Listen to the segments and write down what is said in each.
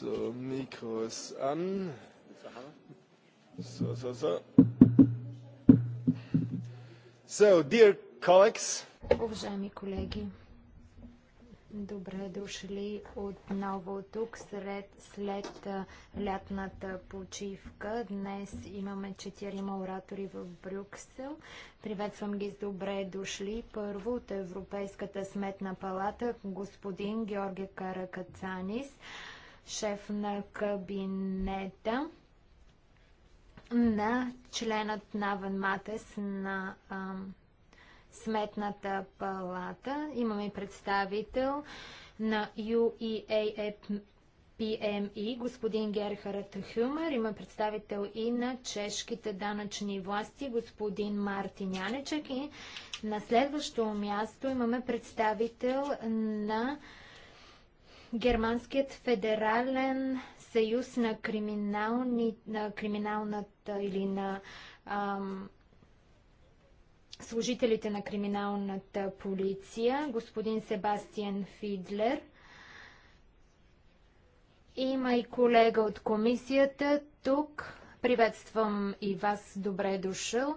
So, Mikro ist an. So, so, so. So, dear colleagues. Уважаеми колеги, добре дошли отново тук сред, след лятната почивка. Днес имаме четирима оратори в Брюксел. Приветствам ги с добре дошли. Първо от Европейската сметна палата господин Георги Каракацанис шеф на кабинета на членът Навен Матес на а, Сметната палата. Имаме представител на UEAPMI, господин Герхард Хюмер. Има представител и на чешките данъчни власти, господин Мартин Янечек. И на следващо място имаме представител на Германският федерален съюз на, криминални, на криминалната или на ам, служителите на криминалната полиция, господин Себастиан Фидлер. Има и колега от комисията тук. Приветствам и вас. Добре е дошъл.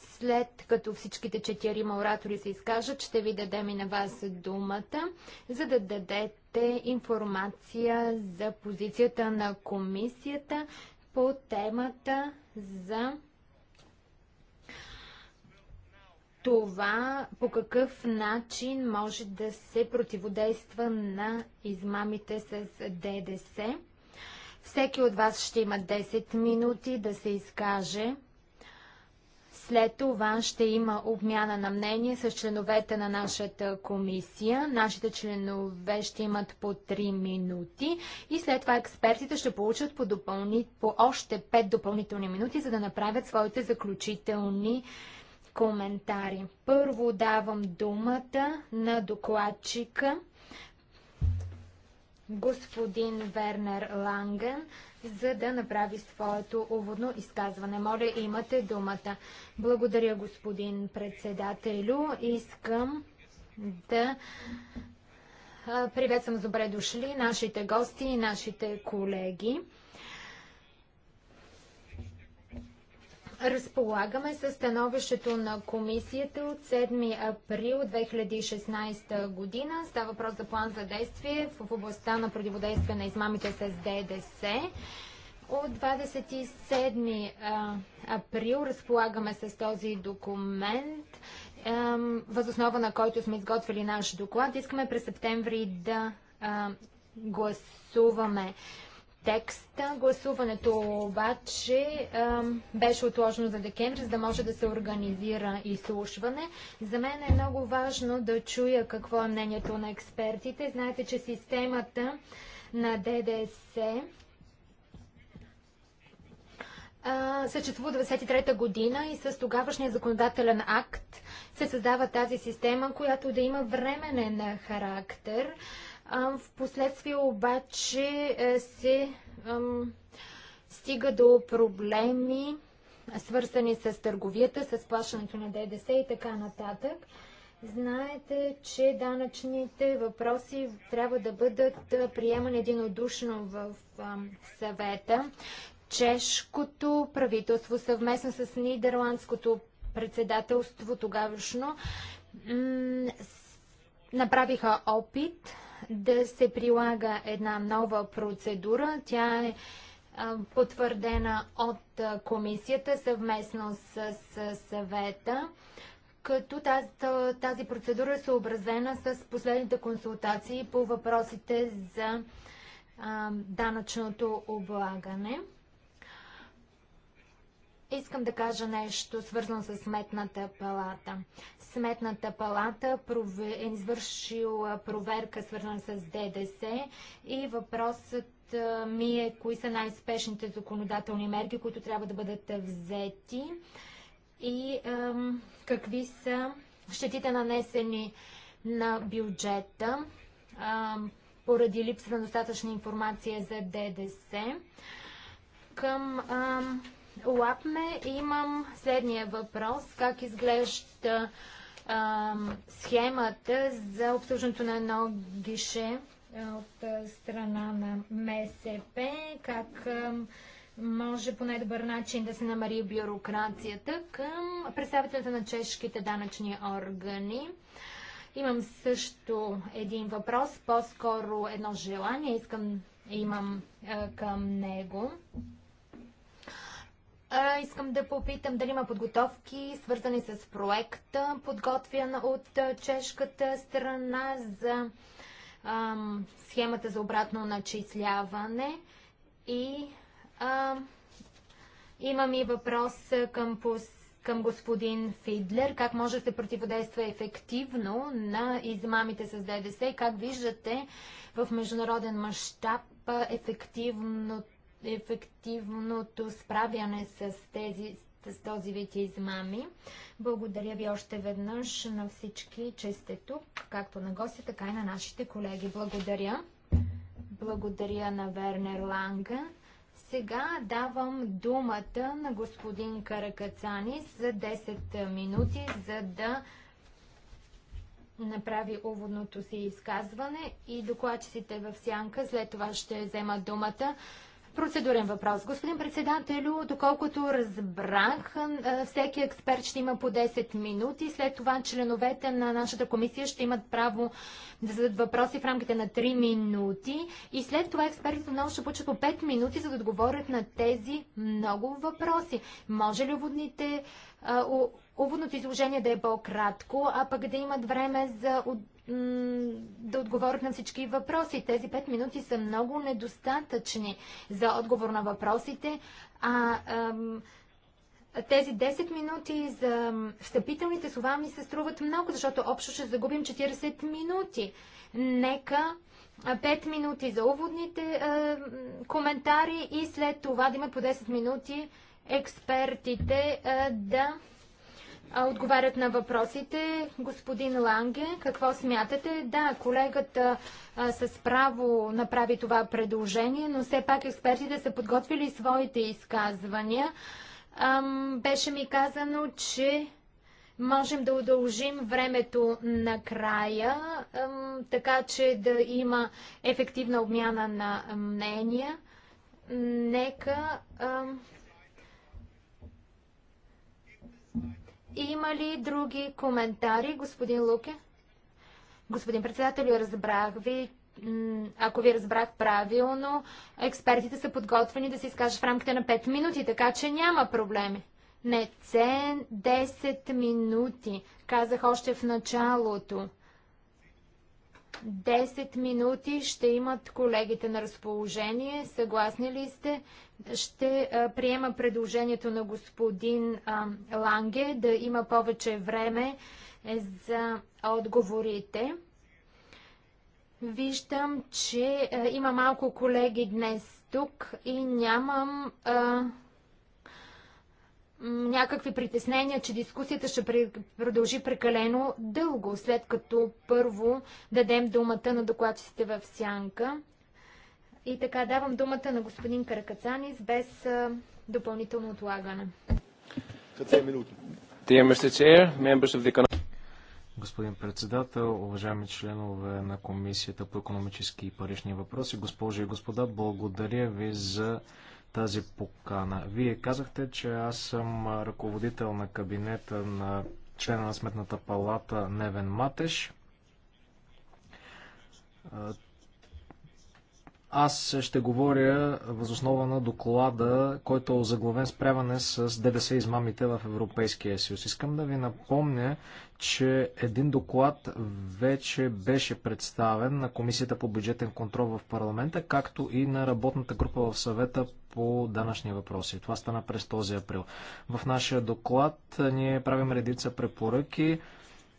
След като всичките четири оратори се изкажат, ще ви дадем и на вас думата, за да дадете информация за позицията на комисията по темата за това по какъв начин може да се противодейства на измамите с ДДС. Всеки от вас ще има 10 минути да се изкаже. След това ще има обмяна на мнение с членовете на нашата комисия. Нашите членове ще имат по 3 минути и след това експертите ще получат по, допълни, по още 5 допълнителни минути, за да направят своите заключителни коментари. Първо давам думата на докладчика господин Вернер Ланген, за да направи своето уводно изказване. Моля, имате думата. Благодаря, господин председателю. Искам да приветствам с добре дошли нашите гости и нашите колеги. Разполагаме със становището на комисията от 7 април 2016 година. Става въпрос за план за действие в областта на противодействие на измамите с ДДС. От 27 април разполагаме с този документ, възоснова на който сме изготвили наш доклад. Искаме през септември да гласуваме текста. Гласуването обаче а, беше отложено за декември, за да може да се организира изслушване. За мен е много важно да чуя какво е мнението на експертите. Знаете, че системата на ДДС съществува 1993 година и с тогавашния законодателен акт се създава тази система, която да има временен характер. А, в последствие обаче е, се стига до проблеми, свързани с търговията, с плащането на ДДС и така нататък. Знаете, че данъчните въпроси трябва да бъдат приемани единодушно в съвета. Чешкото правителство съвместно с нидерландското председателство тогавашно направиха опит да се прилага една нова процедура. Тя е, е потвърдена от е, комисията съвместно с, съвета, като тази, процедура е съобразена с последните консултации по въпросите за е, данъчното облагане. Искам да кажа нещо свързано с Сметната палата. Сметната палата е извършила проверка свързана с ДДС и въпросът ми е кои са най-спешните законодателни мерки, които трябва да бъдат взети и ем, какви са щетите нанесени на бюджета ем, поради липса на достатъчна информация за ДДС. Към ем, Лапме имам следния въпрос. Как изглежда а, схемата за обслужването на едно гише от страна на МСП? Как а, може по най-добър начин да се намари бюрокрацията към представителите на чешките данъчни органи? Имам също един въпрос, по-скоро едно желание искам имам а, към него. А, искам да попитам дали има подготовки, свързани с проекта, подготвян от чешката страна за ам, схемата за обратно начисляване. И ам, имам и въпрос към, към господин Фидлер. Как може да се противодейства ефективно на измамите с ДДС? Как виждате в международен мащаб ефективното ефективното справяне с тези с този вид измами. Благодаря ви още веднъж на всички, че сте тук, както на гости, така и на нашите колеги. Благодаря. Благодаря на Вернер Ланга. Сега давам думата на господин Каракацани за 10 минути, за да направи уводното си изказване и докладчиците в сянка. След това ще взема думата. Процедурен въпрос. Господин председателю, доколкото разбрах, е, всеки експерт ще има по 10 минути. След това членовете на нашата комисия ще имат право да зададат въпроси в рамките на 3 минути. И след това експертите много ще получат по 5 минути, за да отговорят на тези много въпроси. Може ли уводните, уводното изложение да е по-кратко, а пък да имат време за да отговорят на всички въпроси. Тези 5 минути са много недостатъчни за отговор на въпросите, а ам, тези 10 минути за встъпителните слова ми се струват много, защото общо ще загубим 40 минути. Нека 5 минути за уводните коментари и след това да има по 10 минути експертите да отговарят на въпросите. Господин Ланге, какво смятате? Да, колегата а, с право направи това предложение, но все пак експертите са подготвили своите изказвания. Ам, беше ми казано, че можем да удължим времето накрая, ам, така че да има ефективна обмяна на мнения. Нека... Ам, Има ли други коментари, господин Луке? Господин председател, разбрах ви, ако ви разбрах правилно, експертите са подготвени да се изкажат в рамките на 5 минути, така че няма проблеми. Не, цен 10 минути, казах още в началото. 10 минути ще имат колегите на разположение. Съгласни ли сте? Ще а, приема предложението на господин а, Ланге да има повече време е, за отговорите. Виждам, че а, има малко колеги днес тук и нямам а, някакви притеснения, че дискусията ще продължи прекалено дълго, след като първо дадем думата на докладчиците в сянка. И така давам думата на господин Каракацанис без допълнително отлагане. Господин председател, уважаеми членове на Комисията по економически и парични въпроси, госпожи и господа, благодаря ви за тази покана. Вие казахте, че аз съм ръководител на кабинета на члена на Сметната палата Невен Матеш. Аз ще говоря възоснова на доклада, който е озаглавен спряване с ДДС измамите в Европейския съюз. Искам да ви напомня, че един доклад вече беше представен на Комисията по бюджетен контрол в парламента, както и на работната група в съвета по данъчни въпроси. Това стана през този април. В нашия доклад ние правим редица препоръки.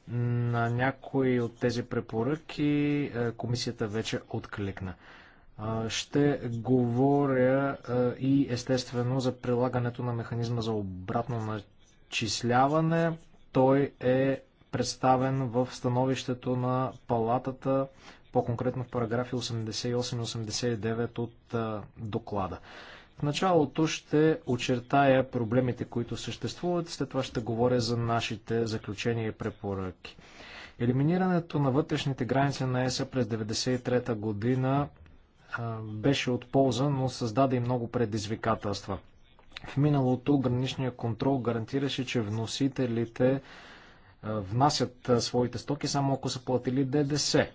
На някои от тези препоръки комисията вече откликна. Ще говоря и естествено за прилагането на механизма за обратно начисляване. Той е представен в становището на палатата, по-конкретно в параграфи 88 и 89 от доклада началото ще очертая проблемите, които съществуват, след това ще говоря за нашите заключения и препоръки. Елиминирането на вътрешните граници на ЕСА през 1993 година беше от полза, но създаде и много предизвикателства. В миналото граничния контрол гарантираше, че вносителите внасят своите стоки само ако са платили ДДС.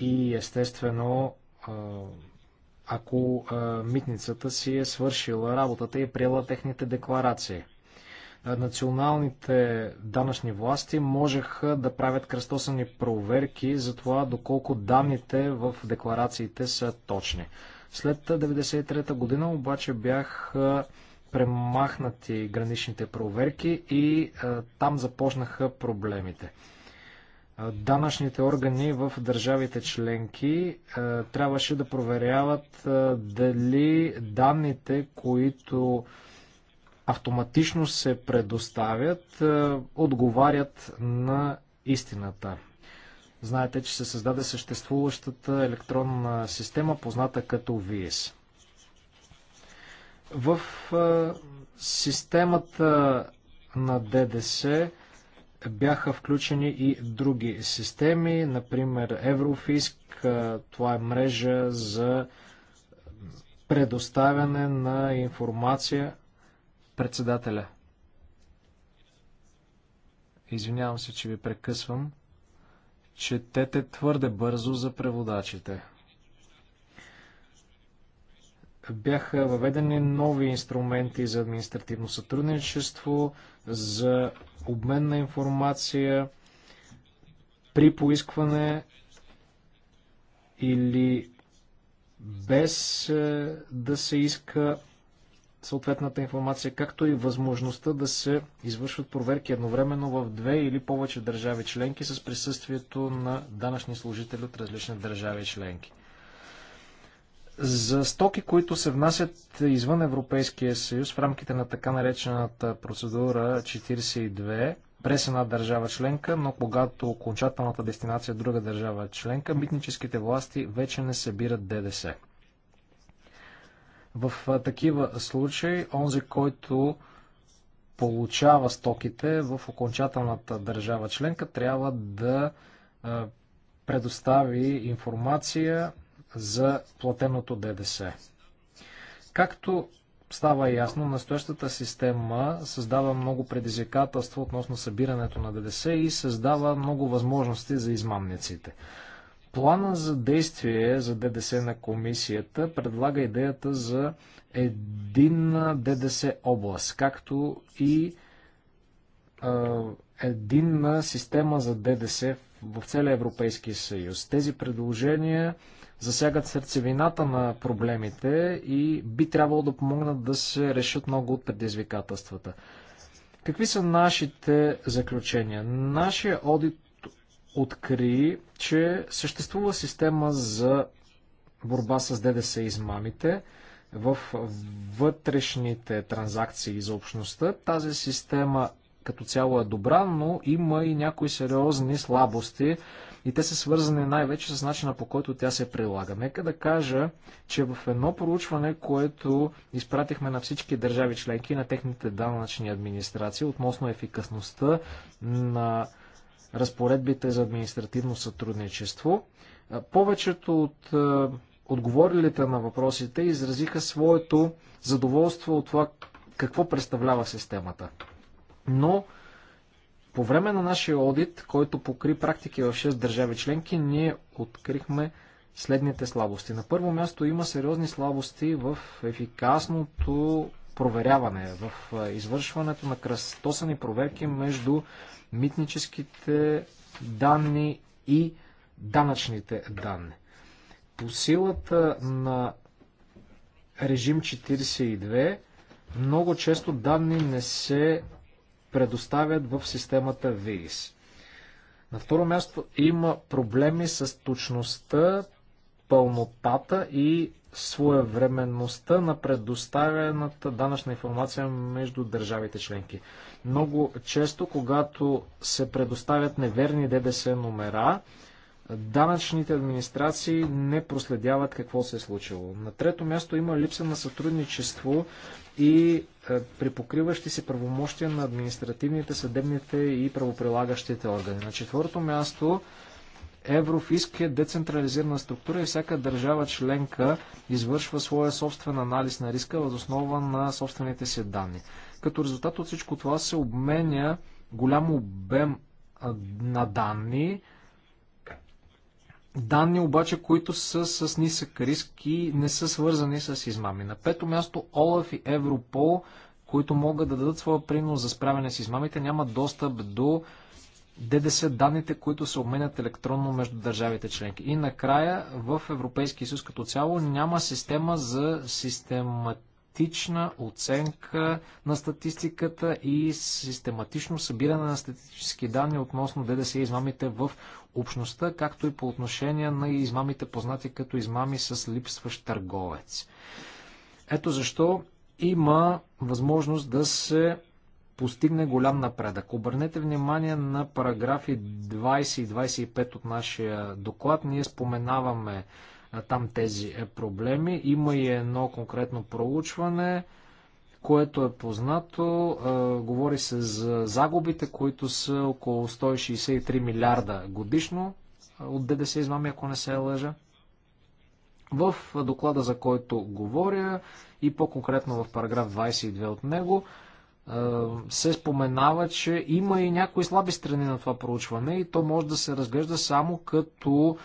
И естествено ако митницата си е свършила работата и е приела техните декларации. Националните данъчни власти можеха да правят кръстосани проверки за това доколко данните в декларациите са точни. След 1993 година обаче бях премахнати граничните проверки и а, там започнаха проблемите данъчните органи в държавите членки трябваше да проверяват дали данните, които автоматично се предоставят, отговарят на истината. Знаете, че се създаде съществуващата електронна система, позната като ВИЕС. В системата на ДДС бяха включени и други системи, например Еврофиск, това е мрежа за предоставяне на информация председателя. Извинявам се, че ви прекъсвам. Четете твърде бързо за преводачите бяха въведени нови инструменти за административно сътрудничество, за обмен на информация при поискване или без е, да се иска съответната информация, както и възможността да се извършват проверки едновременно в две или повече държави членки с присъствието на данъчни служители от различни държави членки за стоки, които се внасят извън Европейския съюз в рамките на така наречената процедура 42 през една държава членка, но когато окончателната дестинация е друга държава членка, митническите власти вече не събират ДДС. В такива случаи, онзи, който получава стоките в окончателната държава членка, трябва да предостави информация за платеното ДДС. Както става ясно, настоящата система създава много предизвикателства относно събирането на ДДС и създава много възможности за измамниците. Плана за действие за ДДС на комисията предлага идеята за един ДДС област, както и е, единна система за ДДС в целия Европейски съюз. Тези предложения засягат сърцевината на проблемите и би трябвало да помогнат да се решат много от предизвикателствата. Какви са нашите заключения? Нашия одит откри, че съществува система за борба с ДДС измамите в вътрешните транзакции за общността. Тази система като цяло е добра, но има и някои сериозни слабости и те са свързани най-вече с начина по който тя се прилага. Нека да кажа, че в едно проучване, което изпратихме на всички държави членки на техните данъчни администрации относно ефикасността на разпоредбите за административно сътрудничество, повечето от отговорилите на въпросите изразиха своето задоволство от това какво представлява системата. Но по време на нашия одит, който покри практики в 6 държави членки, ние открихме следните слабости. На първо място има сериозни слабости в ефикасното проверяване, в извършването на кръстосани проверки между митническите данни и данъчните данни. По силата на режим 42, много често данни не се предоставят в системата ВИИС. На второ място има проблеми с точността, пълнотата и своевременността на предоставената данъчна информация между държавите членки. Много често, когато се предоставят неверни ДДС номера, данъчните администрации не проследяват какво се е случило. На трето място има липса на сътрудничество и е, при покриващи се правомощия на административните, съдебните и правоприлагащите органи. На четвърто място Еврофиск е децентрализирана структура и всяка държава членка извършва своя собствен анализ на риска въз основа на собствените си данни. Като резултат от всичко това се обменя голям обем на данни, данни обаче, които са с нисък риск и не са свързани с измами. На пето място ОЛАФ и Европол, които могат да дадат своя принос за справяне с измамите, нямат достъп до ДДС данните, които се обменят електронно между държавите членки. И накрая в Европейския съюз като цяло няма система за систематично систематична оценка на статистиката и систематично събиране на статистически данни относно ДДС и измамите в общността, както и по отношение на измамите познати като измами с липсващ търговец. Ето защо има възможност да се постигне голям напредък. Обърнете внимание на параграфи 20 и 25 от нашия доклад. Ние споменаваме там тези е, проблеми. Има и едно конкретно проучване, което е познато. Говори се за загубите, които са около 163 милиарда годишно от ДДС измами, ако не се е лъжа. В доклада, за който говоря и по-конкретно в параграф 22 от него, се споменава, че има и някои слаби страни на това проучване и то може да се разглежда само като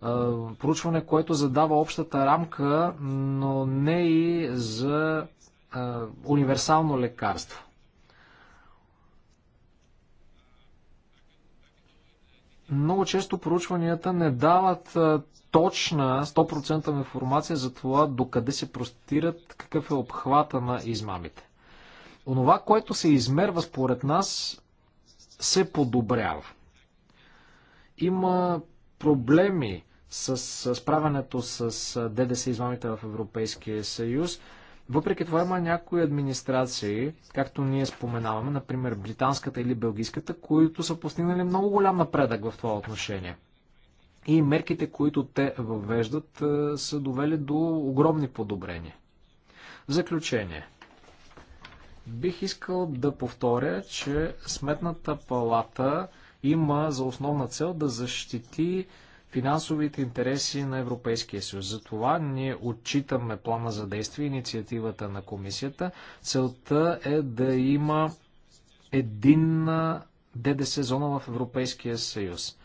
проучване, което задава общата рамка, но не и за универсално лекарство. Много често проучванията не дават точна 100% информация за това докъде се простират, какъв е обхвата на измамите. Онова, което се измерва според нас, се подобрява. Има проблеми с справянето с ДДС измамите в Европейския съюз. Въпреки това има някои администрации, както ние споменаваме, например британската или белгийската, които са постигнали много голям напредък в това отношение. И мерките, които те въвеждат, са довели до огромни подобрения. В заключение, бих искал да повторя, че Сметната палата има за основна цел да защити финансовите интереси на Европейския съюз. Затова ние отчитаме плана за действие, инициативата на комисията. Целта е да има единна ДДС зона в Европейския съюз.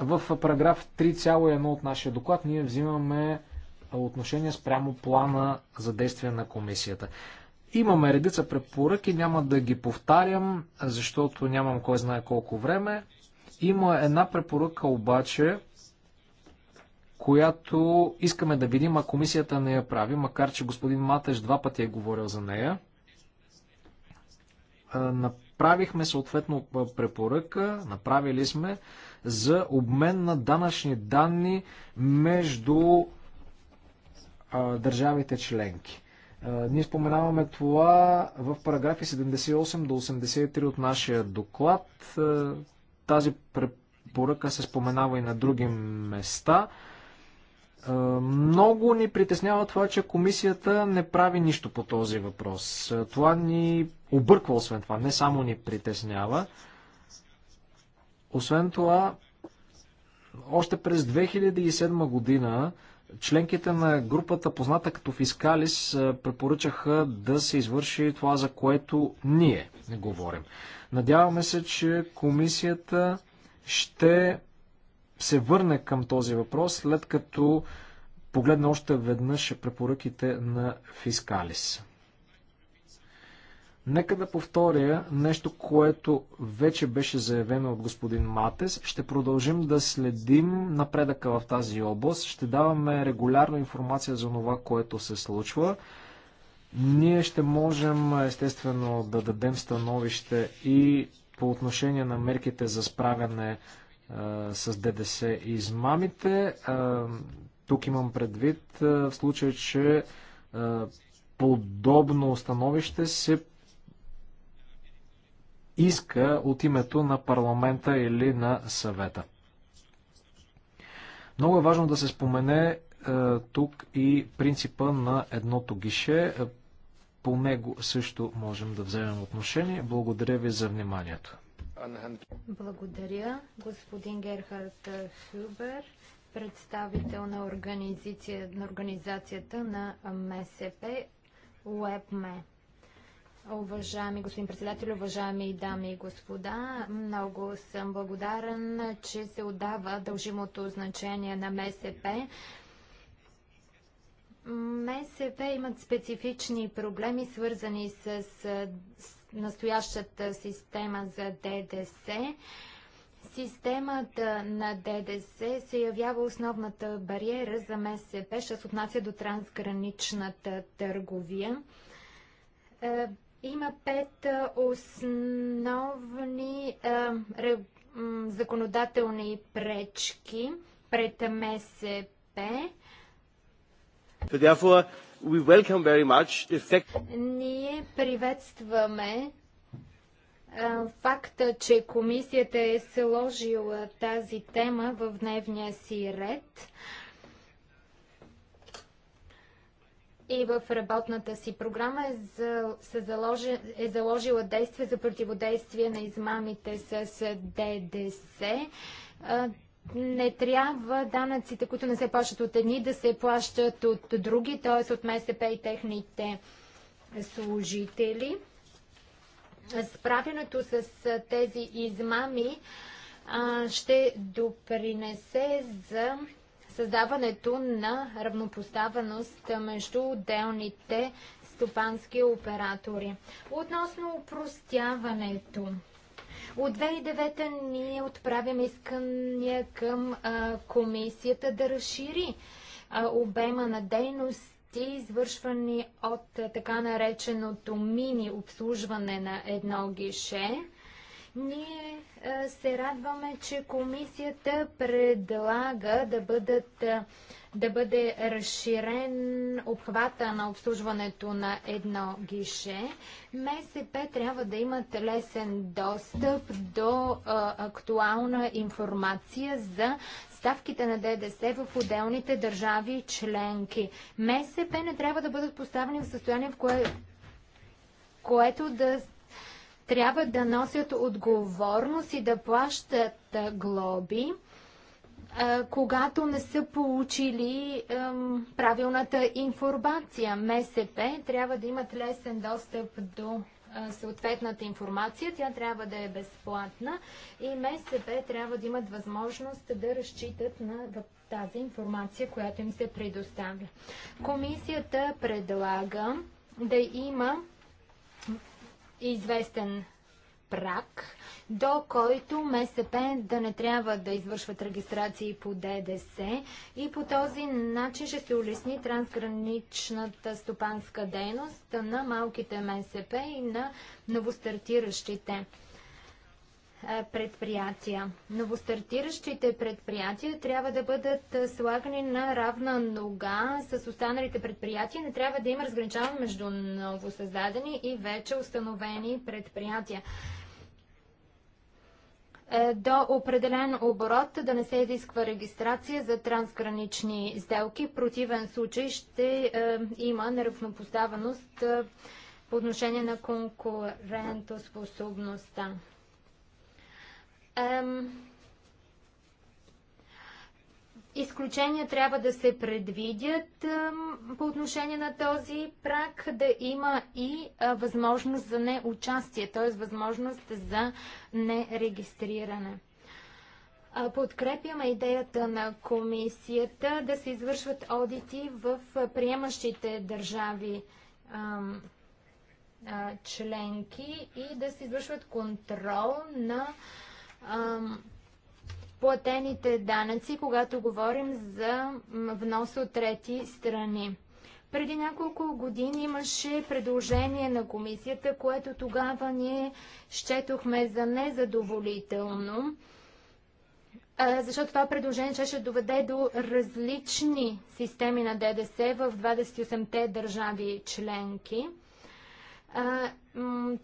В параграф 3.1 от нашия доклад ние взимаме отношение спрямо плана за действие на комисията. Имаме редица препоръки, няма да ги повтарям, защото нямам кой знае колко време. Има една препоръка обаче, която искаме да видим, а комисията не я прави, макар че господин Матеш два пъти е говорил за нея. Направихме съответно препоръка, направили сме за обмен на данъчни данни между държавите членки. Ние споменаваме това в параграфи 78 до 83 от нашия доклад. Тази препоръка се споменава и на други места. Много ни притеснява това, че комисията не прави нищо по този въпрос. Това ни обърква, освен това, не само ни притеснява. Освен това, още през 2007 година Членките на групата, позната като фискалис, препоръчаха да се извърши това, за което ние не говорим. Надяваме се, че комисията ще се върне към този въпрос, след като погледне още веднъж препоръките на фискалис. Нека да повторя нещо, което вече беше заявено от господин Матес. Ще продължим да следим напредъка в тази област. Ще даваме регулярно информация за това, което се случва. Ние ще можем, естествено, да дадем становище и по отношение на мерките за справяне е, с ДДС и измамите. Е, тук имам предвид е, в случай, че е, подобно становище се иска от името на парламента или на съвета. Много е важно да се спомене е, тук и принципа на едното гише. Е, по него също можем да вземем отношение. Благодаря ви за вниманието. Благодаря, господин Герхард Хюбер, представител на, организация, на организацията на МСП УЕПМЕ. Уважаеми господин председател, уважаеми дами и господа, много съм благодарен, че се отдава дължимото значение на МСП. МСП имат специфични проблеми, свързани с, настоящата система за ДДС. Системата на ДДС се явява основната бариера за МСП, ще се отнася до трансграничната търговия. Е, има пет основни а, законодателни пречки пред МСП. we welcome very much the fact... Ние приветстваме факта, че комисията е сложила тази тема в дневния си ред. и в работната си програма е, за, се заложи, е заложила действие за противодействие на измамите с ДДС. не трябва данъците, които не се плащат от едни, да се плащат от други, т.е. от МСП и техните служители. Справянето с тези измами ще допринесе за създаването на равнопоставеност между отделните стопански оператори. Относно упростяването. От 2009 ние отправим искания към а, комисията да разшири а, обема на дейности, извършвани от а, така нареченото мини обслужване на едно гише ние е, се радваме, че комисията предлага да, бъдат, е, да бъде разширен обхвата на обслужването на едно гише. МСП трябва да имат лесен достъп до а, е, актуална информация за ставките на ДДС в отделните държави членки. МСП не трябва да бъдат поставени в състояние, в кое, което да трябва да носят отговорност и да плащат глоби, когато не са получили правилната информация. МСП трябва да имат лесен достъп до съответната информация. Тя трябва да е безплатна и МСП трябва да имат възможност да разчитат на тази информация, която им се предоставя. Комисията предлага да има е известен прак, до който МСП да не трябва да извършват регистрации по ДДС и по този начин ще се улесни трансграничната стопанска дейност на малките МСП и на новостартиращите е, предприятия. Новостартиращите предприятия трябва да бъдат е, слагани на равна нога с останалите предприятия. Не трябва да има разграничаване между новосъздадени и вече установени предприятия. Е, до определен оборот да не се изисква регистрация за трансгранични сделки. В противен случай ще има неравнопоставеност по отношение на конкурентоспособността. Изключения трябва да се предвидят по отношение на този прак, да има и възможност за неучастие, т.е. възможност за нерегистриране. Подкрепяме идеята на комисията да се извършват одити в приемащите държави членки и да се извършват контрол на платените данъци, когато говорим за внос от трети страни. Преди няколко години имаше предложение на комисията, което тогава ние щетохме за незадоволително, защото това предложение че ще доведе до различни системи на ДДС в 28-те държави членки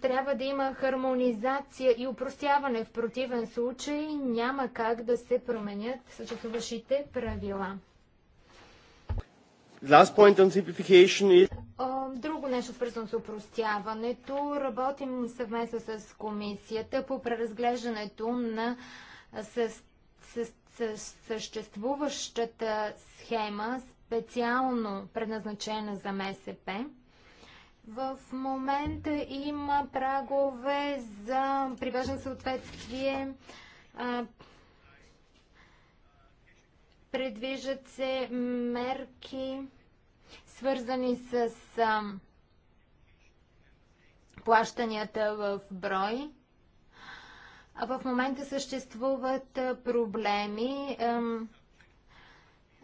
трябва да има хармонизация и упростяване. В противен случай няма как да се променят съществуващите правила. Last point on simplification is... Друго нещо свързано с упростяването. Работим съвместно с комисията по преразглеждането на съществуващата схема, специално предназначена за МСП. В момента има прагове за привеждане съответствие. предвижат се мерки, свързани с плащанията в брой. в момента съществуват проблеми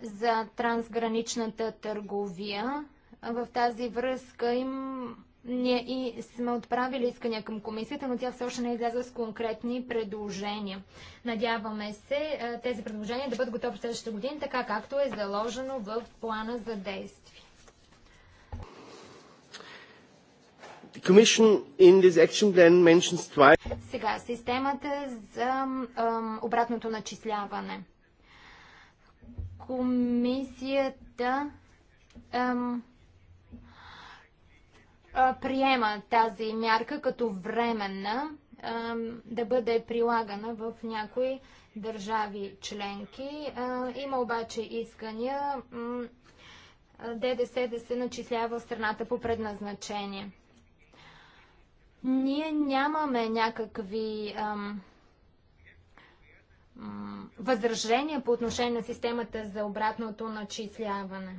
за трансграничната търговия. В тази връзка им ние и сме отправили искания към комисията, но тя все още не е излязла с конкретни предложения. Надяваме се тези предложения да бъдат готови в следващата година, така както е заложено в плана за действие. Сега, системата за обратното начисляване. Комисията приема тази мярка като временна да бъде прилагана в някои държави членки. Има обаче искания ДДС да се начислява в страната по предназначение. Ние нямаме някакви ам, възражения по отношение на системата за обратното начисляване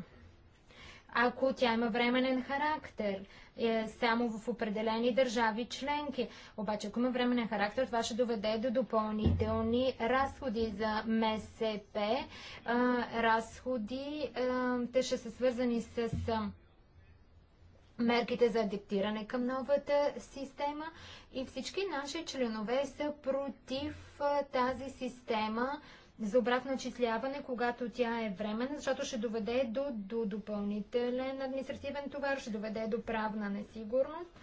ако тя има временен характер, е, само в определени държави членки. Обаче, ако има временен характер, това ще доведе до допълнителни разходи за МСП. Е, разходи, е, те ще са свързани с мерките за адаптиране към новата система и всички наши членове са против тази система, за обратно отчисляване, когато тя е временна, защото ще доведе до, до допълнителен административен товар, ще доведе до правна несигурност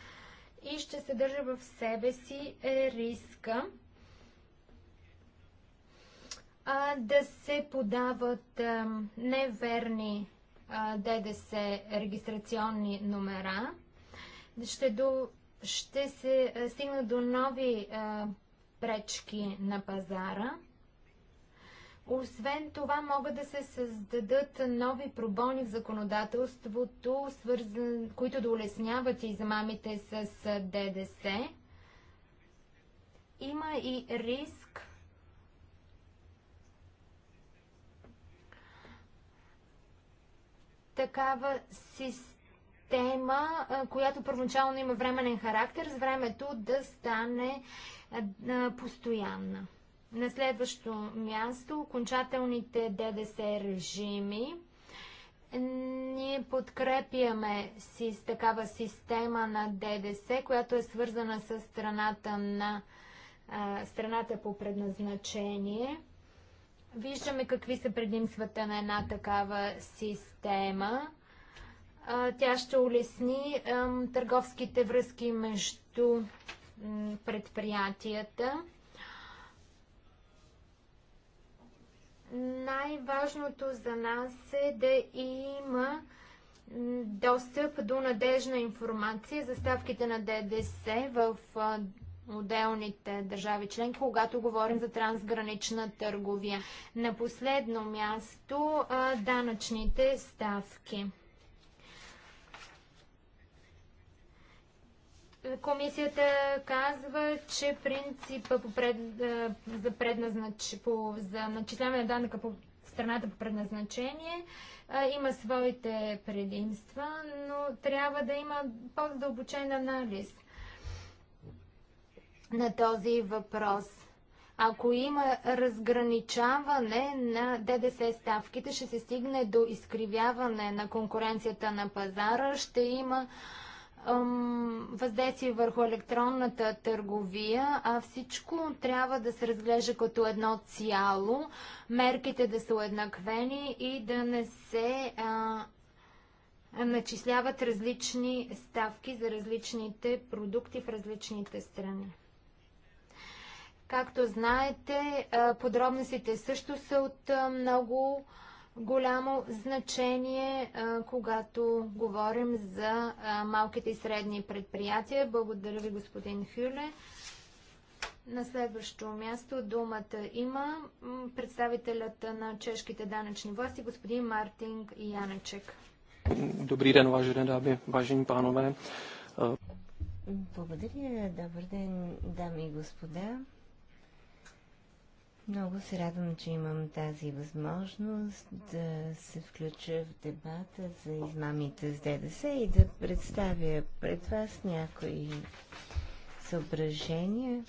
и ще се държа в себе си е риска а, да се подават а, неверни а, ДДС регистрационни номера. Ще, до, ще се стигна до нови а, пречки на пазара. Освен това могат да се създадат нови пробони в законодателството, свързан, които да улесняват измамите с ДДС. Има и риск такава система, която първоначално има временен характер, с времето да стане постоянна. На следващо място окончателните ДДС режими. Ние подкрепяме си такава система на ДДС, която е свързана с страната на а, страната по предназначение. Виждаме какви са предимствата на една такава система. А, тя ще улесни а, търговските връзки между предприятията. Най-важното за нас е да има достъп до надежна информация за ставките на ДДС в отделните държави членки, когато говорим за трансгранична търговия. На последно място данъчните ставки. Комисията казва, че принципа по пред, за, предназнач, по, за начисляване на данъка по страната по предназначение а, има своите предимства, но трябва да има по-дълбочен анализ на този въпрос. Ако има разграничаване на ДДС ставките, ще се стигне до изкривяване на конкуренцията на пазара, ще има въздействие върху електронната търговия, а всичко трябва да се разглежда като едно цяло, мерките да са уеднаквени и да не се а, начисляват различни ставки за различните продукти в различните страни. Както знаете, подробностите също са от много голямо значение, когато говорим за малките и средни предприятия. Благодаря ви, господин Хюле. На следващо място думата има представителят на чешките данъчни власти, господин Мартин Янечек. Добри ден, уважаеми дами, уважаеми панове. Благодаря. Добър ден, дами и господа. Много се радвам, че имам тази възможност да се включа в дебата за измамите с ДДС и да представя пред вас някои съображения,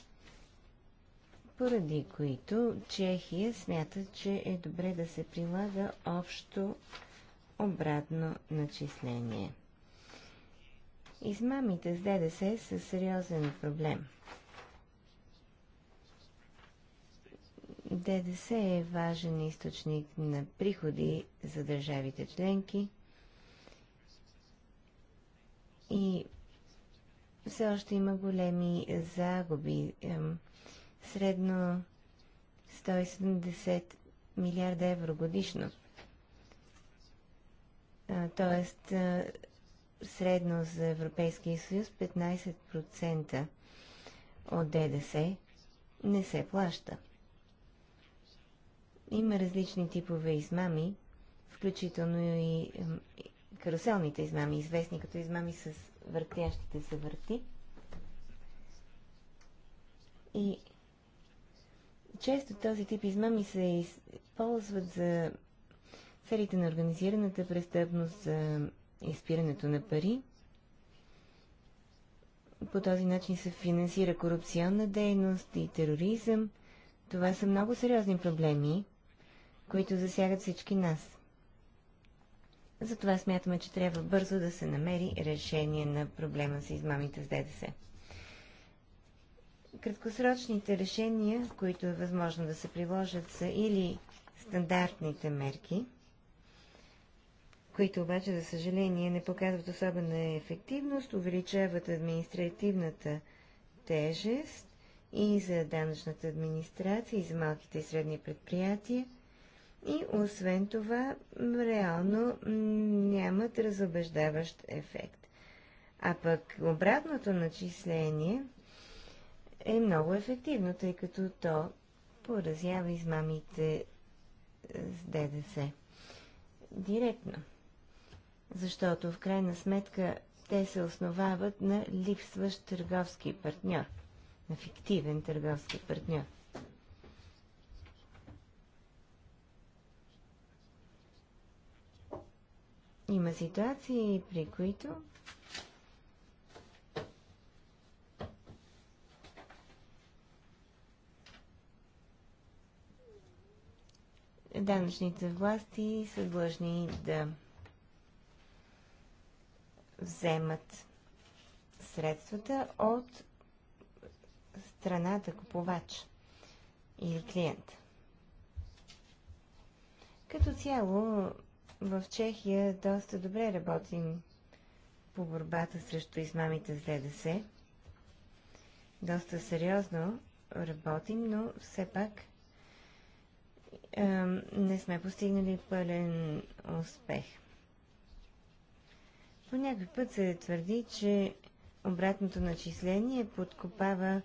поради които Чехия смята, че е добре да се прилага общо обратно начисление. Измамите с ДДС са сериозен проблем – ДДС е важен източник на приходи за държавите членки и все още има големи загуби. Средно 170 милиарда евро годишно. Тоест, средно за Европейския съюз 15% от ДДС не се плаща. Има различни типове измами, включително и каруселните измами, известни като измами с въртящите се върти. И често този тип измами се използват за целите на организираната престъпност, за изпирането на пари. По този начин се финансира корупционна дейност и тероризъм. Това са много сериозни проблеми, които засягат всички нас. Затова смятаме, че трябва бързо да се намери решение на проблема с измамите с ДДС. Краткосрочните решения, които е възможно да се приложат, са или стандартните мерки, които обаче, за съжаление, не показват особена ефективност, увеличават административната тежест и за данъчната администрация, и за малките и средни предприятия – и освен това реално нямат разобеждаващ ефект. А пък обратното начисление е много ефективно, тъй като то поразява измамите е, с ДДС. Директно. Защото в крайна сметка те се основават на липсващ търговски партньор, на фиктивен търговски партньор. Има ситуации, при които данъчните власти са длъжни да вземат средствата от страната купувач или клиент. Като цяло в Чехия доста добре работим по борбата срещу измамите с ДДС. Доста сериозно работим, но все пак е, не сме постигнали пълен успех. По някой път се твърди, че обратното начисление подкопава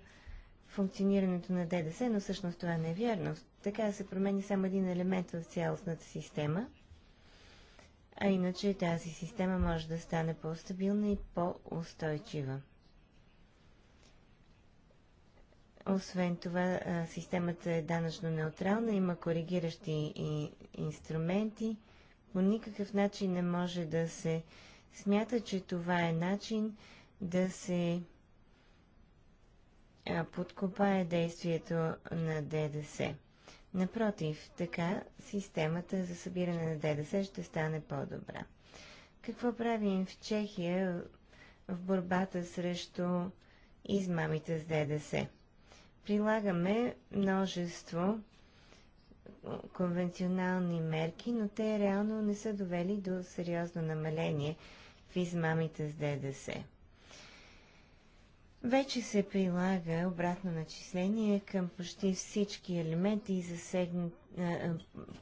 функционирането на ДДС, но всъщност това не е вярно. Така се промени само един елемент в цялостната система – а иначе тази система може да стане по-стабилна и по-устойчива. Освен това, системата е данъчно неутрална, има коригиращи инструменти. По никакъв начин не може да се смята, че това е начин да се подкопае действието на ДДС. Напротив, така системата за събиране на ДДС ще стане по-добра. Какво правим в Чехия в борбата срещу измамите с ДДС? Прилагаме множество конвенционални мерки, но те реално не са довели до сериозно намаление в измамите с ДДС. Вече се прилага обратно начисление към почти всички елементи,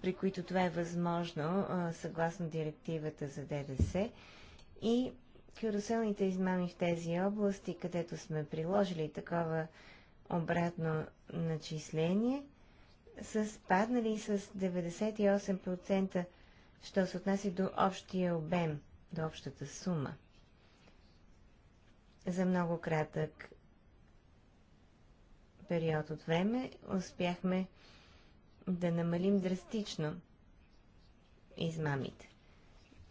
при които това е възможно съгласно директивата за ДДС и каруселните измами в тези области, където сме приложили такова обратно начисление, са спаднали с 98%, що се отнася до общия обем, до общата сума за много кратък период от време успяхме да намалим драстично измамите.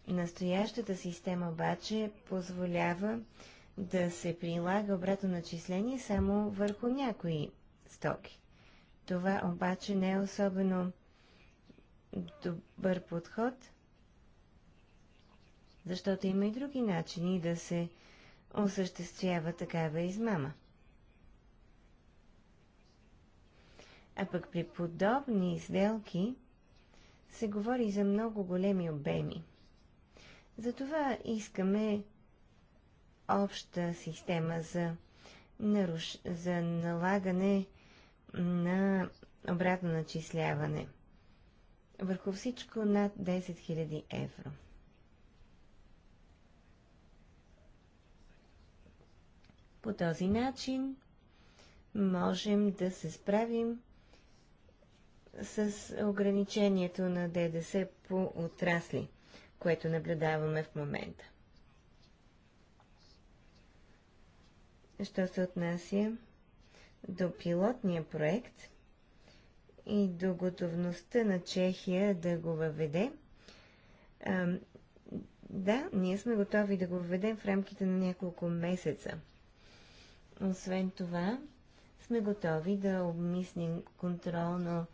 Настоящата система обаче позволява да се прилага обратно начисление само върху някои стоки. Това обаче не е особено добър подход, защото има и други начини да се осъществява такава измама. А пък при подобни сделки се говори за много големи обеми. Затова искаме обща система за, наруш... за налагане на обратно начисляване върху всичко над 10 000 евро. По този начин можем да се справим с ограничението на ДДС по отрасли, което наблюдаваме в момента. Що се отнася до пилотния проект и до готовността на Чехия да го въведе, да, ние сме готови да го въведем в рамките на няколко месеца – освен това, сме готови да обмислим контролно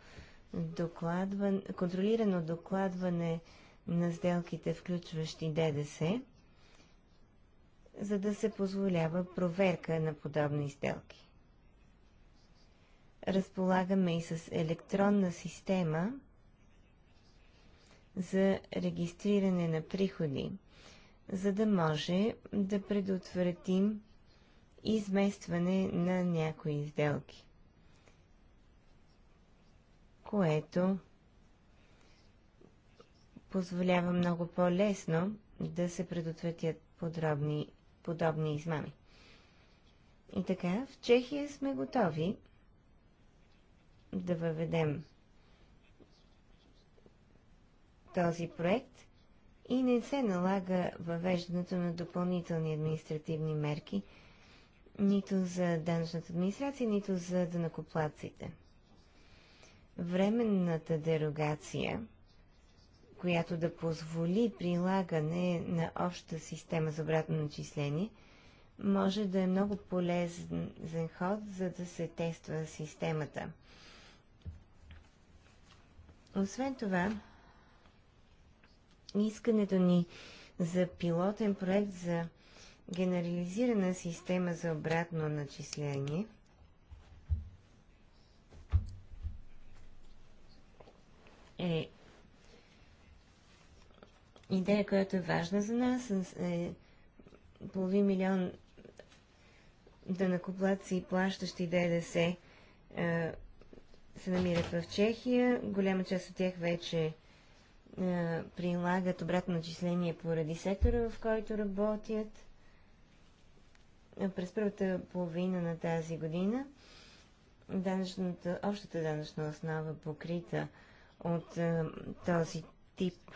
докладван, контролирано докладване на сделките, включващи ДДС, за да се позволява проверка на подобни сделки. Разполагаме и с електронна система за регистриране на приходи, за да може да предотвратим изместване на някои изделки, което позволява много по-лесно да се предотвратят подробни, подобни измами. И така, в Чехия сме готови да въведем този проект и не се налага въвеждането на допълнителни административни мерки – нито за данъчната администрация, нито за данакоплаците. Временната дерогация, която да позволи прилагане на обща система за обратно начисление, може да е много полезен ход, за да се тества системата. Освен това, искането ни за пилотен проект за генерализирана система за обратно начисление е идея, която е важна за нас. Е половин милион данакоплаци и плащащи ДДС е, се намират в Чехия. Голяма част от тях вече е, прилагат обратно начисление поради сектора, в който работят – през първата половина на тази година данъчната, общата данъчна основа покрита от е, този тип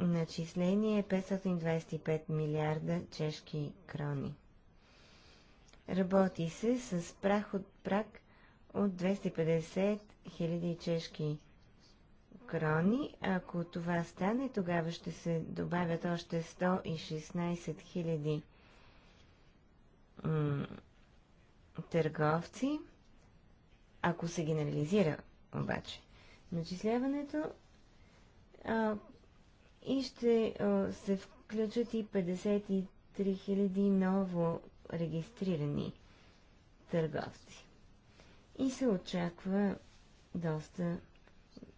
начисление е 525 милиарда чешки крони. Работи се с прах от прак от 250 хиляди чешки крони. Ако това стане, тогава ще се добавят още 116 хиляди търговци, ако се генерализира обаче начисляването а, и ще а, се включат и 53 000 ново регистрирани търговци. И се очаква доста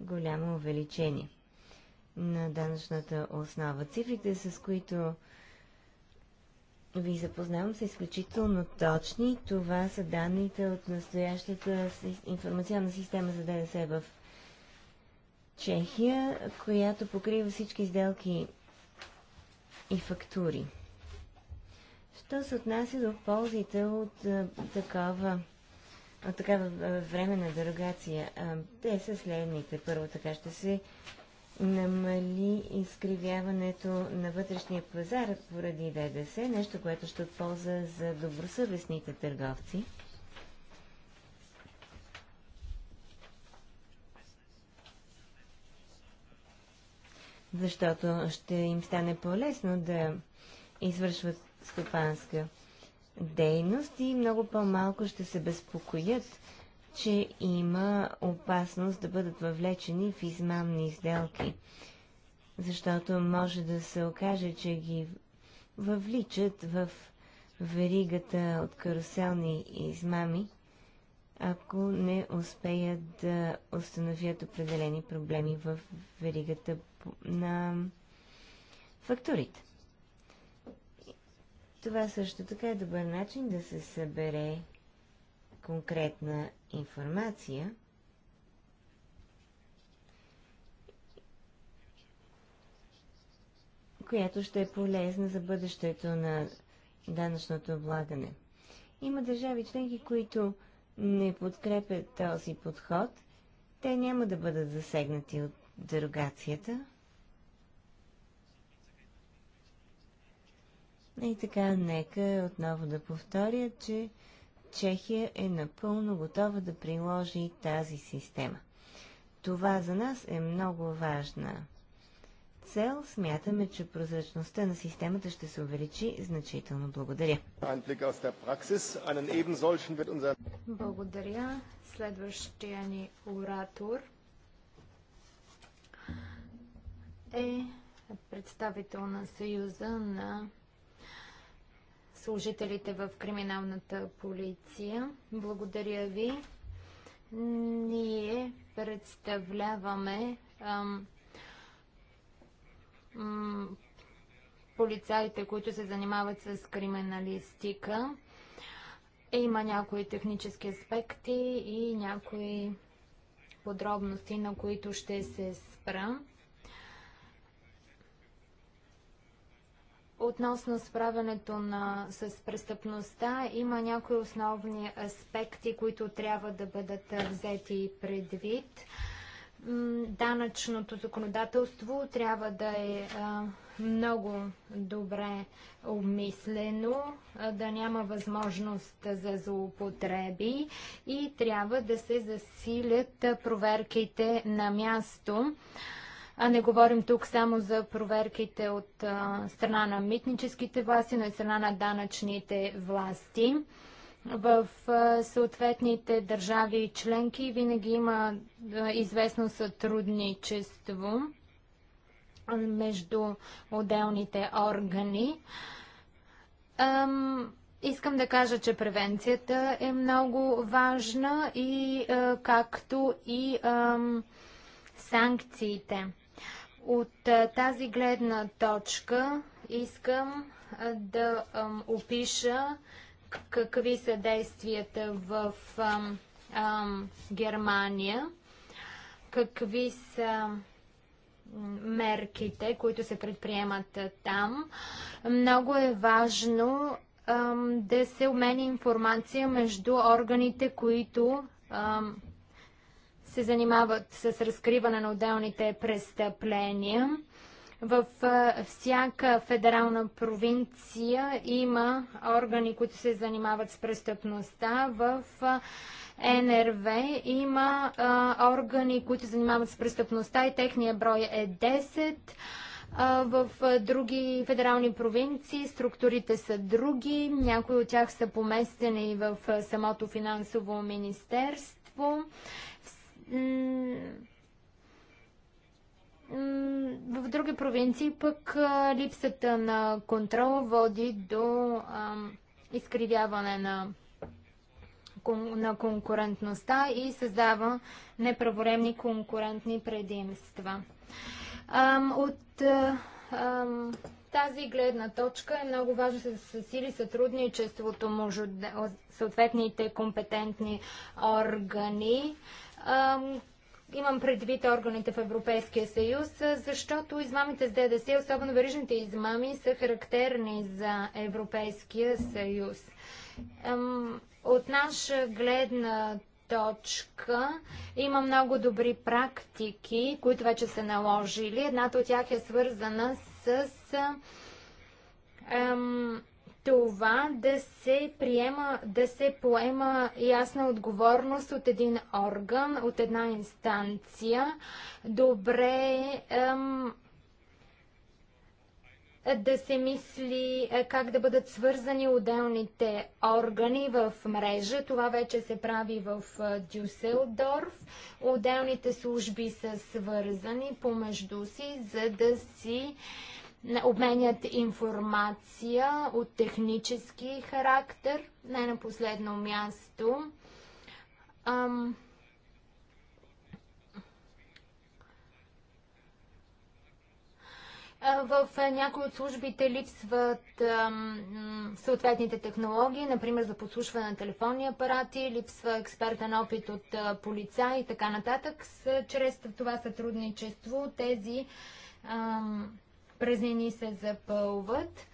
голямо увеличение на данъчната основа. Цифрите, с които ви запознавам, са изключително точни. Това са данните от настоящата информационна система за ДДС в Чехия, която покрива всички сделки и фактури. Що се отнася до ползите от такава от такава временна дерогация, те са следните. Първо така ще се намали изкривяването на вътрешния пазар поради ДДС, нещо, което ще полза за добросъвестните търговци. Защото ще им стане по-лесно да извършват стопанска дейност и много по-малко ще се безпокоят че има опасност да бъдат въвлечени в измамни сделки, защото може да се окаже, че ги въвличат в веригата от каруселни измами, ако не успеят да установят определени проблеми в веригата на фактурите. Това също така е добър начин да се събере конкретна информация, която ще е полезна за бъдещето на данъчното облагане. Има държави членки, които не подкрепят този подход. Те няма да бъдат засегнати от дерогацията. И така, нека отново да повторя, че Чехия е напълно готова да приложи тази система. Това за нас е много важна цел. Смятаме, че прозрачността на системата ще се увеличи значително. Благодаря. Благодаря. Следващия ни оратор е представител на Съюза на служителите в криминалната полиция. Благодаря ви. Ние представляваме ам, ам, полицаите, които се занимават с криминалистика. Има някои технически аспекти и някои подробности, на които ще се спра. Относно справянето на, с престъпността, има някои основни аспекти, които трябва да бъдат взети предвид. Данъчното законодателство трябва да е много добре обмислено, да няма възможност за злоупотреби и трябва да се засилят проверките на място. А не говорим тук само за проверките от а, страна на митническите власти, но и страна на данъчните власти. В а, съответните държави и членки винаги има а, известно сътрудничество между отделните органи. Ам, искам да кажа, че превенцията е много важна и а, както и ам, санкциите. От тази гледна точка искам да опиша какви са действията в Германия, какви са мерките, които се предприемат там. Много е важно да се обменя информация между органите, които се занимават с разкриване на отделните престъпления. В всяка федерална провинция има органи, които се занимават с престъпността. В НРВ има органи, които занимават с престъпността и техния брой е 10. в други федерални провинции структурите са други. Някои от тях са поместени в самото финансово министерство в други провинции пък липсата на контрол води до изкривяване на, на конкурентността и създава неправоремни конкурентни предимства. от тази гледна точка е много важно да се засили сътрудничеството между съответните компетентни органи имам предвид органите в Европейския съюз, защото измамите с ДДС, особено верижните измами, са характерни за Европейския съюз. От наша гледна точка има много добри практики, които вече са наложили. Едната от тях е свързана с това да се приема, да се поема ясна отговорност от един орган, от една инстанция. Добре ем, да се мисли е, как да бъдат свързани отделните органи в мрежа. Това вече се прави в е, Дюселдорф. Отделните служби са свързани помежду си, за да си обменят информация от технически характер. Не на последно място. Ам... В някои от службите липсват ам, съответните технологии, например за подслушване на телефонни апарати, липсва експертен опит от полица и така нататък. С, чрез това сътрудничество тези ам, празнини се запълват.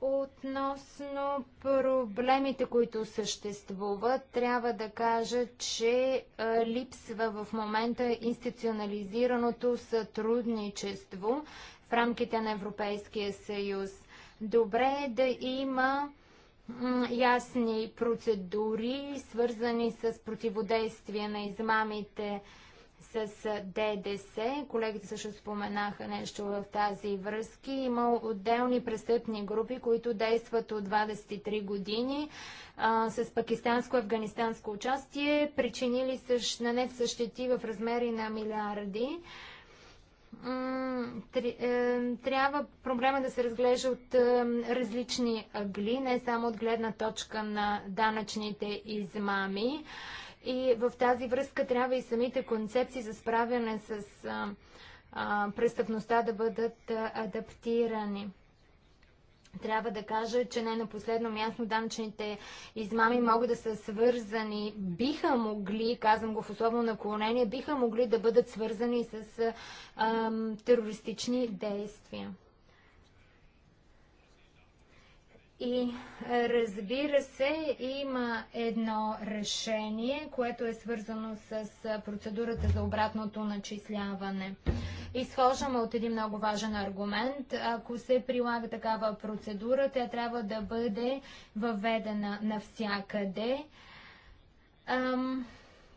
Относно проблемите, които съществуват, трябва да кажа, че липсва в момента институционализираното сътрудничество в рамките на Европейския съюз. Добре е да има ясни процедури, свързани с противодействие на измамите с ДДС. Колегите също споменаха нещо в тази връзки. Има отделни престъпни групи, които действат от 23 години а, с пакистанско-афганистанско участие, причинили същ, нанес същети в размери на милиарди. А, трябва проблема да се разглежда от различни агли, не само от гледна точка на данъчните измами. И в тази връзка трябва и самите концепции за справяне с престъпността да бъдат е, адаптирани. Трябва да кажа, че не на последно място данъчните измами могат да са свързани, биха могли, казвам го в условно наклонение, биха могли да бъдат свързани с ам, терористични действия. И е, разбира се, има едно решение, което е свързано с е, процедурата за обратното начисляване. Изхождаме от един много важен аргумент. Ако се прилага такава процедура, тя трябва да бъде въведена навсякъде. Ам,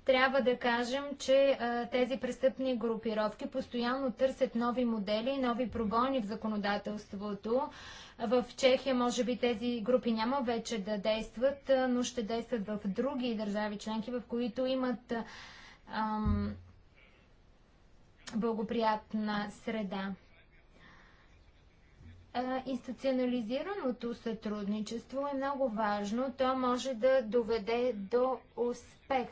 трябва да кажем, че а, тези престъпни групировки постоянно търсят нови модели и нови пробойни в законодателството. В Чехия може би тези групи няма вече да действат, а, но ще действат в други държави членки, в които имат ам, благоприятна среда. институционализираното сътрудничество е много важно. То може да доведе до успех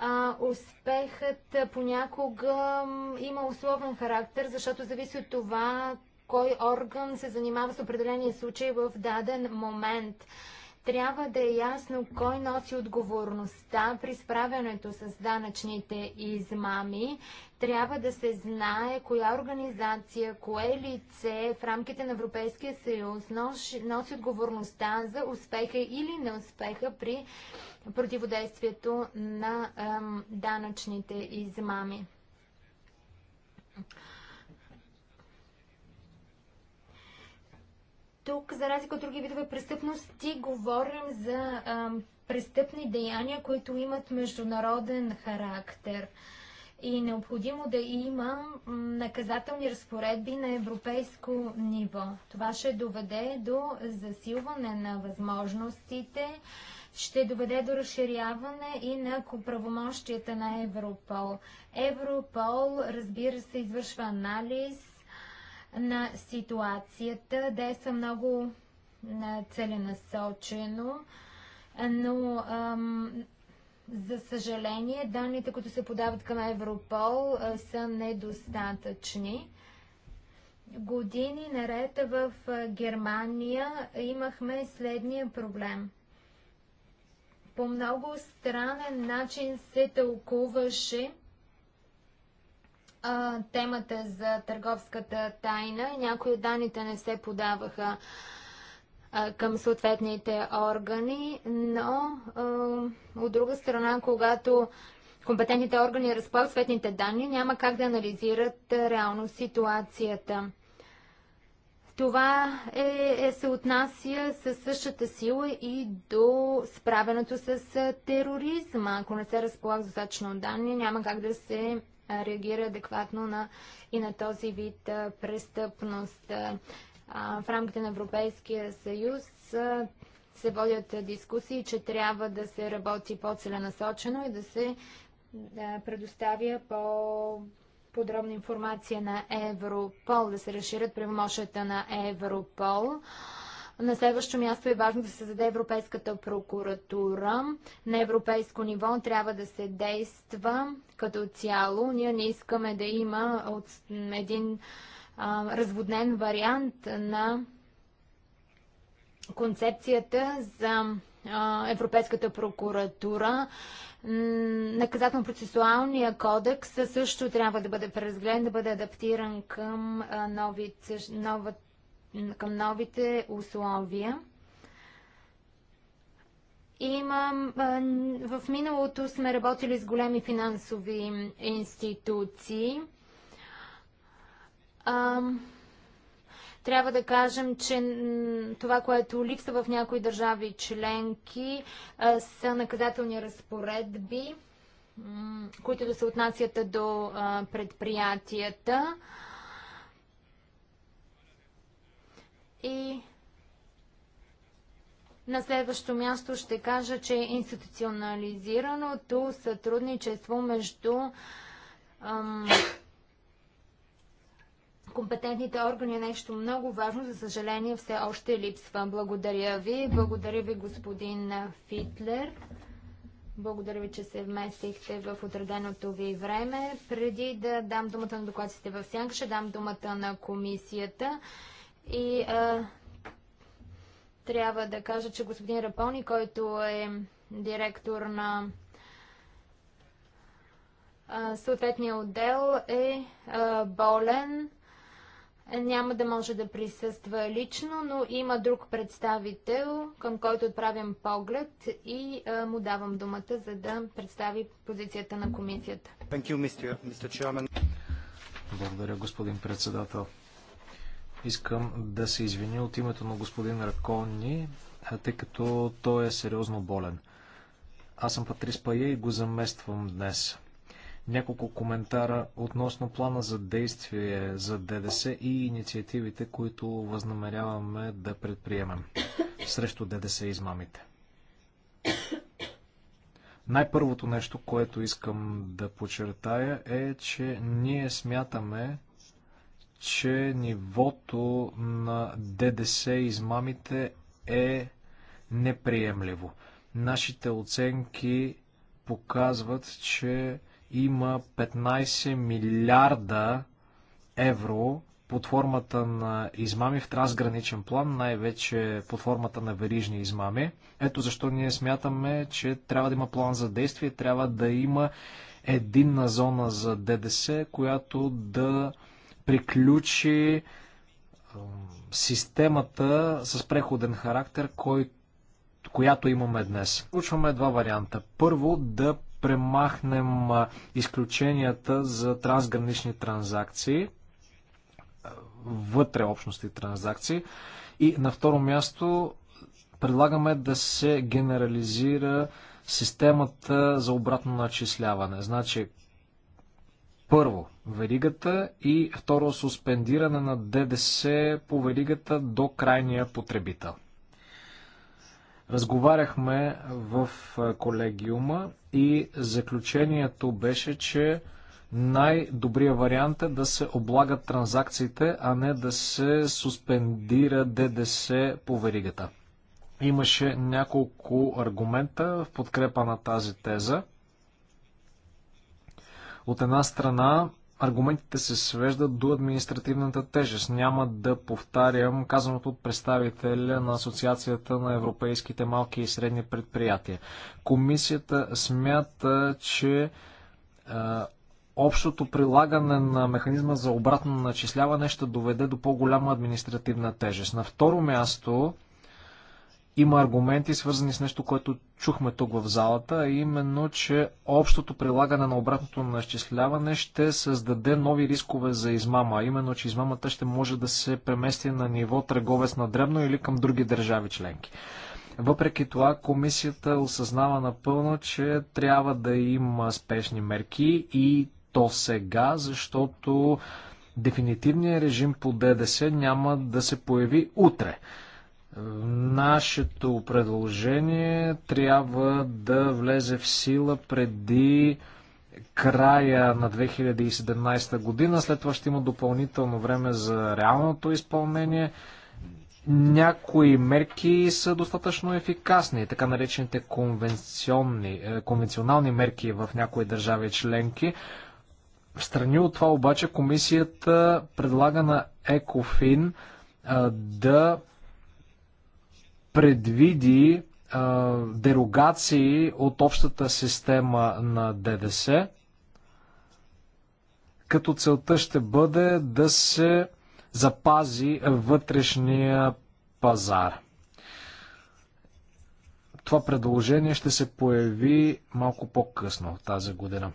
а, успехът понякога има условен характер, защото зависи от това кой орган се занимава с определения случай в даден момент. Трябва да е ясно кой носи отговорността при справянето с данъчните измами. Трябва да се знае коя организация, кое лице в рамките на Европейския съюз носи, отговорността за успеха или неуспеха при противодействието на данъчните измами. Тук, за разлика от други видове престъпности, говорим за а, престъпни деяния, които имат международен характер. И е необходимо да има наказателни разпоредби на европейско ниво. Това ще доведе до засилване на възможностите, ще доведе до разширяване и на правомощията на Европол. Европол, разбира се, извършва анализ на ситуацията, действа много целенасочено, но ам, за съжаление данните, които се подават към Европол, а, са недостатъчни. Години наред в Германия имахме следния проблем. По много странен начин се тълкуваше а, темата за търговската тайна и някои от данните не се подаваха а, към съответните органи, но а, от друга страна, когато компетентните органи разполагат съответните данни, няма как да анализират реално ситуацията. Това е, е, се отнася със същата сила и до справянето с тероризма. Ако не се разполага достатъчно данни, няма как да се реагира адекватно на, и на този вид престъпност. В рамките на Европейския съюз се водят дискусии, че трябва да се работи по-целенасочено и да се да предоставя по подробна информация на Европол, да се разширят правомощията на Европол. На следващо място е важно да се заде Европейската прокуратура. На европейско ниво трябва да се действа като цяло. Ние не искаме да има от един а, разводнен вариант на концепцията за а, Европейската прокуратура. Наказателно-процесуалния кодекс също трябва да бъде преразгледан, да бъде адаптиран към а, нови, нова, към новите условия. Имам, в миналото сме работили с големи финансови институции. Трябва да кажем, че това, което липсва в някои държави членки, са наказателни разпоредби, които да се отнасят до предприятията. И на следващо място ще кажа, че институционализираното сътрудничество между ам, компетентните органи е нещо много важно. За съжаление, все още липсва. Благодаря ви. Благодаря ви, господин Фитлер. Благодаря ви, че се вместихте в отреденото ви време. Преди да дам думата на докладците в сянка, ще дам думата на комисията. И а, трябва да кажа, че господин Рапони, който е директор на а, съответния отдел, е а, болен. Няма да може да присъства лично, но има друг представител, към който отправям поглед и а, му давам думата, за да представи позицията на комисията. Благодаря, господин председател искам да се извиня от името на господин Ракони, тъй като той е сериозно болен. Аз съм Патрис Пае и го замествам днес. Няколко коментара относно плана за действие за ДДС и инициативите, които възнамеряваме да предприемем срещу ДДС измамите. Най-първото нещо, което искам да подчертая е, че ние смятаме, че нивото на ДДС измамите е неприемливо. Нашите оценки показват, че има 15 милиарда евро под формата на измами в трансграничен план, най-вече под формата на верижни измами. Ето защо ние смятаме, че трябва да има план за действие, трябва да има единна зона за ДДС, която да приключи системата с преходен характер, кой, която имаме днес. Случваме два варианта. Първо да премахнем изключенията за трансгранични транзакции, вътре общности транзакции. И на второ място предлагаме да се генерализира системата за обратно начисляване. Значи, първо, веригата и второ, суспендиране на ДДС по веригата до крайния потребител. Разговаряхме в колегиума и заключението беше, че най-добрия вариант е да се облагат транзакциите, а не да се суспендира ДДС по веригата. Имаше няколко аргумента в подкрепа на тази теза. От една страна, аргументите се свеждат до административната тежест. Няма да повтарям казаното от представителя на Асоциацията на европейските малки и средни предприятия. Комисията смята, че е, общото прилагане на механизма за обратно начисляване ще доведе до по-голяма административна тежест. На второ място, има аргументи, свързани с нещо, което чухме тук в залата, а именно, че общото прилагане на обратното начисляване ще създаде нови рискове за измама, а именно, че измамата ще може да се премести на ниво търговец на дребно или към други държави членки. Въпреки това, комисията осъзнава напълно, че трябва да има спешни мерки и то сега, защото дефинитивният режим по ДДС няма да се появи утре. Нашето предложение трябва да влезе в сила преди края на 2017 година. След това ще има допълнително време за реалното изпълнение. Някои мерки са достатъчно ефикасни, така наречените е, конвенционални мерки в някои държави членки. В страни от това обаче комисията предлага на ЕКОФИН е, да предвиди а, дерогации от общата система на ДДС, като целта ще бъде да се запази вътрешния пазар. Това предложение ще се появи малко по-късно тази година.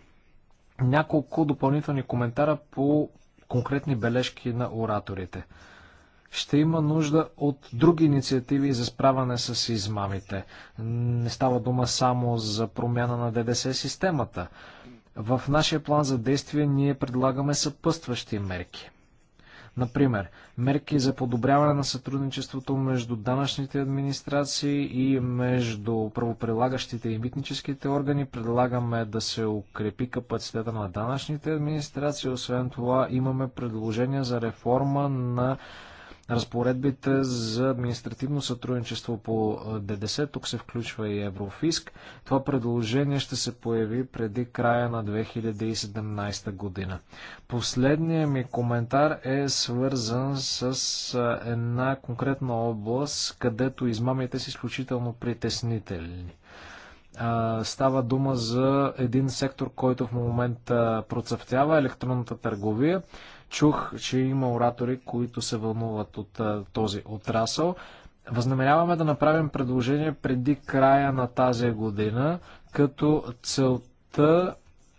Няколко допълнителни коментара по конкретни бележки на ораторите ще има нужда от други инициативи за справяне с измамите. Не става дума само за промяна на ДДС системата. В нашия план за действие ние предлагаме съпъстващи мерки. Например, мерки за подобряване на сътрудничеството между данъчните администрации и между правоприлагащите и митническите органи. Предлагаме да се укрепи капацитета на данъчните администрации. Освен това, имаме предложения за реформа на разпоредбите за административно сътрудничество по ДДС. Тук се включва и Еврофиск. Това предложение ще се появи преди края на 2017 година. Последният ми коментар е свързан с една конкретна област, където измамите са изключително притеснителни става дума за един сектор, който в момента процъфтява електронната търговия чух, че има оратори, които се вълнуват от този отрасъл. Възнамеряваме да направим предложение преди края на тази година, като целта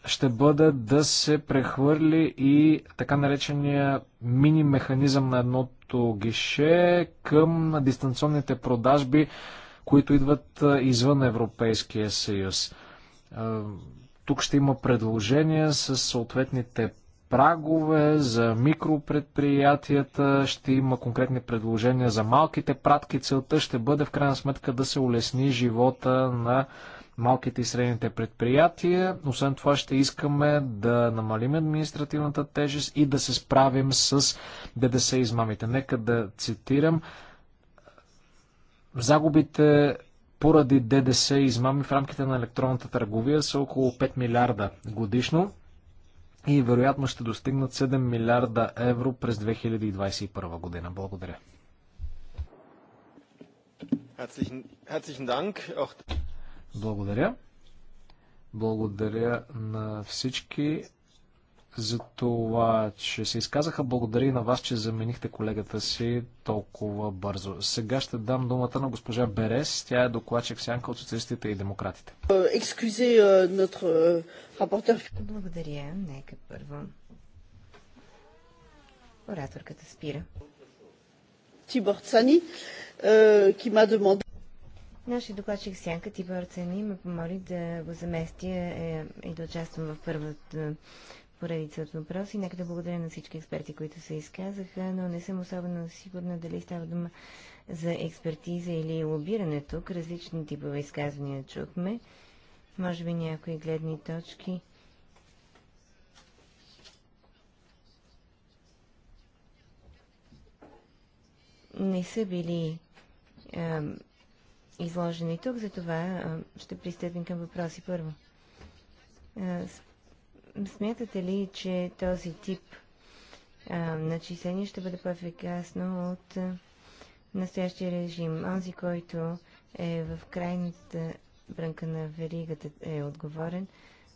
ще бъде да се прехвърли и така наречения мини механизъм на едното гише към дистанционните продажби, които идват извън Европейския съюз. Тук ще има предложения с съответните прагове, за микропредприятията, ще има конкретни предложения за малките пратки. Целта ще бъде в крайна сметка да се улесни живота на малките и средните предприятия. Освен това ще искаме да намалим административната тежест и да се справим с ДДС измамите. Нека да цитирам. Загубите поради ДДС измами в рамките на електронната търговия са около 5 милиарда годишно и вероятно ще достигнат 7 милиарда евро през 2021 година. Благодаря. Благодаря. Благодаря на всички за това, че се изказаха. Благодаря и на вас, че заменихте колегата си толкова бързо. Сега ще дам думата на госпожа Берес. Тя е докладчик сянка от социалистите и демократите. Е, е, е, Благодаря. Нека първо. Ораторката спира. Тибор Цани, ки ма демонда. Нашия докладчик Сянка Тибор Цани ме помоли да го заместя и да участвам в първата поредица от въпроси. Нека да благодаря на всички експерти, които се изказаха, но не съм особено сигурна дали става дума за експертиза или лобиране тук. Различни типове изказвания чухме. Може би някои гледни точки. Не са били е, изложени тук, затова е, ще пристъпим към въпроси първо смятате ли, че този тип а, начисление ще бъде по-ефикасно от а, настоящия режим? Онзи, който е в крайната брънка на веригата е отговорен,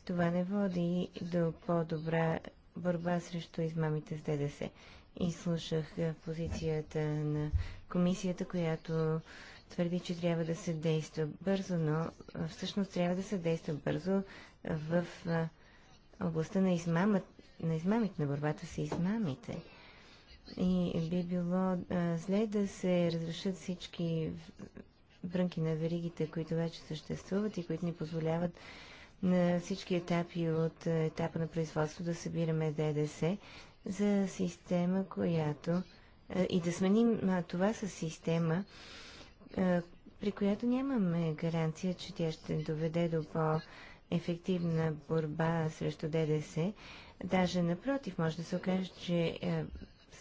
това не води до по-добра борба срещу измамите с ДДС. И слушах позицията на комисията, която твърди, че трябва да се действа бързо, но всъщност трябва да се действа бързо в а, областта на, измамът, на измамите, на борбата с измамите. И би било а, зле да се разрешат всички брънки на веригите, които вече съществуват и които ни позволяват на всички етапи от етапа на производство да събираме ДДС за система, която и да сменим това с система, при която нямаме гаранция, че тя ще доведе до по- ефективна борба срещу ДДС. Даже напротив, може да се окаже, че е,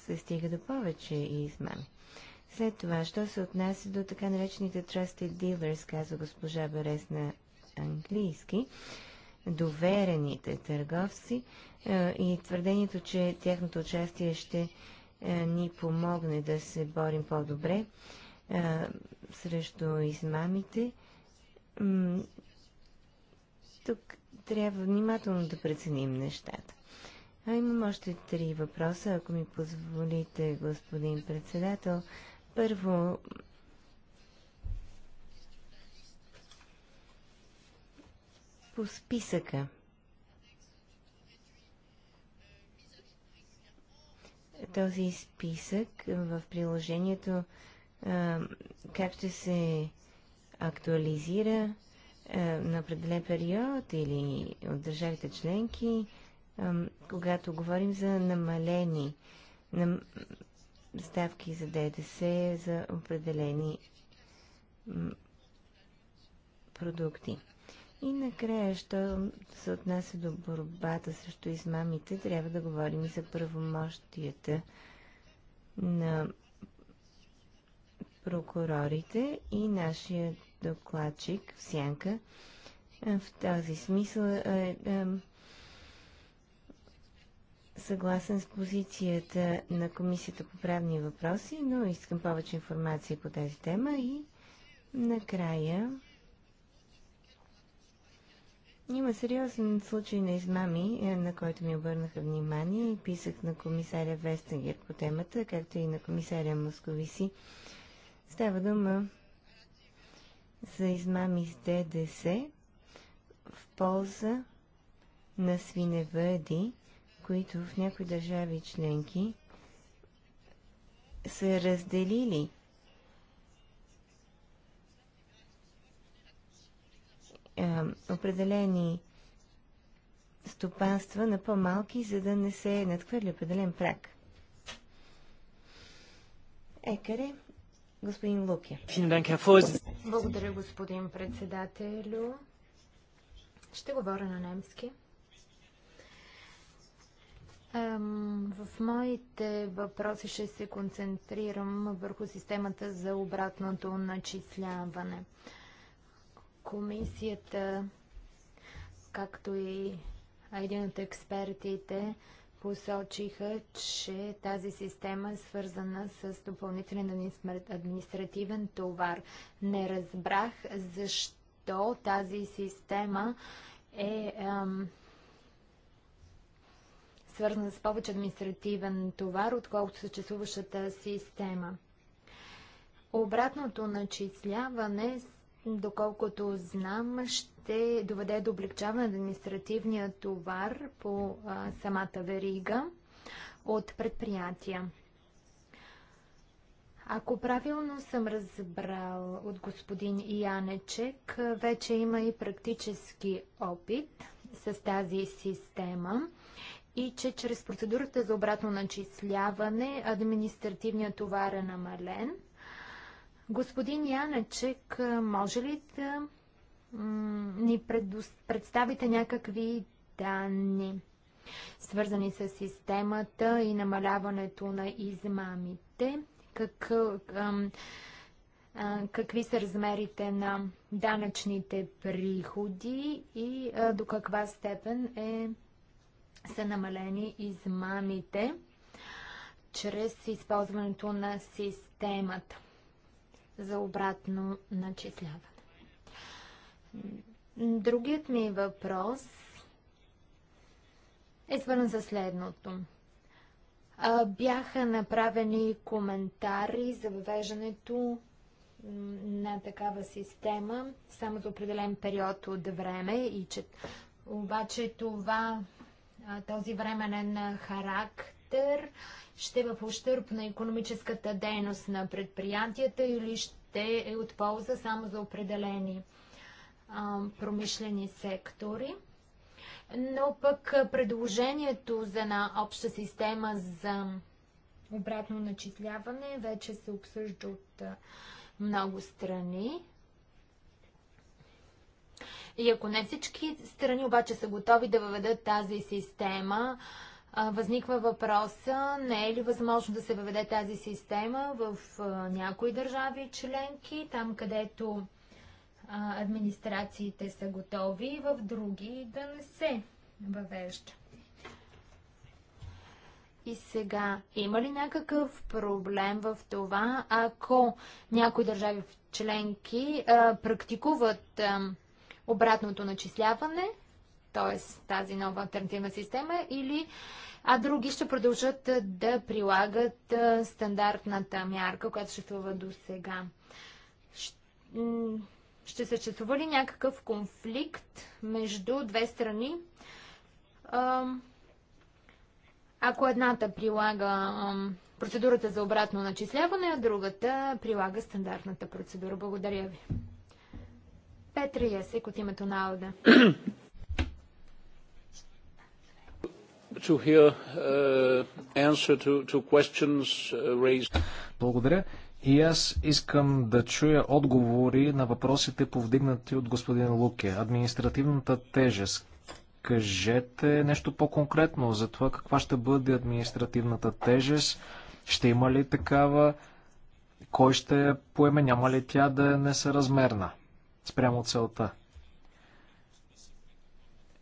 се стига до повече и измами. След това, що се отнася до така наречените trusted dealers, казва госпожа Берес на английски, доверените търговци е, и твърдението, че тяхното участие ще е, ни помогне да се борим по-добре срещу измамите, тук трябва внимателно да преценим нещата. А имам още три въпроса, ако ми позволите, господин председател. Първо, по списъка. Този списък в приложението как ще се актуализира е, на определен период или от държавите членки, когато говорим за намалени ставки за ДДС за определени продукти. И накрая, що се отнася до борбата срещу измамите, трябва да говорим и за правомощията на прокурорите и нашият докладчик в сянка. В този смисъл е, е, е, съгласен с позицията на Комисията по правни въпроси, но искам повече информация по тази тема и накрая има сериозен случай на измами, е, на който ми обърнаха внимание и писах на комисаря Вестенгер по темата, както и на комисаря Московиси. Става дума за измами с ДДС в полза на свиневъди, които в някои държави членки са разделили е, определени стопанства на по-малки, за да не се надхвърли определен прак. Екаре Господин Луки. Благодаря, господин председателю. Ще говоря на немски. В моите въпроси ще се концентрирам върху системата за обратното начисляване. Комисията, както и един от експертите, посочиха, че тази система е свързана с допълнителен административен товар. Не разбрах защо тази система е ам, свързана с повече административен товар, отколкото съществуващата система. Обратното начисляване доколкото знам, ще доведе до облегчаване на административния товар по а, самата верига от предприятия. Ако правилно съм разбрал от господин Янечек, вече има и практически опит с тази система и че чрез процедурата за обратно начисляване административният товар е намален – Господин Янечек, може ли да ни представите някакви данни, свързани с системата и намаляването на измамите? Как, какви са размерите на данъчните приходи и до каква степен е, са намалени измамите чрез използването на системата за обратно начисляване. Другият ми въпрос е свързан за следното. Бяха направени коментари за въвеждането на такава система само за определен период от време и че обаче това, този временен характер вятър ще е в ущърп на економическата дейност на предприятията или ще е от полза само за определени а, промишлени сектори. Но пък предложението за една обща система за обратно начисляване вече се обсъжда от много страни. И ако не всички страни обаче са готови да въведат тази система, Възниква въпроса, не е ли възможно да се въведе тази система в някои държави членки, там където администрациите са готови, в други да не се въвежда. И сега, има ли някакъв проблем в това, ако някои държави членки практикуват обратното начисляване, т.е. тази нова альтернативна система, или а други ще продължат да прилагат стандартната мярка, която съществува до сега. Ще съществува ли някакъв конфликт между две страни? Ако едната прилага процедурата за обратно начисляване, а другата прилага стандартната процедура. Благодаря ви. Петри Ясек от името на Ауда. to hear uh, answer to, to questions uh, raised. Благодаря. И аз искам да чуя отговори на въпросите повдигнати от господин Луке. Административната тежест. Кажете нещо по-конкретно за това каква ще бъде административната тежест. Ще има ли такава? Кой ще поеме? Няма ли тя да е несъразмерна спрямо целта?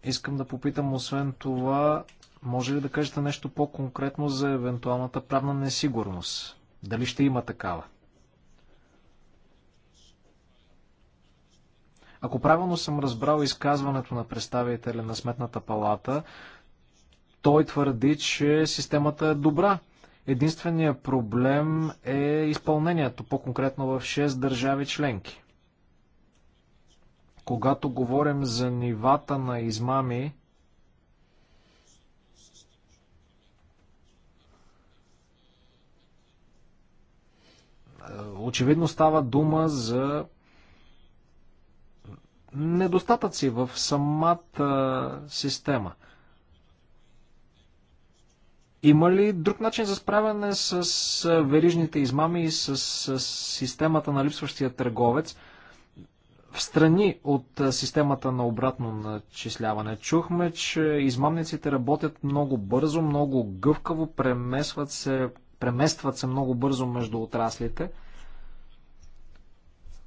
Искам да попитам, освен това, може ли да кажете нещо по-конкретно за евентуалната правна несигурност? Дали ще има такава? Ако правилно съм разбрал изказването на представителя на Сметната палата, той твърди, че системата е добра. Единственият проблем е изпълнението, по-конкретно в 6 държави членки. Когато говорим за нивата на измами, Е, очевидно става дума за недостатъци в самата система. Има ли друг начин за справяне с е, верижните измами и с, с системата на липсващия търговец? В страни от е, системата на обратно начисляване чухме, че измамниците работят много бързо, много гъвкаво, премесват се Преместват се много бързо между отраслите.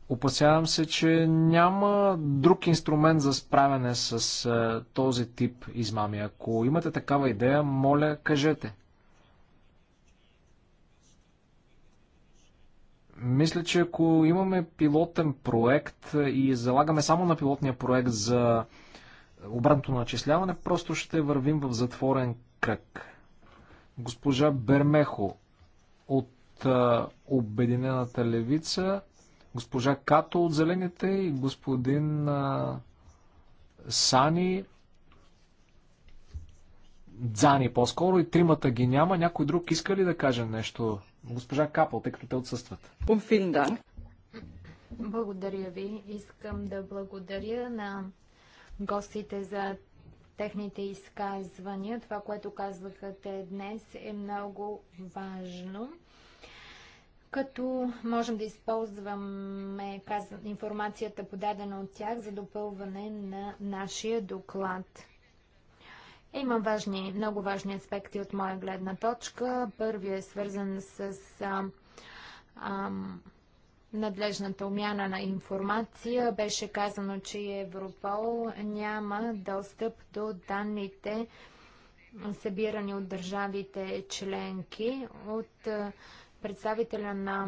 Опасявам се, че няма друг инструмент за справяне с е, този тип измами. Ако имате такава идея, моля, кажете. Мисля, че ако имаме пилотен проект е, и залагаме само на пилотния проект за обратното начисляване, просто ще вървим в затворен кръг. Госпожа Бермехо Обединената левица, госпожа Като от Зелените и господин Сани Дзани по-скоро и тримата ги няма. Някой друг иска ли да каже нещо? Госпожа Капал, тъй като те отсъстват. Благодаря ви. Искам да благодаря на гостите за техните изказвания. Това, което казваха те днес е много важно като можем да използваме информацията подадена от тях за допълване на нашия доклад. Има важни, много важни аспекти от моя гледна точка. Първият е свързан с а, а, надлежната умяна на информация. Беше казано, че Европол няма достъп до данните, събирани от държавите членки. От представителя на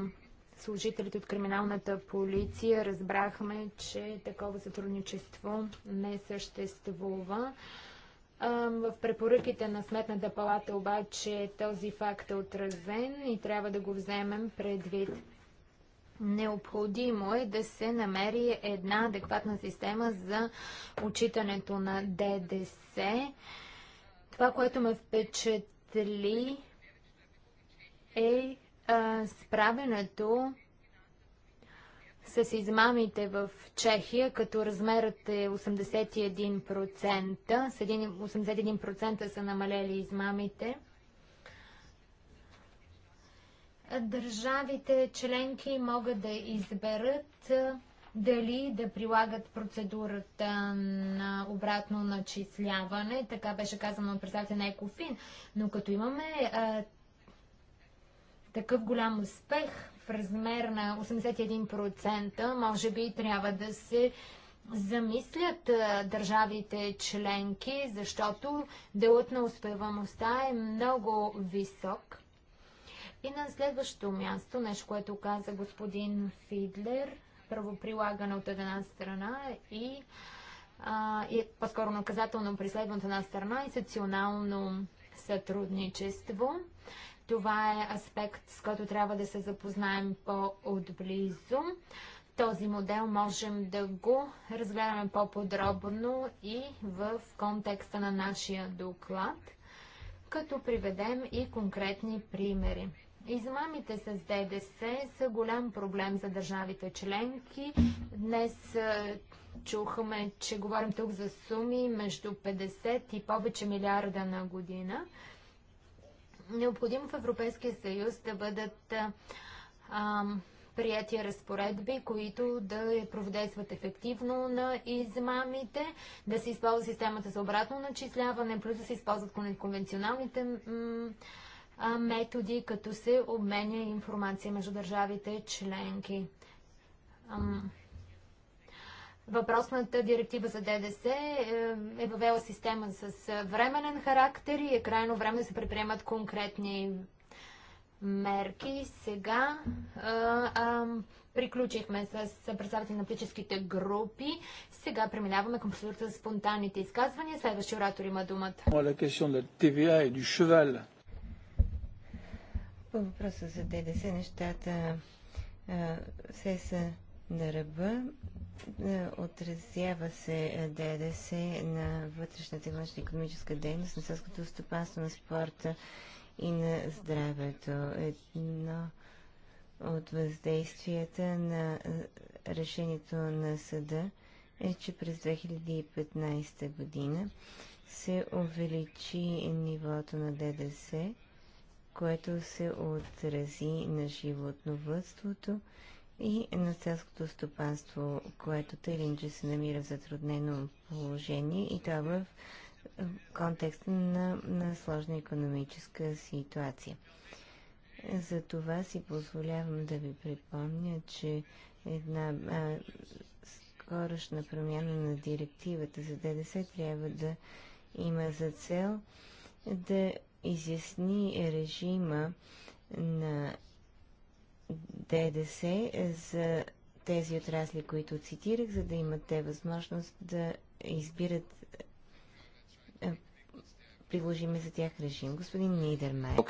служителите от криминалната полиция разбрахме, че такова сътрудничество не съществува. В препоръките на Сметната палата обаче е този факт е отразен и трябва да го вземем предвид. Необходимо е да се намери една адекватна система за отчитането на ДДС. Това, което ме впечатли е справенето с измамите в Чехия, като размерът е 81%. С 81% са намалели измамите. Държавите членки могат да изберат дали да прилагат процедурата на обратно начисляване, така беше казано от представите на Екофин, но като имаме а, такъв голям успех в размер на 81%, може би трябва да се замислят държавите членки, защото делът на успеваността е много висок. И на следващото място, нещо, което каза господин Фидлер, правоприлагане от една страна и, а, и по-скоро наказателно преследване от една страна и социално сътрудничество – това е аспект, с който трябва да се запознаем по-отблизо. Този модел можем да го разгледаме по-подробно и в контекста на нашия доклад, като приведем и конкретни примери. Измамите с ДДС са голям проблем за държавите членки. Днес чухме, че говорим тук за суми между 50 и повече милиарда на година необходимо в Европейския съюз да бъдат а, прияти разпоредби, които да проводействат ефективно на измамите, да се използва системата за обратно начисляване, плюс да се използват конвенционалните методи, като се обменя информация между държавите членки. Въпросната директива за ДДС е, е въвела система с е, временен характер и е крайно време да се предприемат конкретни мерки. Сега а, е, а, приключихме с представители на политическите групи. Сега преминаваме към процедурата за спонтанните изказвания. Следващия оратор има думата. По въпроса за ДДС нещата а, все са на ръба. Е, отразява се е, ДДС на вътрешната и външна економическа дейност, на селското стопанство, на спорта и на здравето. Едно от въздействията на е, решението на съда е, че през 2015 година се увеличи нивото на ДДС, което се отрази на животновътството и на селското стопанство, което тъй или се намира в затруднено положение и това в контекста на, на сложна економическа ситуация. За това си позволявам да ви припомня, че една а, скорошна промяна на директивата за ДДС трябва да има за цел да изясни режима на ДДС е, за тези отрасли, които цитирах, за да имат те възможност да избират е, приложиме за тях режим. Господин Нидермайер.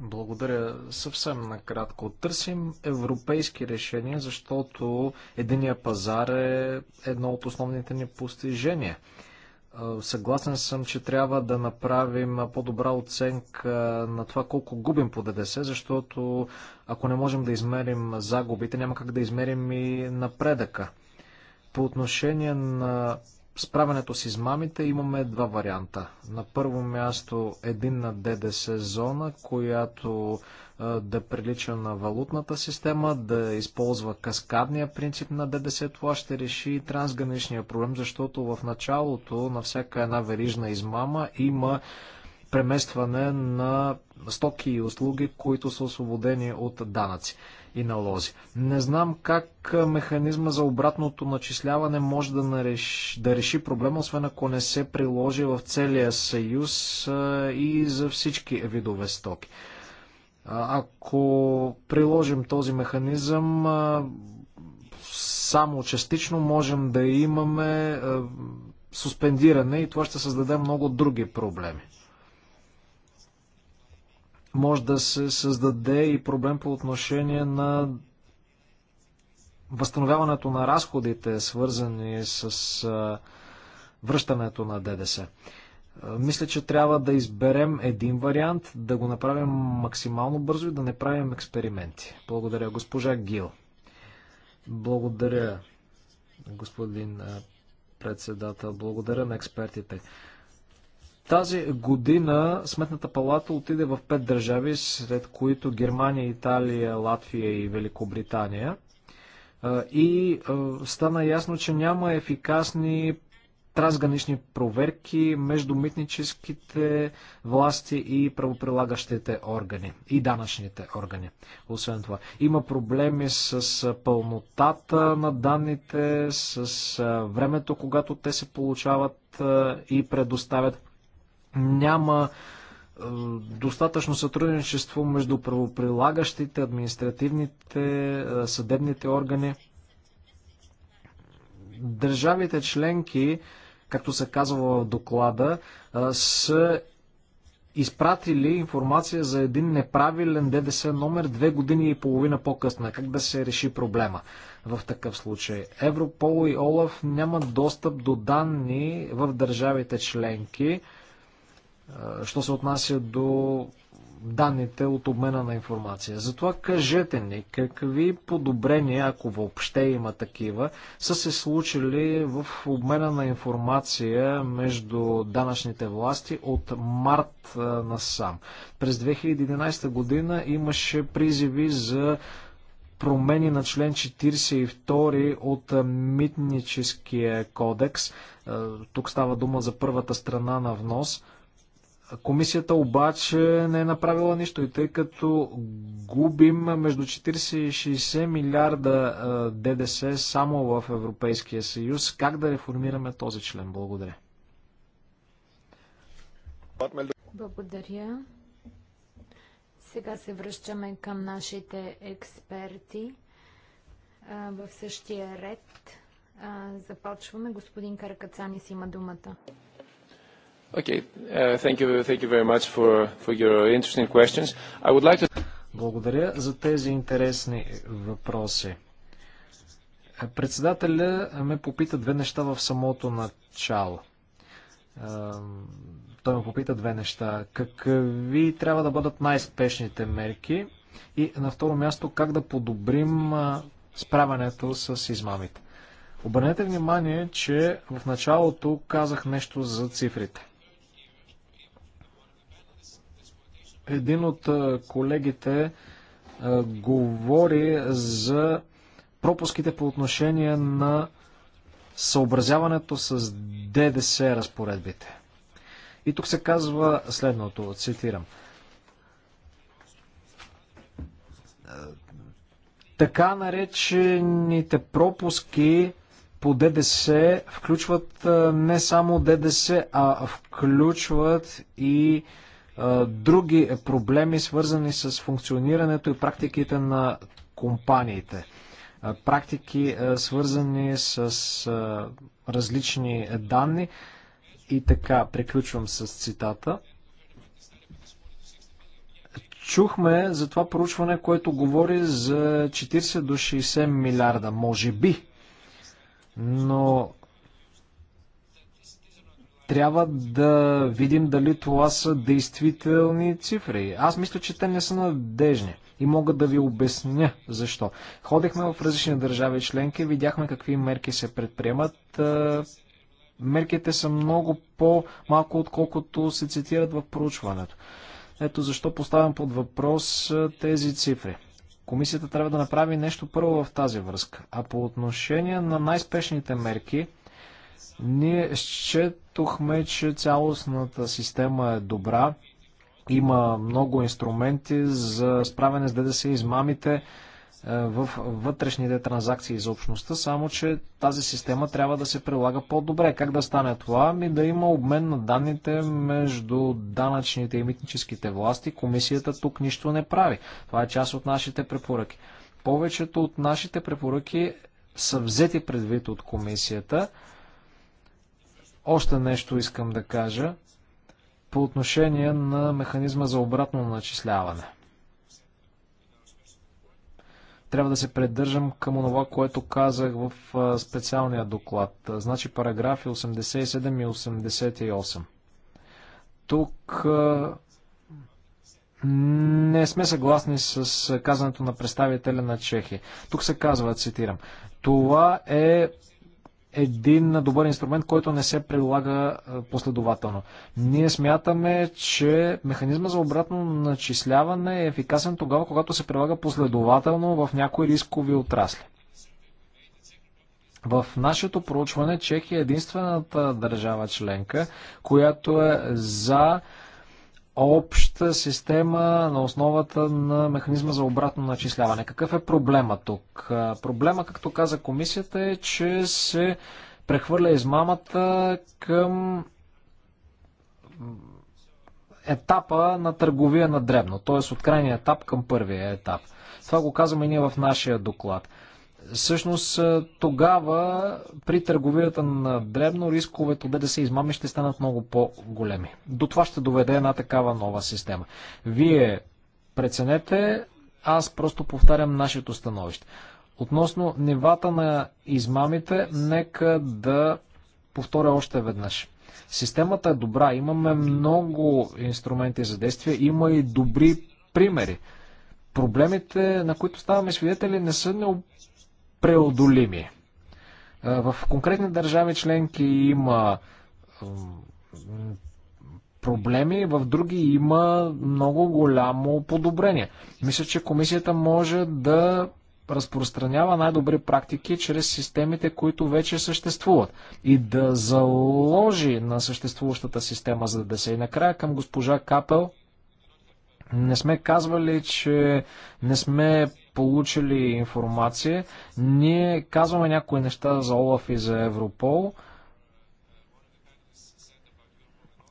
Благодаря. Съвсем накратко. Търсим европейски решения, защото единия пазар е едно от основните ни постижения. Съгласен съм, че трябва да направим по-добра оценка на това колко губим по ДДС, защото ако не можем да измерим загубите, няма как да измерим и напредъка. По отношение на справянето с измамите имаме два варианта. На първо място един на ДДС зона, която да прилича на валутната система, да използва каскадния принцип на ДДС. Това ще реши трансграничния проблем, защото в началото на всяка една верижна измама има преместване на стоки и услуги, които са освободени от данъци и налози. Не знам как механизма за обратното начисляване може да, нареш, да реши проблема, освен ако не се приложи в целия съюз и за всички видове стоки. Ако приложим този механизъм, само частично можем да имаме суспендиране и това ще създаде много други проблеми може да се създаде и проблем по отношение на възстановяването на разходите, свързани с връщането на ДДС. Мисля, че трябва да изберем един вариант, да го направим максимално бързо и да не правим експерименти. Благодаря, госпожа Гил. Благодаря, господин председател. Благодаря на експертите. Тази година Сметната палата отиде в пет държави, сред които Германия, Италия, Латвия и Великобритания. И стана ясно, че няма ефикасни трансгранични проверки между митническите власти и правоприлагащите органи и данъчните органи. Освен това, има проблеми с пълнотата на данните, с времето, когато те се получават и предоставят няма е, достатъчно сътрудничество между правоприлагащите, административните, е, съдебните органи. Държавите членки, както се казва в доклада, е, са изпратили информация за един неправилен ДДС номер две години и половина по късна Как да се реши проблема в такъв случай? Европол и Олаф нямат достъп до данни в държавите членки що се отнася до данните от обмена на информация. Затова кажете ни, какви подобрения, ако въобще има такива, са се случили в обмена на информация между данъчните власти от март насам. През 2011 година имаше призиви за промени на член 42 от митническия кодекс. Тук става дума за първата страна на внос – Комисията обаче не е направила нищо и тъй като губим между 40 и 60 милиарда ДДС само в Европейския съюз, как да реформираме този член? Благодаря. Благодаря. Сега се връщаме към нашите експерти в същия ред. Започваме. Господин Каракацанис има думата. Okay. Uh, thank you. Thank you very much for, for your interesting questions. I would like to... Благодаря за тези интересни въпроси. Е, председателя ме попита две неща в самото начало. Той ме попита две неща. Какви трябва да бъдат най-спешните мерки и на второ място как да подобрим справянето с измамите. Обърнете внимание, че в началото казах нещо за цифрите. Един от колегите говори за пропуските по отношение на съобразяването с ДДС разпоредбите. И тук се казва следното, цитирам. Така наречените пропуски по ДДС включват не само ДДС, а включват и а, други проблеми, свързани с функционирането и практиките на компаниите. Практики, свързани с различни данни. И така, приключвам с цитата. Чухме за това проучване, което говори за 40 до 60 милиарда, може би. Но трябва да видим дали това са действителни цифри. Аз мисля, че те не са надежни и мога да ви обясня защо. Ходихме в различни държави членки, видяхме какви мерки се предприемат. Е, мерките са много по-малко, отколкото се цитират в проучването. Ето защо поставям под въпрос е, тези цифри. Комисията трябва да направи нещо първо в тази връзка. А по отношение на най-спешните мерки, ние счет Счетохме, че цялостната система е добра. Има много инструменти за справяне с ДДС измамите е, в вътрешните транзакции за общността, само че тази система трябва да се прилага по-добре. Как да стане това? Ми да има обмен на данните между данъчните и митническите власти. Комисията тук нищо не прави. Това е част от нашите препоръки. Повечето от нашите препоръки са взети предвид от комисията. Още нещо искам да кажа по отношение на механизма за обратно начисляване. Трябва да се придържам към това, което казах в специалния доклад. Значи параграфи 87 и 88. Тук не сме съгласни с казането на представителя на Чехия. Тук се казва, цитирам, това е един добър инструмент, който не се прилага е, последователно. Ние смятаме, че механизма за обратно начисляване е ефикасен тогава, когато се прилага последователно в някои рискови отрасли. В нашето проучване Чехия е единствената държава членка, която е за обща система на основата на механизма за обратно начисляване. Какъв е проблема тук? Проблема, както каза комисията, е, че се прехвърля измамата към етапа на търговия на дребно, т.е. от крайния етап към първия етап. Това го казваме и ние в нашия доклад. Всъщност тогава при търговията на дребно рисковете от ДДС измами ще станат много по-големи. До това ще доведе една такава нова система. Вие преценете, аз просто повтарям нашето становище. Относно нивата на измамите, нека да повторя още веднъж. Системата е добра, имаме много инструменти за действие, има и добри примери. Проблемите, на които ставаме свидетели, не са преодолими. В конкретни държави членки има проблеми, в други има много голямо подобрение. Мисля, че комисията може да разпространява най-добри практики чрез системите, които вече съществуват и да заложи на съществуващата система за се И накрая към госпожа Капел. Не сме казвали, че не сме получили информация. Ние казваме някои неща за Олаф и за Европол.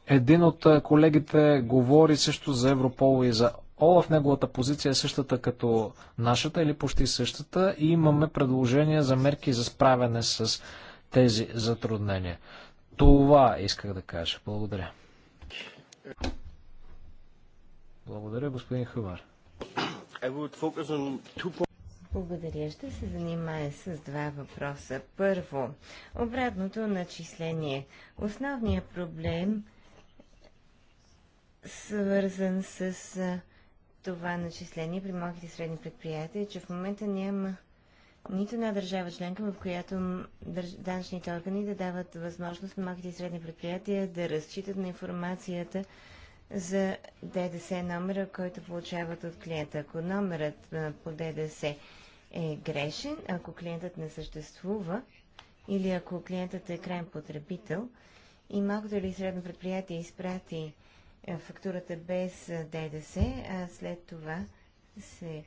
Един от е, колегите говори също за Европол и за Олаф. Неговата позиция е същата като нашата или почти същата и имаме предложения за мерки за справяне с тези затруднения. Това исках да кажа. Благодаря. Благодаря, господин Хювар. Благодаря. Ще се занимая с два въпроса. Първо, обратното начисление. Основният проблем свързан с това начисление при малките и средни предприятия, е, че в момента няма нито една държава членка, в която данъчните органи да дават възможност на малките и средни предприятия да разчитат на информацията за ДДС номера, който получават от клиента. Ако номерът по ДДС е грешен, ако клиентът не съществува или ако клиентът е крайен потребител и малкото или средно предприятие изпрати фактурата без ДДС, а след това се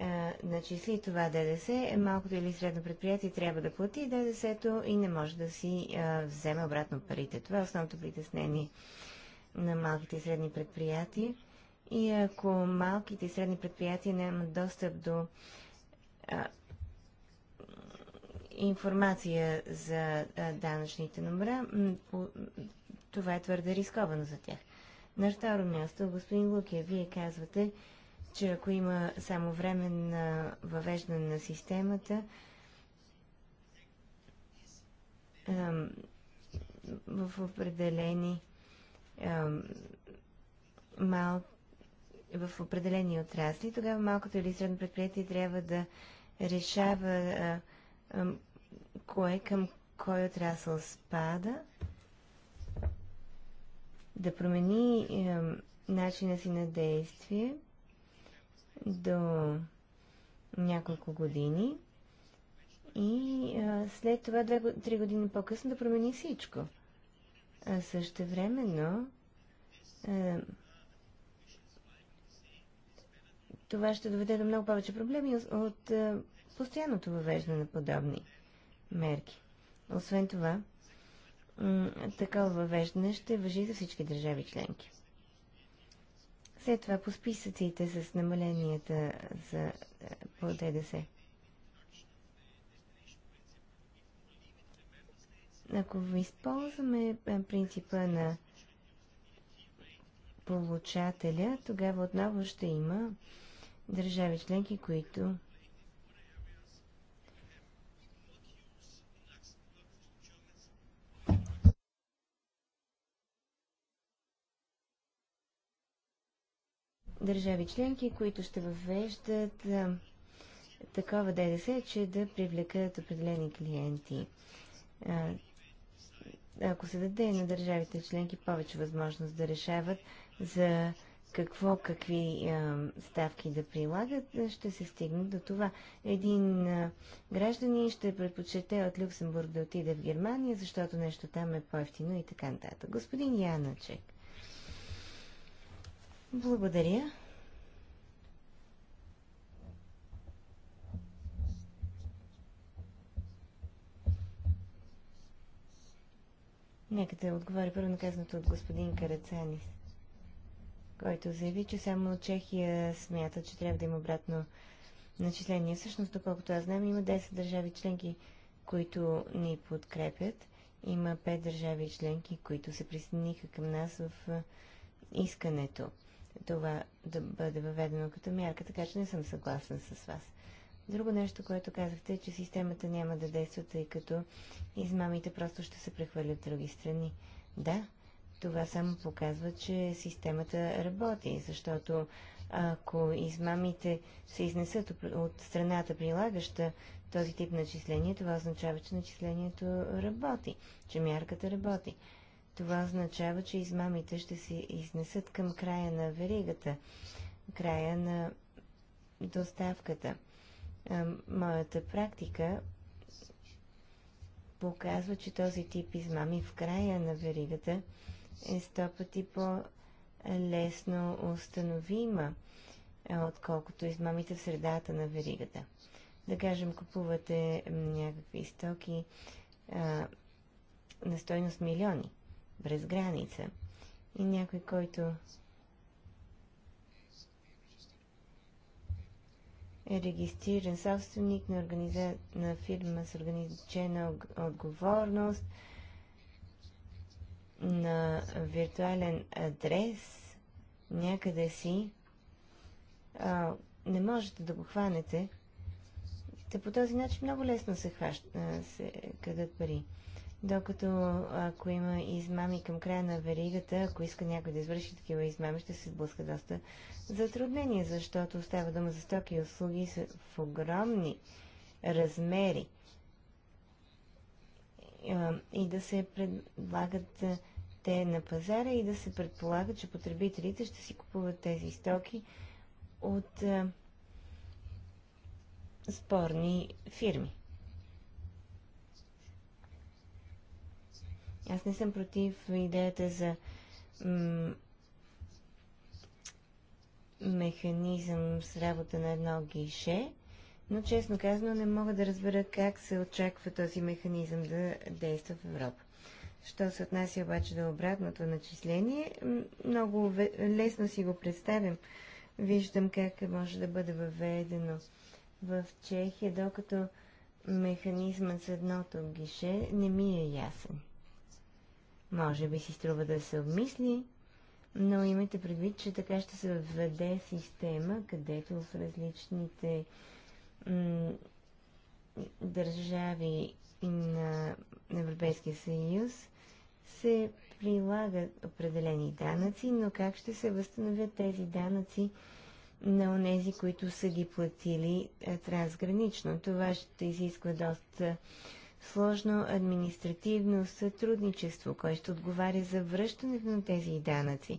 а, начисли това ДДС, малкото или средно предприятие трябва да плати ДДС-то и не може да си а, вземе обратно парите. Това е основното притеснение на малките и средни предприятия. И ако малките и средни предприятия нямат достъп до а, информация за а, данъчните номера, това е твърде рисковано за тях. На второ място, господин Лукия, вие казвате, че ако има само време на въвеждане на системата, а, в определени мал... в определени отрасли, тогава малкото или средно предприятие трябва да решава а, а, кое към кой отрасъл спада, да промени а, начина си на действие до няколко години и а, след това, 2-3 години по-късно, да промени всичко. А също времено е, това ще доведе до много повече проблеми от е, постоянното въвеждане на подобни мерки. Освен това, такова въвеждане ще въжи за всички държави членки. След това по списъците с намаленията за, е, по ДДС. Ако използваме е, принципа на получателя, тогава отново ще има държави членки, които държави членки, които ще въвеждат е, такова ДДС, че да привлекат определени клиенти. Е, ако се даде на държавите членки повече възможност да решават за какво, какви ставки да прилагат, ще се стигне до това. Един а, гражданин ще предпочете от Люксембург да отиде в Германия, защото нещо там е по-ефтино и така нататък. Господин Яначек. Благодаря. Нека да отговоря първо наказаното от господин Карацанис, който заяви, че само Чехия смята, че трябва да има обратно начисление. Всъщност, доколкото аз знам, има 10 държави членки, които ни подкрепят. Има 5 държави членки, които се присъединиха към нас в искането това да бъде въведено като мярка, така че не съм съгласна с вас. Друго нещо, което казахте, е, че системата няма да действа, тъй като измамите просто ще се прехвърлят в други страни. Да, това само показва, че системата работи, защото ако измамите се изнесат от страната прилагаща този тип начисление, това означава, че начислението работи, че мярката работи. Това означава, че измамите ще се изнесат към края на веригата, края на доставката. Е, моята практика показва, че този тип измами в края на веригата е сто пъти по-лесно установима, е, отколкото измамите в средата на веригата. Да кажем, купувате някакви стоки а, е, на стойност милиони през граница и някой, който е регистриран собственик на, организа... на фирма с ограничена отговорност, на виртуален адрес някъде си, а, не можете да го хванете, Та по този начин много лесно се, хващ, се крадат пари. Докато ако има измами към края на веригата, ако иска някой да извърши такива измами, ще се сблъска доста затруднения, защото става дума за стоки и услуги в огромни размери. И да се предлагат те на пазара и да се предполага, че потребителите ще си купуват тези стоки от спорни фирми. Аз не съм против идеята за механизъм с работа на едно гише, но честно казано не мога да разбера как се очаква този механизъм да действа в Европа. Що се отнася обаче до обратното начисление, много лесно си го представям. Виждам как може да бъде въведено в Чехия, докато механизмът с едното гише не ми е ясен. Може би си струва да се обмисли, но имайте предвид, че така ще се введе система, където в различните държави на Европейския съюз се прилагат определени данъци, но как ще се възстановят тези данъци на онези, които са ги платили е, трансгранично? Това ще изисква доста сложно административно сътрудничество, което ще отговаря за връщането на тези данъци.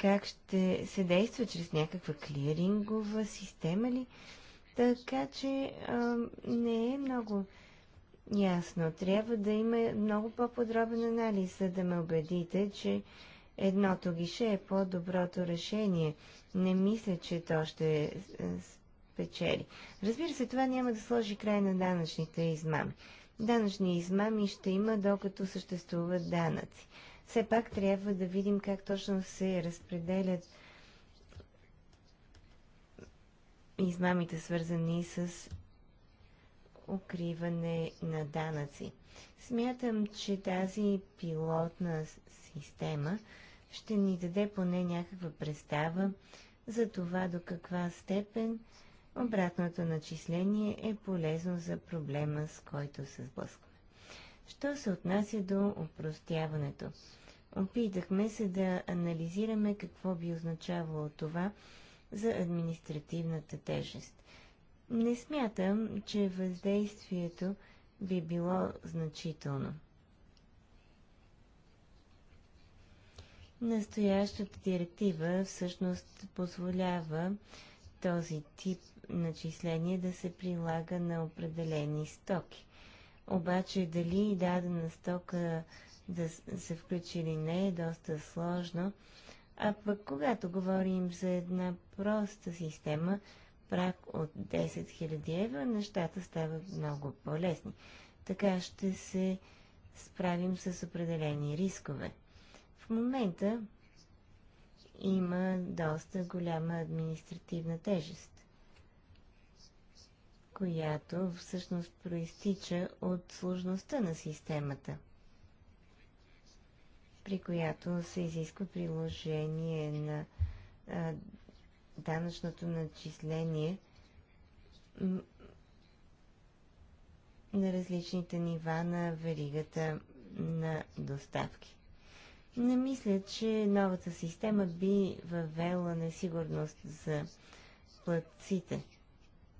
Как ще се действа чрез някаква клирингова система ли? Така че а, не е много ясно. Трябва да има много по-подробен анализ, за да ме убедите, че едното гише е по-доброто решение. Не мисля, че то ще е печели. Разбира се, това няма да сложи край на данъчните измами. Данъчни измами ще има, докато съществуват данъци. Все пак трябва да видим как точно се разпределят измамите, свързани с укриване на данъци. Смятам, че тази пилотна система ще ни даде поне някаква представа за това до каква степен Обратното начисление е полезно за проблема, с който се сблъскваме. Що се отнася до упростяването? Опитахме се да анализираме какво би означавало това за административната тежест. Не смятам, че въздействието би било значително. Настоящата директива всъщност позволява този тип начисление да се прилага на определени стоки. Обаче дали дадена стока да се включи или не е доста сложно, а пък когато говорим за една проста система, прак от 10 000 евро, нещата стават много по-лесни. Така ще се справим с определени рискове. В момента има доста голяма административна тежест която всъщност проистича от сложността на системата, при която се изисква приложение на а, данъчното начисление на различните нива на веригата на доставки. Не мисля, че новата система би въвела несигурност за платците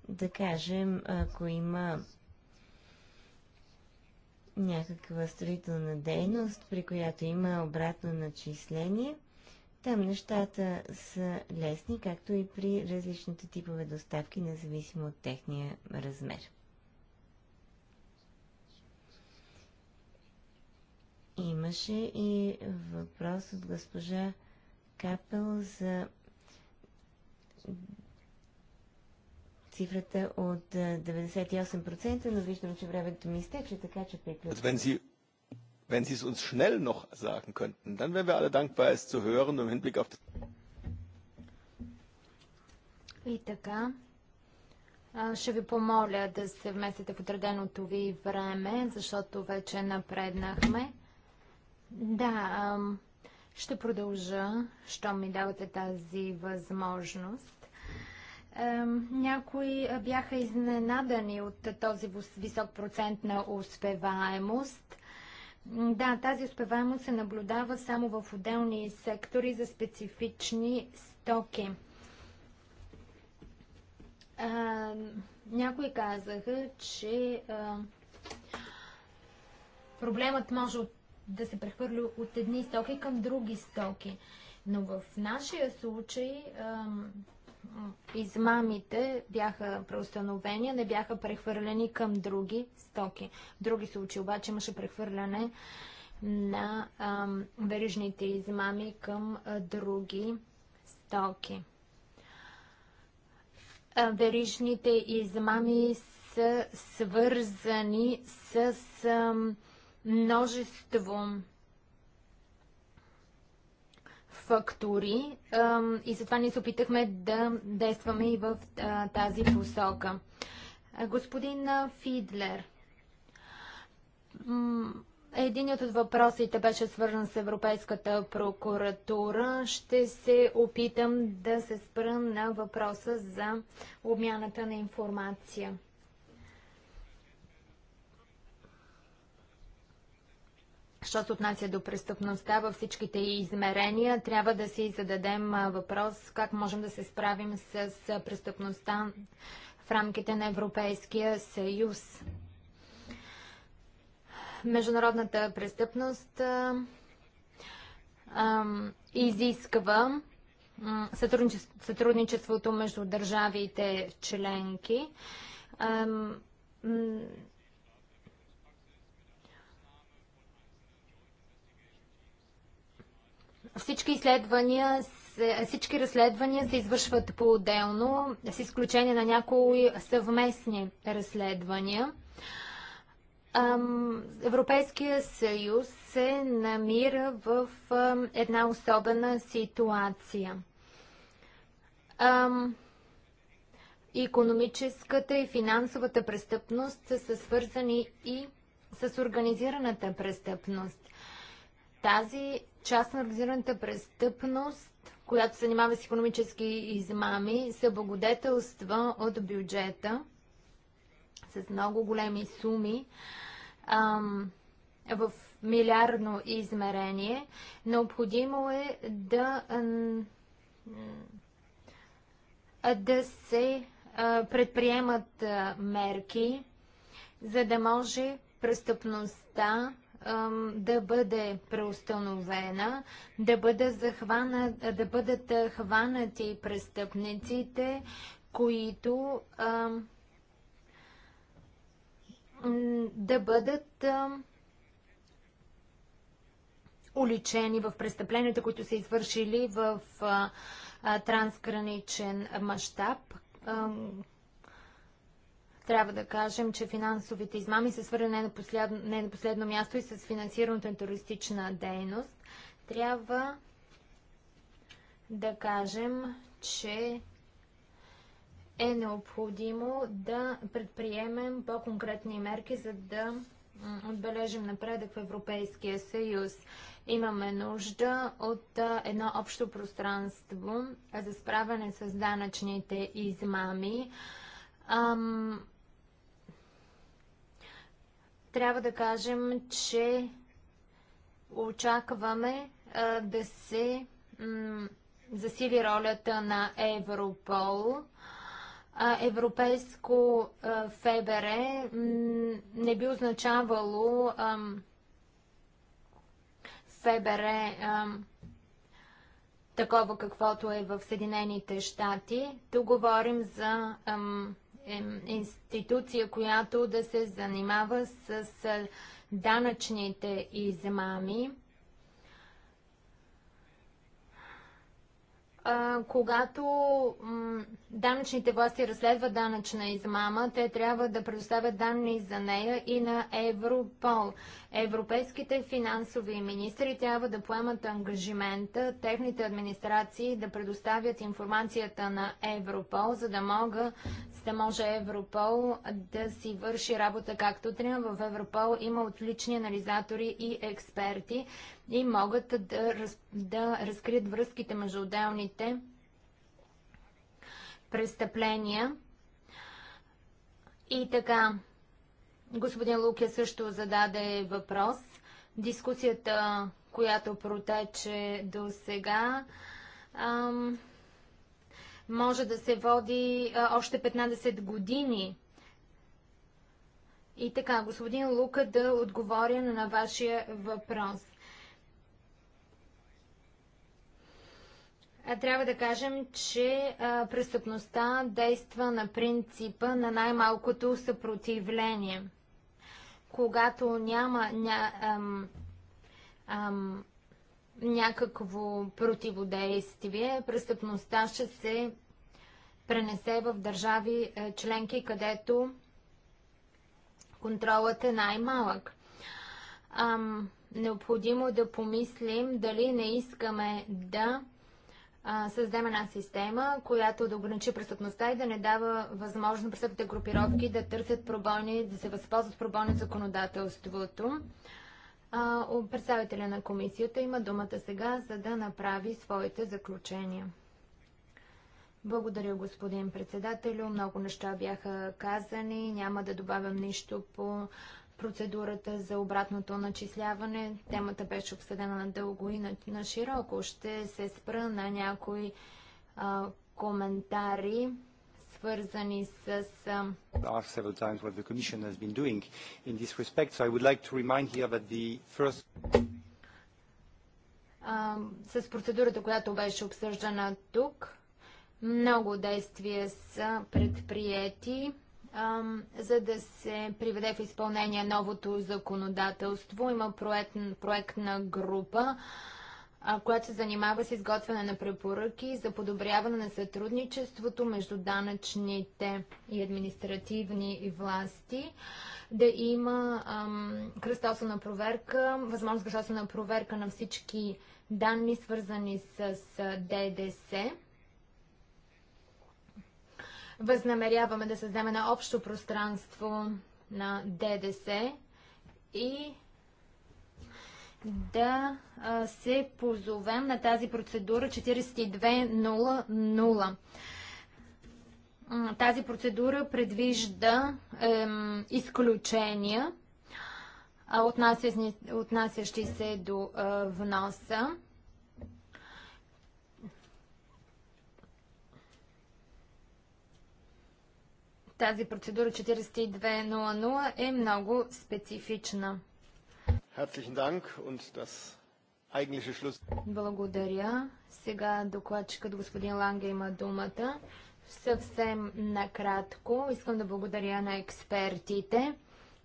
да кажем, ако има някаква строителна дейност, при която има обратно начисление, там нещата са лесни, както и при различните типове доставки, независимо от техния размер. Имаше и въпрос от госпожа Капел за цифрата от 98%, но виждам, че времето ми изтече, така че приключвам. Wenn Sie es uns schnell noch sagen könnten, dann wären wir alle dankbar, es zu hören im Hinblick auf И така, ще ви помоля да се вместите в отреденото ви време, защото вече напреднахме. Да, ще продължа, що ми давате тази възможност. Някои е, бяха изненадани от този висок процент на успеваемост. Да, тази успеваемост се наблюдава само в отделни сектори за специфични стоки. някои казаха, че проблемът може да се прехвърли от едни стоки към други стоки. Но в нашия случай измамите бяха преустановени, не бяха прехвърлени към други стоки. В други случаи обаче имаше прехвърляне на а, верижните измами към а, други стоки. А, верижните измами са свързани с а, множество фактори и затова ние се опитахме да действаме и в тази посока. Господин Фидлер, един от въпросите беше свързан с Европейската прокуратура. Ще се опитам да се спра на въпроса за обмяната на информация. Що се отнася до престъпността във всичките измерения, трябва да си зададем въпрос как можем да се справим с престъпността в рамките на Европейския съюз. Международната престъпност а, а, изисква сътрудничеството между държавите членки Всички изследвания всички разследвания се извършват по-отделно, с изключение на някои съвместни разследвания. Европейския съюз се намира в една особена ситуация. Економическата и финансовата престъпност са свързани и с организираната престъпност. Тази част на организираната престъпност, която се занимава с економически измами, се благодетелства от бюджета с много големи суми ам, в милиардно измерение. Необходимо е да, ам, да се а, предприемат а, мерки, за да може престъпността да бъде преустановена, да, бъде захвана, да бъдат хванати престъпниците, които да бъдат уличени в престъпленията, които са извършили в трансграничен мащаб, трябва да кажем, че финансовите измами са свързани не на последно, не на последно място и с финансирането на туристична дейност. Трябва да кажем, че е необходимо да предприемем по-конкретни мерки, за да отбележим напредък в Европейския съюз. Имаме нужда от едно общо пространство за справяне с данъчните измами. Ам, трябва да кажем, че очакваме а, да се засили ролята на Европол. А, европейско а, ФБР не би означавало ФБР такова каквото е в Съединените щати. Тук говорим за а, институция, която да се занимава с данъчните измами. когато данъчните власти разследват данъчна измама, те трябва да предоставят данни за нея и на Европол. Европейските финансови министри трябва да поемат ангажимента техните администрации да предоставят информацията на Европол, за да, мога, за да може Европол да си върши работа както трябва. В Европол има отлични анализатори и експерти, и могат да, раз, да разкрият връзките между отделните престъпления. И така, господин Лукия също зададе въпрос. Дискусията, която протече до сега, може да се води а, още 15 години. И така, господин Лука, да отговоря на вашия въпрос. Трябва да кажем, че престъпността действа на принципа на най-малкото съпротивление. Когато няма ня, ам, ам, някакво противодействие, престъпността ще се пренесе в държави е, членки, където контролът е най-малък. необходимо е да помислим дали не искаме да създадем една система, която да ограничи престъпността и да не дава на престъпните групировки да търсят пробойни, да се възползват пробойни в законодателството. А, представителя на комисията има думата сега, за да направи своите заключения. Благодаря, господин председателю. Много неща бяха казани. Няма да добавям нищо по процедурата за обратното начисляване. Темата беше обсъдена на дълго и на, на широко. Ще се спра на някои а, коментари свързани с... С процедурата, която беше обсъждана тук, много действия са предприяти за да се приведе в изпълнение новото законодателство. Има проект, проектна група, която се занимава с изготвяне на препоръки за подобряване на сътрудничеството между данъчните и административни власти. Да има ам, кръстосана проверка, възможност кръстосана проверка на всички данни, свързани с ДДС. Възнамеряваме да създаме на общо пространство на ДДС и да се позовем на тази процедура 4200. Тази процедура предвижда ем, изключения, отнасящи се до е, вноса. Тази процедура 4200 е много специфична. Благодаря. Сега докладчикът господин Ланге има думата. Съвсем накратко искам да благодаря на експертите.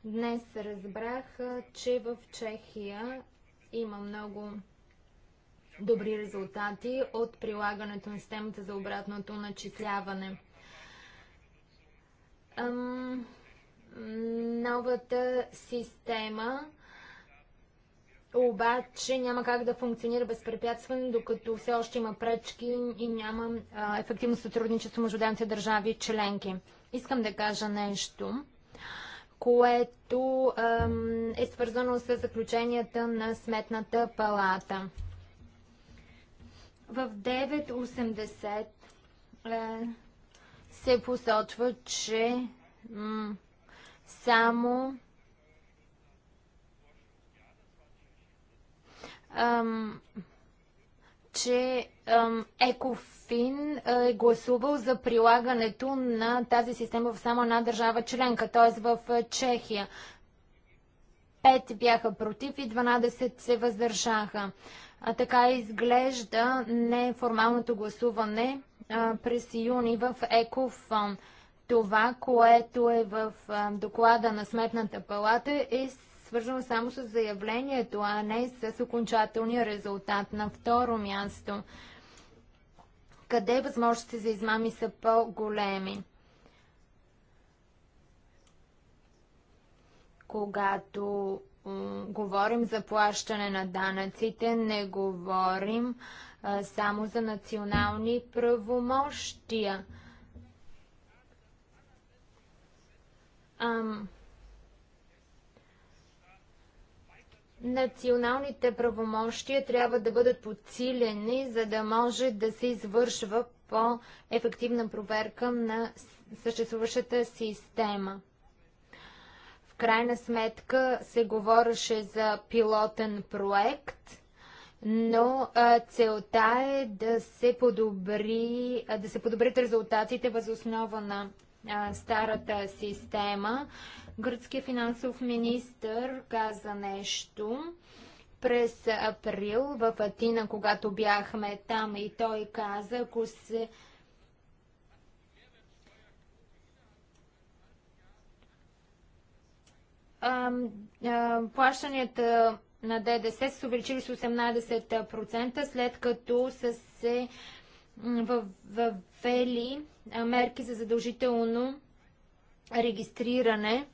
Днес разбрах, че в Чехия има много добри резултати от прилагането на системата за обратното начисляване. Ам, новата система обаче няма как да функционира безпрепятствено, докато все още има пречки и няма а, ефективно сътрудничество между данните държави и членки. Искам да кажа нещо, което ам, е свързано с заключенията на Сметната палата. В 9.80 е, се посочва, че само ам, че ам, Екофин е гласувал за прилагането на тази система в само една държава членка, т.е. в Чехия. Пет бяха против и 12 се въздържаха. А така изглежда неформалното гласуване през юни в Екофон. Това, което е в доклада на Сметната палата е свързано само с заявлението, а не с окончателния резултат. На второ място, къде възможности за измами са по-големи? Когато говорим за плащане на данъците, не говорим а, само за национални правомощия. Ам... Националните правомощия трябва да бъдат подсилени, за да може да се извършва по-ефективна проверка на съществуващата система. В крайна сметка се говореше за пилотен проект – но а, целта е да се, подобри, а, да се подобрят резултатите възоснова на а, старата система. Гръцкият финансов министр каза нещо през април в Атина, когато бяхме там и той каза, ако се а, а, плащанията на ДДС са увеличили с 18%, след като са се въвели мерки за задължително регистриране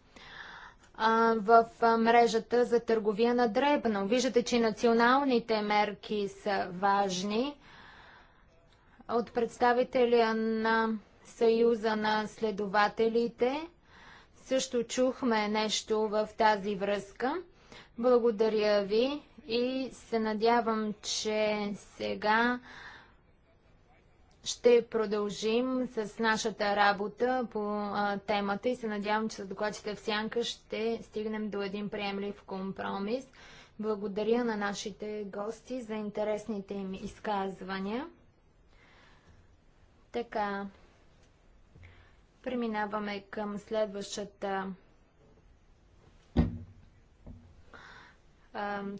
в мрежата за търговия на дребно. Виждате, че националните мерки са важни. От представителя на Съюза на следователите също чухме нещо в тази връзка. Благодаря ви и се надявам, че сега ще продължим с нашата работа по а, темата и се надявам, че с докладчите в сянка ще стигнем до един приемлив компромис. Благодаря на нашите гости за интересните им изказвания. Така, преминаваме към следващата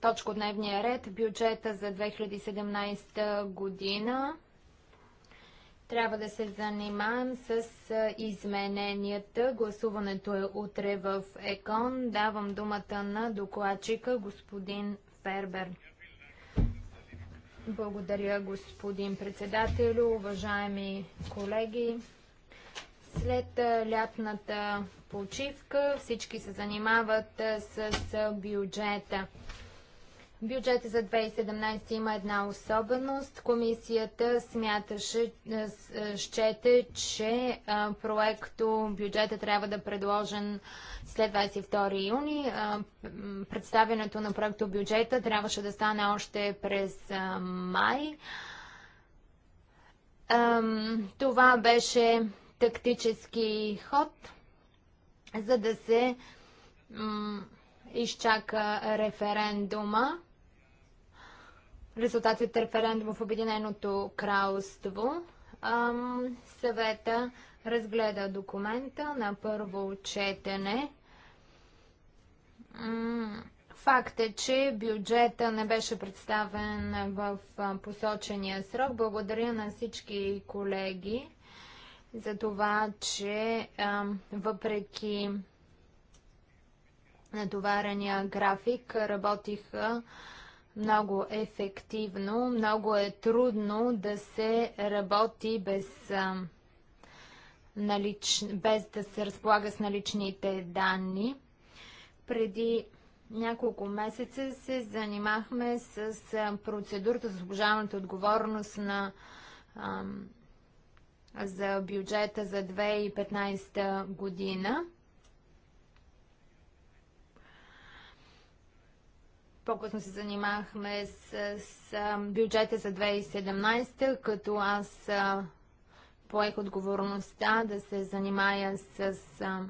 точка от дневния ред бюджета за 2017 година. Трябва да се занимаем с измененията. Гласуването е утре в ЕКОН. Давам думата на докладчика господин Фербер. Благодаря, господин председателю, уважаеми колеги. След лятната почивка всички се занимават с бюджета. Бюджета за 2017 има една особеност. Комисията смяташе, щете, е, е, че е, проекто бюджета трябва да е предложен след 22 юни. Представянето на проекто бюджета трябваше да стане още през май. Това беше тактически ход, за да се изчака референдума. Резултатите от референдум в Обединеното кралство. съвета разгледа документа на първо четене. Факт е, че бюджета не беше представен в посочения срок. Благодаря на всички колеги за това, че въпреки натоварения график работиха много ефективно. Много е трудно да се работи без, а, налич... без да се разполага с наличните данни. Преди няколко месеца се занимахме с, а, процедурата за служаваната отговорност на, а, за бюджета за 2015 година. По-късно се занимахме с, с бюджета за 2017, като аз поех отговорността да се занимая с а,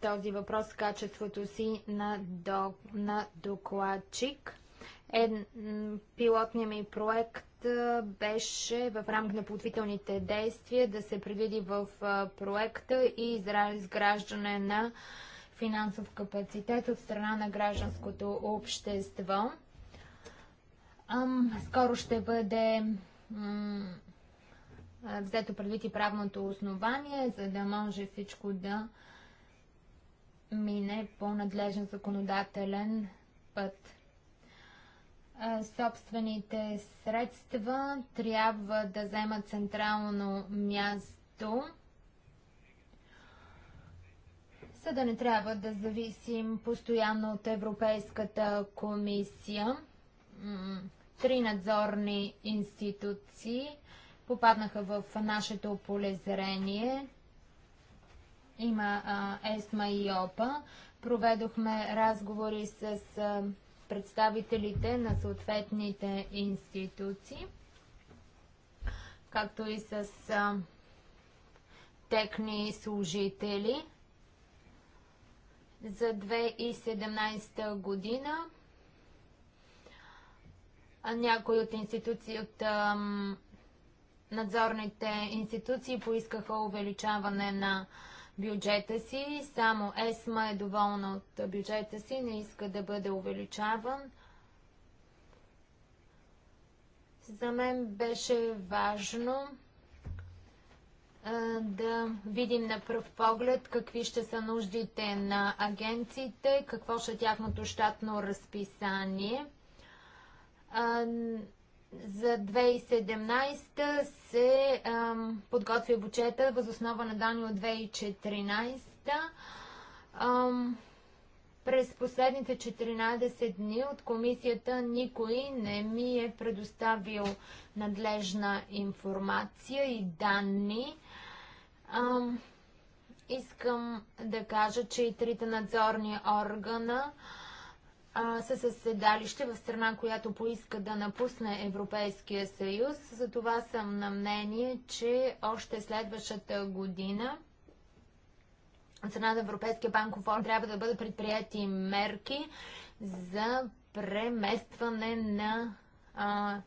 този въпрос качеството си на, до, на докладчик. Е, пилотният ми проект беше в рамка на подвителните действия да се предвиди в проекта и изграждане на а, финансов капацитет от страна на гражданското общество. Скоро ще бъде взето предвид и правното основание, за да може всичко да мине по надлежен законодателен път. Собствените средства трябва да вземат централно място за да не трябва да зависим постоянно от Европейската комисия. Три надзорни институции попаднаха в нашето полезрение. Има ЕСМА и ОПА. Проведохме разговори с представителите на съответните институции, както и с техни служители за 2017 година. Някои от институции, от надзорните институции поискаха увеличаване на бюджета си. Само ЕСМА е доволна от бюджета си, не иска да бъде увеличаван. За мен беше важно да видим на пръв поглед какви ще са нуждите на агенциите, какво ще е тяхното щатно разписание. За 2017 се подготвя бюджета възоснова на данни от 2014. През последните 14 дни от комисията никой не ми е предоставил надлежна информация и данни Ам, искам да кажа, че и трите надзорни органа а, са със седалище в страна, която поиска да напусне Европейския съюз. Затова съм на мнение, че още следващата година от страна на Европейския банков фонд трябва да бъдат предприяти мерки за преместване на а,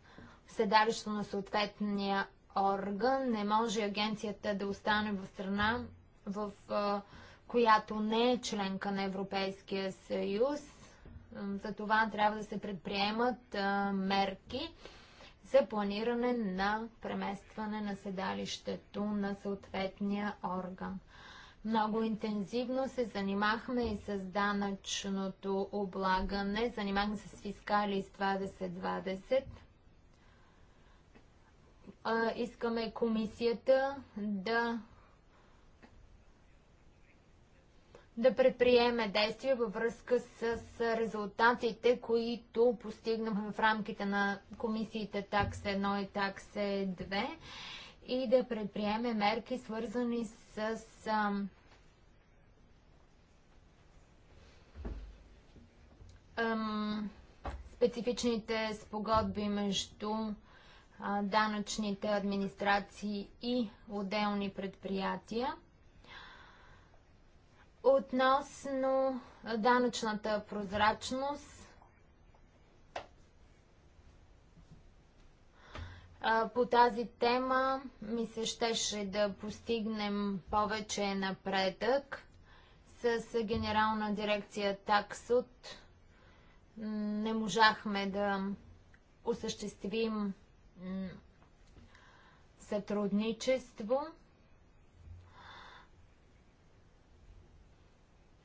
седалището на съответния орган. Не може агенцията да остане в страна, в която не е членка на Европейския съюз. За това трябва да се предприемат мерки за планиране на преместване на седалището на съответния орган. Много интензивно се занимахме и с данъчното облагане. Занимахме се с фискали с 2020 а, искаме комисията да да предприеме действия във връзка с резултатите, които постигнахме в рамките на комисиите такс 1 и такс 2 и да предприеме мерки свързани с а, ам, специфичните спогодби между данъчните администрации и отделни предприятия. Относно данъчната прозрачност, По тази тема ми се щеше да постигнем повече напредък с генерална дирекция Таксот. Не можахме да осъществим сътрудничество.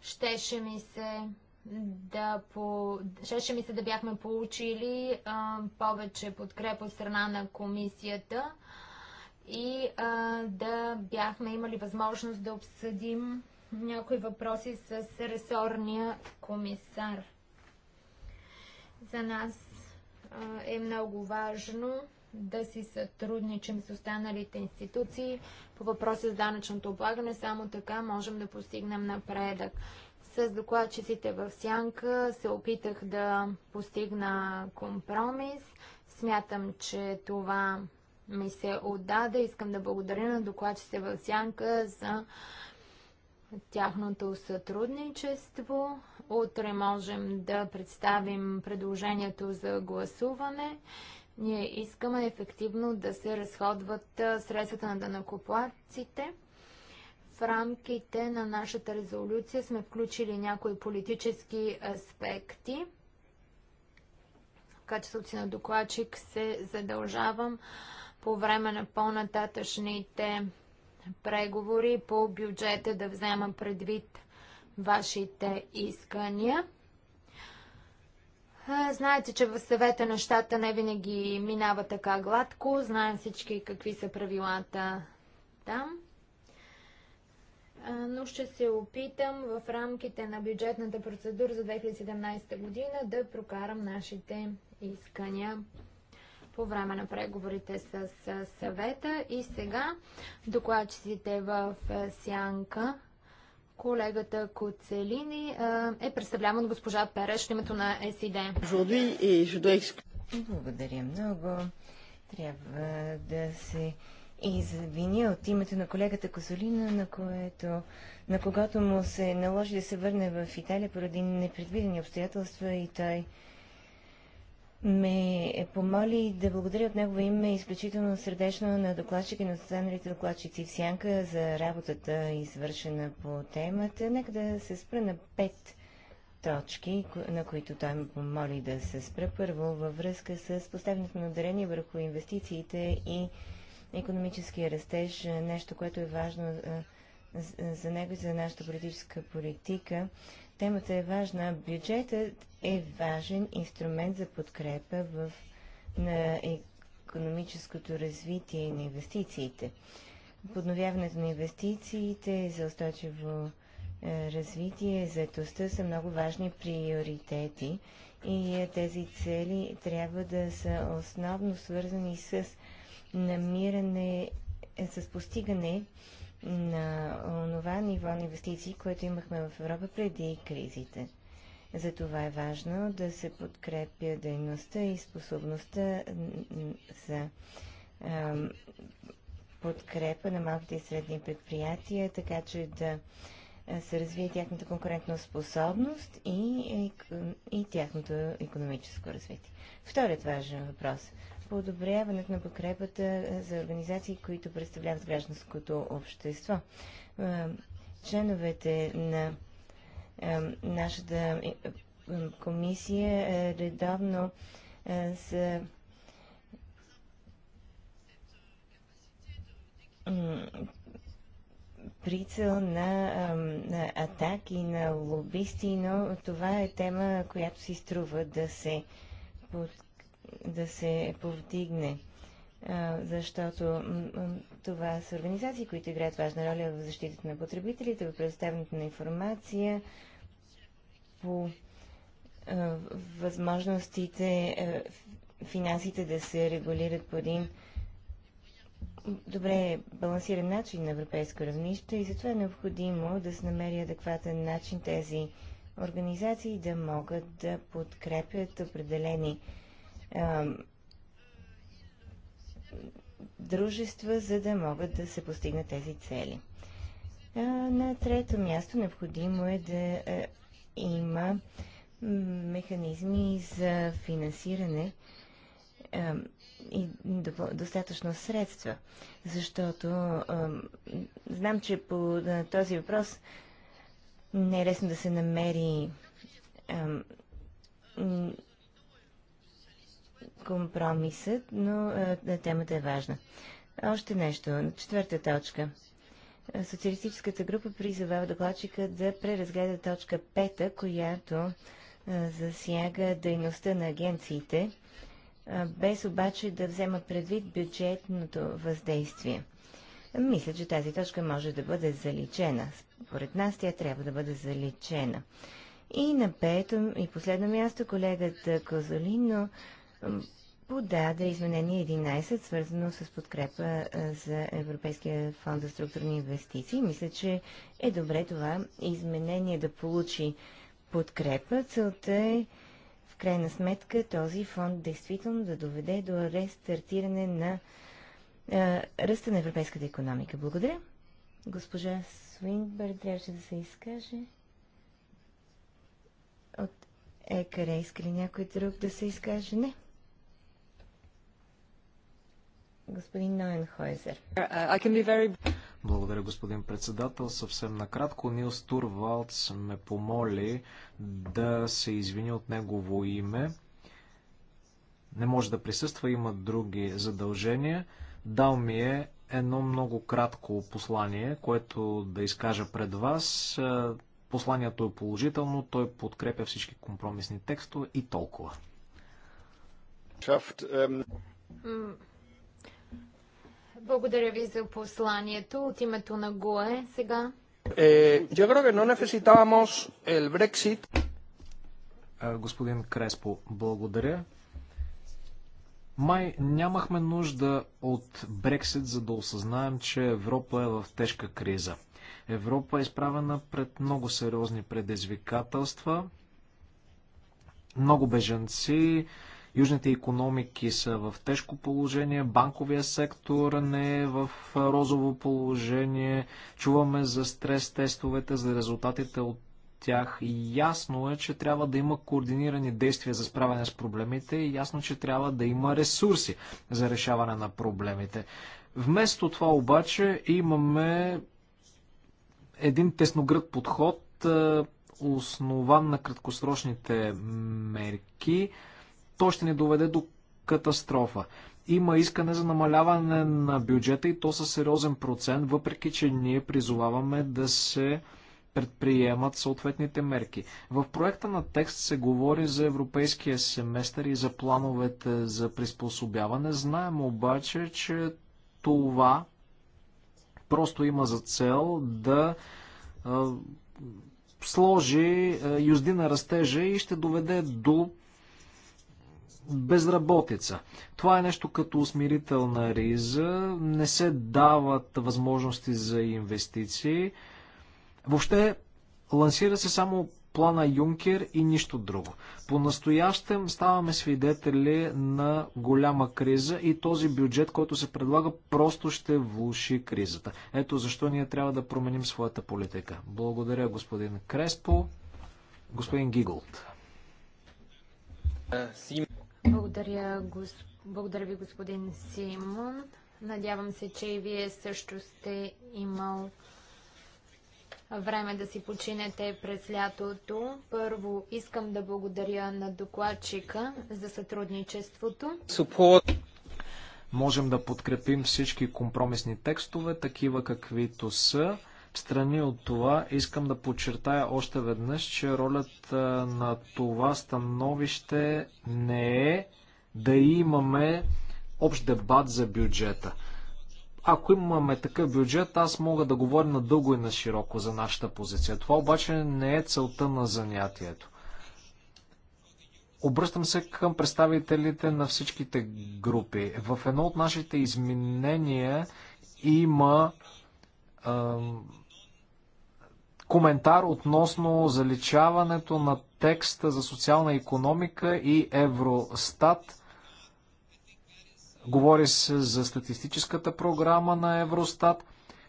Щеше ми се да по... Щеше ми се да бяхме получили а, повече подкрепа от страна на комисията и а, да бяхме имали възможност да обсъдим някои въпроси с ресорния комисар. За нас а, е много важно да си сътрудничим с останалите институции по въпроса за данъчното облагане. Само така можем да постигнем напредък. С докладчиците в Сянка се опитах да постигна компромис. Смятам, че това ми се отдаде. Искам да благодаря на докладчите в Сянка за тяхното сътрудничество. Утре можем да представим предложението за гласуване. Ние искаме ефективно да се разходват средствата на данакоплаците. В рамките на нашата резолюция сме включили някои политически аспекти. В качеството си на докладчик се задължавам по време на по-нататъчните преговори по бюджета да взема предвид вашите искания. Знаете, че в съвета нещата не винаги минава така гладко. Знаем всички какви са правилата там. Но ще се опитам в рамките на бюджетната процедура за 2017 година да прокарам нашите искания по време на преговорите с съвета. И сега докладчиците в сянка Колегата Коцелини е представляван от госпожа Переш името на СИД. Благодаря много. Трябва да се извиня от името на колегата Козолина, на, което, на когато му се наложи да се върне в Италия поради непредвидени обстоятелства и той ме помоли да благодаря от негово име изключително сърдечно на докладчика и на останалите докладчици в Сянка за работата, извършена по темата. Нека да се спра на пет точки, на които той ме помоли да се спра. Първо, във връзка с поставянето на дарение върху инвестициите и економическия растеж, нещо, което е важно за него и за нашата политическа политика темата е важна. Бюджетът е важен инструмент за подкрепа в, на економическото развитие на инвестициите. Подновяването на инвестициите за устойчиво е, развитие, заетостта са много важни приоритети и е, тези цели трябва да са основно свързани с намиране, с постигане на това ниво на инвестиции, което имахме в Европа преди кризите. Затова е важно да се подкрепя дейността и способността за подкрепа на малките и средни предприятия, така че да се развие тяхната конкурентна способност и, и, и тяхното економическо развитие. Вторият важен въпрос – подобряването на подкрепата е, за организации, които представляват гражданското общество. Е, членовете на е, нашата комисия редовно са прицел на, на атаки на лобисти, но това е тема, която си струва да се подкрепи да се повдигне, защото това са организации, които играят важна роля в защитата на потребителите, в предоставянето на информация, по възможностите финансите да се регулират по един добре балансиран начин на европейско равнище и затова е необходимо да се намери адекватен начин тези организации да могат да подкрепят определени дружества, за да могат да се постигнат тези цели. на трето място необходимо е да има механизми за финансиране и достатъчно средства, защото знам, че по този въпрос не е лесно да се намери компромисът, но е, а, темата е важна. Още нещо. Четвърта точка. Социалистическата група призовава докладчика да преразгледа точка 5, която а, е, засяга дейността на агенциите, а, е, без обаче да взема предвид бюджетното въздействие. Мисля, че тази точка може да бъде заличена. Според нас тя трябва да бъде заличена. И на пето и последно място колегата Козолино подаде изменение 11, свързано с подкрепа за Европейския фонд за структурни инвестиции. Мисля, че е добре това изменение да получи подкрепа. Целта е в крайна сметка този фонд действително да доведе до рестартиране на ръста на европейската економика. Благодаря. Госпожа Свинбър трябваше да се изкаже. От ЕКР иска ли някой друг да се изкаже? Не господин Нойенхойзер. Uh, Благодаря, господин председател. Съвсем накратко, Нилс Турвалдс ме помоли да се извини от негово име. Не може да присъства, има други задължения. Дал ми е едно много кратко послание, което да изкажа пред вас. Uh, посланието е положително, той подкрепя всички компромисни текстове и толкова. Благодаря ви за посланието от името на ГОЕ сега. Е, я yo creo que no necesitábamos el Brexit. Господин Креспо, благодаря. Май нямахме нужда от Брексит, за да осъзнаем, че Европа е в тежка криза. Европа е изправена пред много сериозни предизвикателства, много беженци. Южните економики са в тежко положение, банковия сектор не е в розово положение, чуваме за стрес тестовете, за резултатите от тях. И ясно е, че трябва да има координирани действия за справяне с проблемите и ясно, че трябва да има ресурси за решаване на проблемите. Вместо това обаче имаме един тесногръд подход, е, основан на краткосрочните мерки – то ще ни доведе до катастрофа. Има искане за намаляване на бюджета и то със сериозен процент, въпреки че ние призоваваме да се предприемат съответните мерки. В проекта на текст се говори за европейския семестър и за плановете за приспособяване. Знаем обаче, че това просто има за цел да а, сложи а, юзди на растежа и ще доведе до безработица. Това е нещо като усмирителна риза, не се дават възможности за инвестиции. Въобще лансира се само плана Юнкер и нищо друго. По-настоящем ставаме свидетели на голяма криза и този бюджет, който се предлага, просто ще влуши кризата. Ето защо ние трябва да променим своята политика. Благодаря, господин Креспо. Господин Гиголт. Благодаря, Благодаря ви, господин Симон. Надявам се, че и вие също сте имал време да си починете през лятото. Първо искам да благодаря на докладчика за сътрудничеството. Можем да подкрепим всички компромисни текстове, такива каквито са. Встрани от това искам да подчертая още веднъж, че ролята на това становище не е да имаме общ дебат за бюджета. Ако имаме такъв бюджет, аз мога да говоря надълго и на широко за нашата позиция. Това обаче не е целта на занятието. Обръщам се към представителите на всичките групи. В едно от нашите изменения има коментар относно заличаването на текста за социална економика и Евростат. Говори се за статистическата програма на Евростат.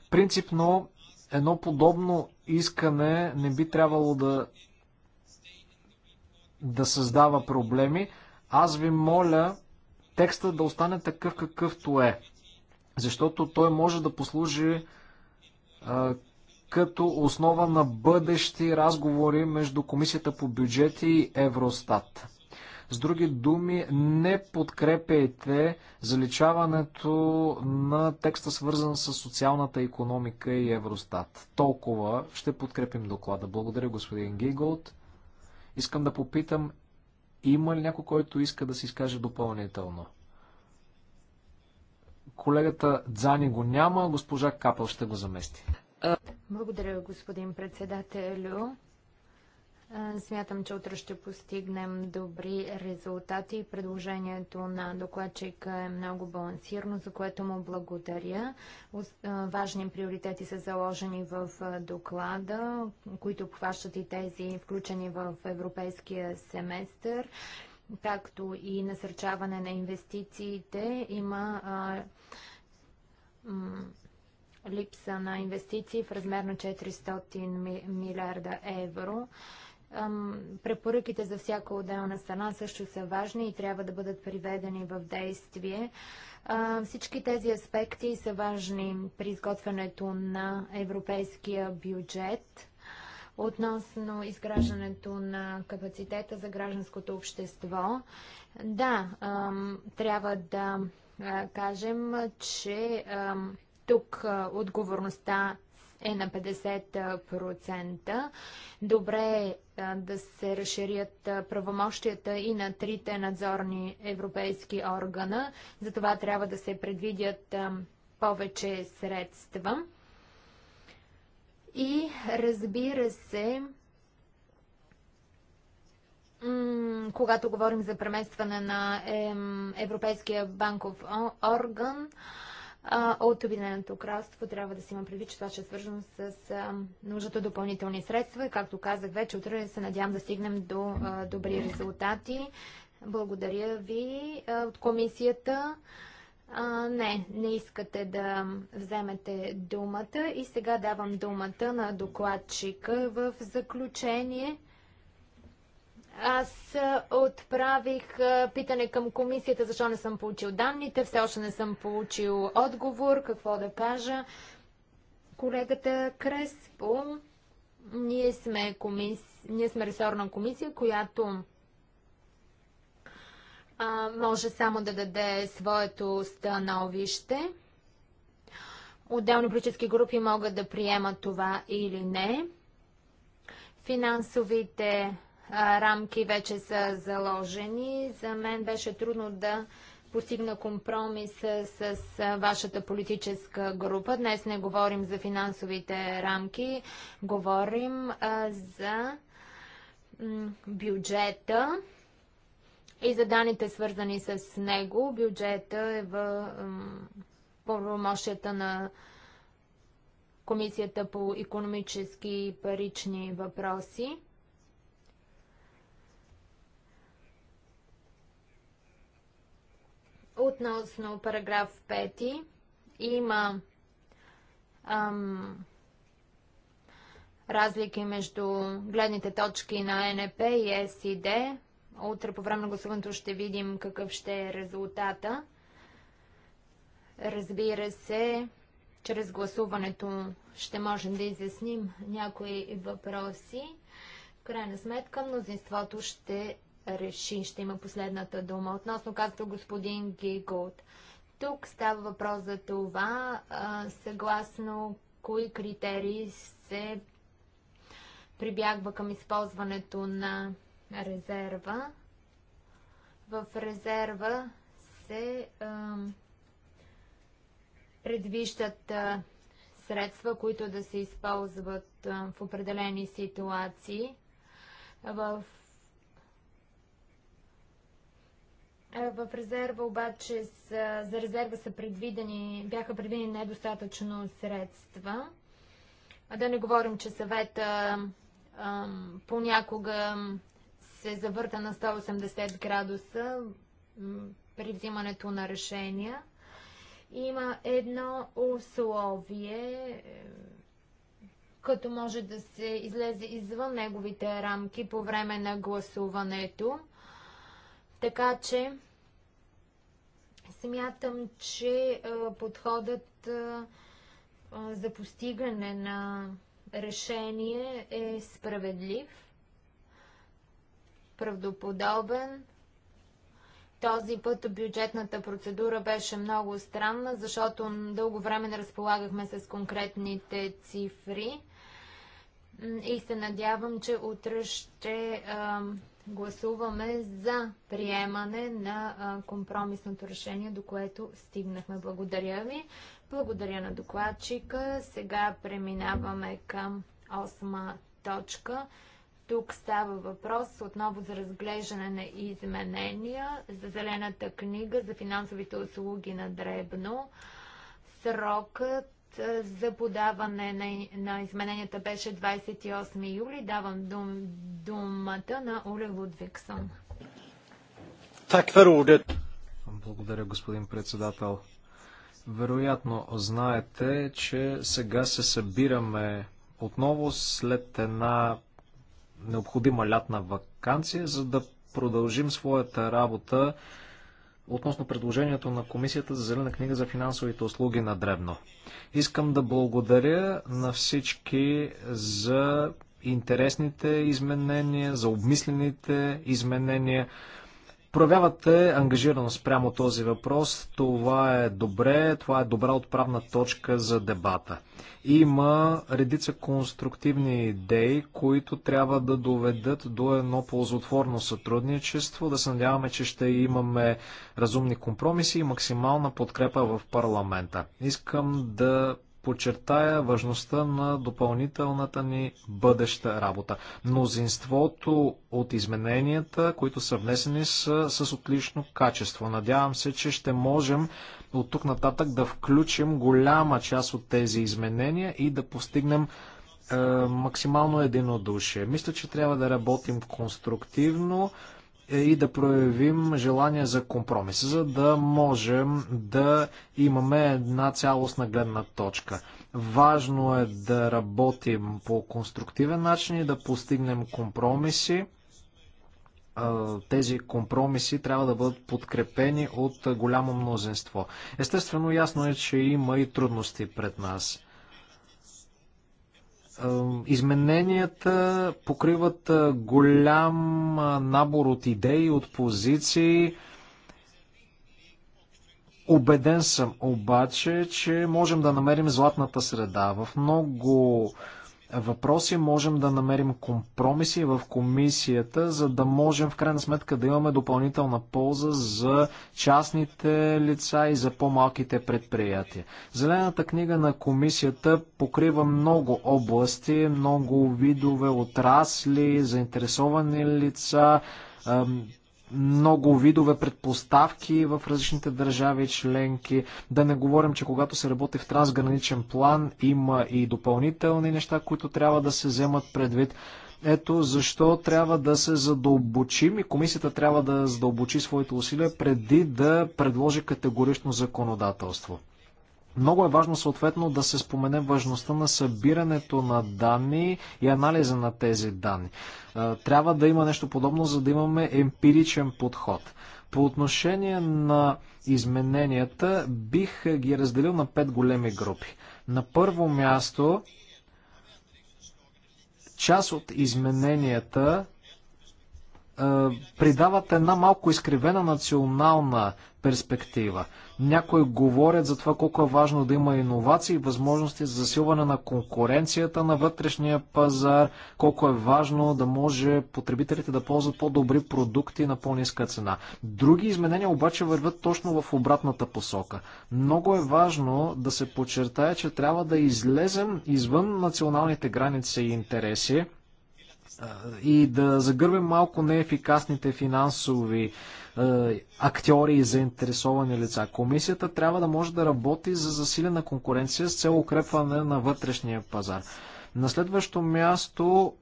Принципно, едно подобно искане не би трябвало да, да създава проблеми. Аз ви моля текста да остане такъв какъвто е, защото той може да послужи като основа на бъдещи разговори между Комисията по бюджети и Евростат. С други думи, не подкрепяйте заличаването на текста свързан с социалната економика и Евростат. Толкова ще подкрепим доклада. Благодаря, господин Гиголд. Искам да попитам, има ли някой, който иска да се изкаже допълнително? Колегата Дзани го няма, госпожа Капел ще го замести. Благодаря, господин председателю. Смятам, че утре ще постигнем добри резултати. Предложението на докладчика е много балансирано, за което му благодаря. Важни приоритети са заложени в доклада, които обхващат и тези включени в европейския семестър, както и насърчаване на инвестициите. Има а, липса на инвестиции в размер на 400 милиарда евро. Препоръките за всяка отделна страна също са важни и трябва да бъдат приведени в действие. Всички тези аспекти са важни при изготвянето на европейския бюджет относно изграждането на капацитета за гражданското общество. Да, трябва да кажем, че тук отговорността е на 50%. Добре е да се разширят правомощията и на трите надзорни европейски органа. За това трябва да се предвидят повече средства. И разбира се, когато говорим за преместване на Европейския банков орган, от Обединеното кралство. Трябва да се има предвид, че това ще е свързано с а, нуждата допълнителни средства и, както казах вече, утре се надявам да стигнем до а, добри резултати. Благодаря ви а, от комисията. А, не, не искате да вземете думата и сега давам думата на докладчика в заключение. Аз отправих питане към комисията, защо не съм получил данните, все още не съм получил отговор, какво да кажа. Колегата Креспо, ние сме, комис... ние сме ресорна комисия, която а, може само да даде своето становище. Отделни политически групи могат да приемат това или не. Финансовите рамки вече са заложени. За мен беше трудно да постигна компромис с вашата политическа група. Днес не говорим за финансовите рамки, говорим а, за бюджета и за данните свързани с него. Бюджета е в правомощията на Комисията по економически и парични въпроси. Относно параграф 5 има ам, разлики между гледните точки на НП и СИД. Утре по време на гласуването ще видим какъв ще е резултата. Разбира се, чрез гласуването ще можем да изясним някои въпроси. В крайна сметка мнозинството ще реши, ще има последната дума. Относно както господин Гигот, тук става въпрос за това, а, съгласно кои критерии се прибягва към използването на резерва. В резерва се а, предвиждат а, средства, които да се използват а, в определени ситуации. В В резерва обаче са, за резерва са предвидени, бяха предвидени недостатъчно средства. А да не говорим, че съвета ам, понякога се завърта на 180 градуса при взимането на решения. Има едно условие, е, като може да се излезе извън неговите рамки по време на гласуването – така че смятам, че подходът за постигане на решение е справедлив, правдоподобен. Този път бюджетната процедура беше много странна, защото дълго време не разполагахме с конкретните цифри и се надявам, че утре ще гласуваме за приемане на компромисното решение, до което стигнахме. Благодаря ви. Благодаря на докладчика. Сега преминаваме към осма точка. Тук става въпрос отново за разглеждане на изменения за зелената книга за финансовите услуги на Дребно. Срокът за подаване на, на измененията беше 28 юли. Давам дум, думата на Оле Лудвиксон. Благодаря, господин председател. Вероятно знаете, че сега се събираме отново след една необходима лятна вакансия, за да продължим своята работа относно предложението на Комисията за зелена книга за финансовите услуги на Дребно. Искам да благодаря на всички за интересните изменения, за обмислените изменения проявявате ангажираност прямо този въпрос. Това е добре, това е добра отправна точка за дебата. Има редица конструктивни идеи, които трябва да доведат до едно ползотворно сътрудничество. Да се надяваме, че ще имаме разумни компромиси и максимална подкрепа в парламента. Искам да подчертая важността на допълнителната ни бъдеща работа. Мнозинството от измененията, които са внесени, са с отлично качество. Надявам се, че ще можем от тук нататък да включим голяма част от тези изменения и да постигнем е, максимално единодушие. Мисля, че трябва да работим конструктивно е и да проявим желание за компромис, за да можем да имаме една цялостна гледна точка. Важно е да работим по конструктивен начин и да постигнем компромиси. Тези компромиси трябва да бъдат подкрепени от голямо мнозинство. Естествено, ясно е, че има и трудности пред нас. Измененията покриват голям набор от идеи, от позиции. Обеден съм обаче, че можем да намерим златната среда. В много въпроси, можем да намерим компромиси в комисията, за да можем в крайна сметка да имаме допълнителна полза за частните лица и за по-малките предприятия. Зелената книга на комисията покрива много области, много видове отрасли, заинтересовани лица, много видове предпоставки в различните държави и членки. Да не говорим, че когато се работи в трансграничен план, има и допълнителни неща, които трябва да се вземат предвид. Ето защо трябва да се задълбочим и комисията трябва да задълбочи своите усилия преди да предложи категорично законодателство. Много е важно съответно да се спомене важността на събирането на данни и анализа на тези данни. Е, трябва да има нещо подобно, за да имаме емпиричен подход. По отношение на измененията, бих ги разделил на пет големи групи. На първо място, част от измененията е, придават една малко изкривена национална перспектива. Някои говорят за това колко е важно да има иновации, възможности за засилване на конкуренцията на вътрешния пазар, колко е важно да може потребителите да ползват по-добри продукти на по-ниска цена. Други изменения обаче върват точно в обратната посока. Много е важно да се подчертая, че трябва да излезем извън националните граници и интереси и да загърбим малко неефикасните финансови е, актьори и заинтересовани лица. Комисията трябва да може да работи за засилена конкуренция с цел укрепване на вътрешния пазар. На следващо място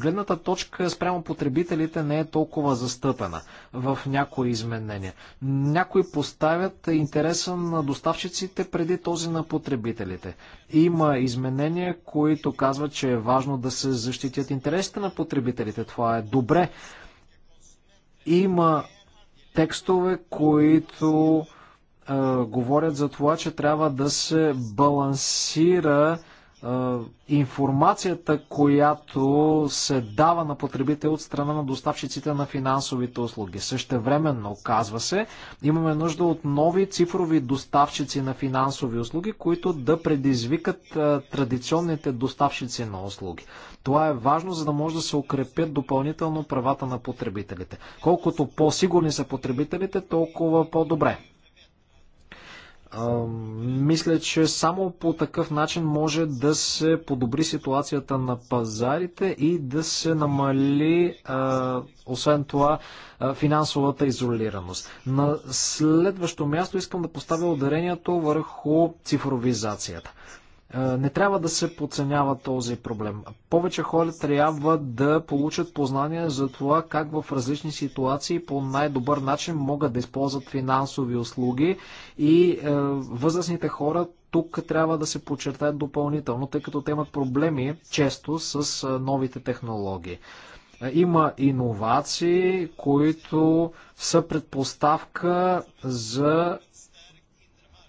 гледната точка спрямо потребителите не е толкова застъпена в някои изменения. Някои поставят интереса на доставчиците преди този на потребителите. Има изменения, които казват, че е важно да се защитят интересите на потребителите. Това е добре. Има текстове, които говорят за това, че трябва да се балансира информацията, която се дава на потребител от страна на доставчиците на финансовите услуги. Същевременно, казва се, имаме нужда от нови цифрови доставчици на финансови услуги, които да предизвикат традиционните доставчици на услуги. Това е важно, за да може да се укрепят допълнително правата на потребителите. Колкото по-сигурни са потребителите, толкова по-добре мисля, че само по такъв начин може да се подобри ситуацията на пазарите и да се намали, освен това, финансовата изолираност. На следващо място искам да поставя ударението върху цифровизацията. Не трябва да се подценява този проблем. Повече хора трябва да получат познания за това как в различни ситуации по най-добър начин могат да използват финансови услуги и е, възрастните хора тук трябва да се подчертаят допълнително, тъй като те имат проблеми често с е, новите технологии е, има иновации, които са предпоставка за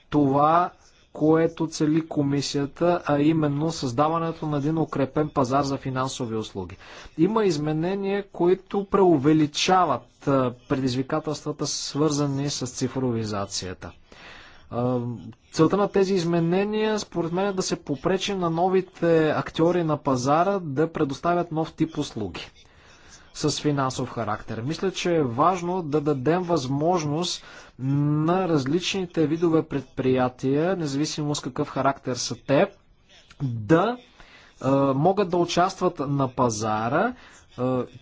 това което цели комисията, а именно създаването на един укрепен пазар за финансови услуги. Има изменения, които преувеличават предизвикателствата, свързани с цифровизацията. Целта на тези изменения, според мен, е да се попречи на новите актьори на пазара да предоставят нов тип услуги с финансов характер. Мисля, че е важно да дадем възможност на различните видове предприятия, независимо с какъв характер са те, да могат да участват на пазара,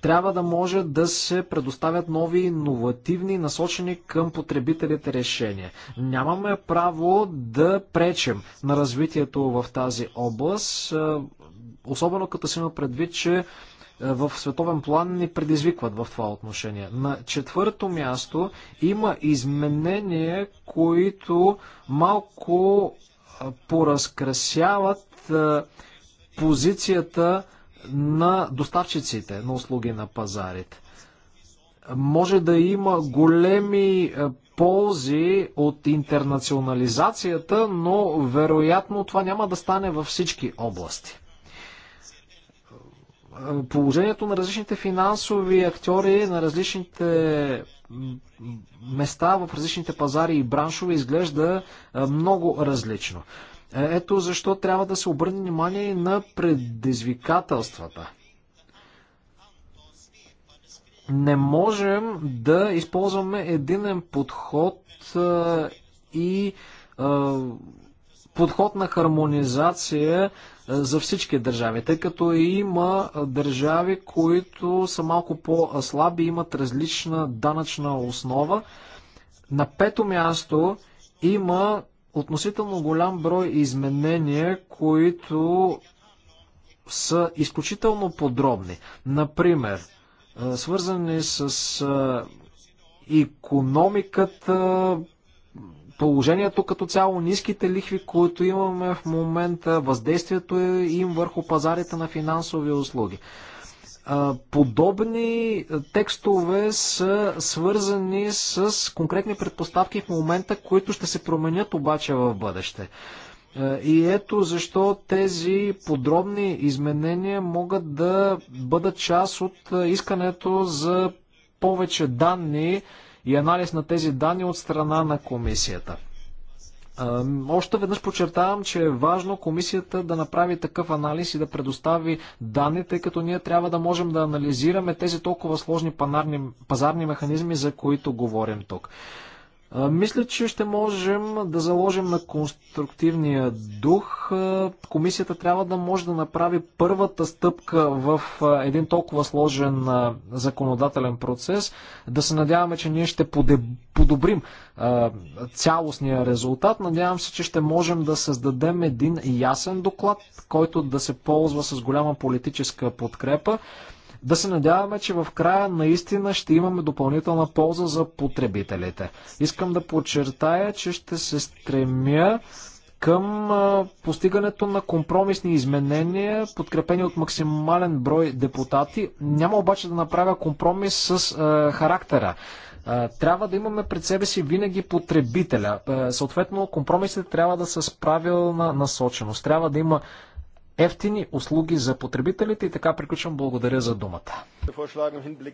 трябва да може да се предоставят нови иновативни, насочени към потребителите решения. Нямаме право да пречем на развитието в тази област, особено като се има предвид, че е, в световен план ни предизвикват в това отношение. На четвърто място има изменения, които малко е, поразкрасяват е, позицията на доставчиците на услуги на пазарите. Може да има големи ползи от интернационализацията, но вероятно това няма да стане във всички области положението на различните финансови актьори на различните места в различните пазари и браншове изглежда много различно. Е, ето защо трябва да се обърне внимание и на предизвикателствата. Не можем да използваме единен подход и подход на хармонизация е, за всички държави, тъй като има държави, които са малко по-слаби, имат различна данъчна основа. На пето място има относително голям брой изменения, които са изключително подробни. Например, е, свързани с економиката, положението като цяло, ниските лихви, които имаме в момента, въздействието е им върху пазарите на финансови услуги. Подобни текстове са свързани с конкретни предпоставки в момента, които ще се променят обаче в бъдеще. И ето защо тези подробни изменения могат да бъдат част от искането за повече данни и анализ на тези данни от страна на комисията. Още веднъж подчертавам, че е важно комисията да направи такъв анализ и да предостави данни, тъй като ние трябва да можем да анализираме тези толкова сложни панарни, пазарни механизми, за които говорим тук. Мисля, че ще можем да заложим на конструктивния дух. Комисията трябва да може да направи първата стъпка в един толкова сложен законодателен процес. Да се надяваме, че ние ще подобрим цялостния резултат. Надявам се, че ще можем да създадем един ясен доклад, който да се ползва с голяма политическа подкрепа. Да се надяваме, че в края наистина ще имаме допълнителна полза за потребителите. Искам да подчертая, че ще се стремя към постигането на компромисни изменения, подкрепени от максимален брой депутати. Няма обаче да направя компромис с е, характера. Е, трябва да имаме пред себе си винаги потребителя. Е, съответно, компромисите трябва да са с правилна насоченост. Трябва да има ефтини услуги за потребителите и така приключвам. Благодаря за думата.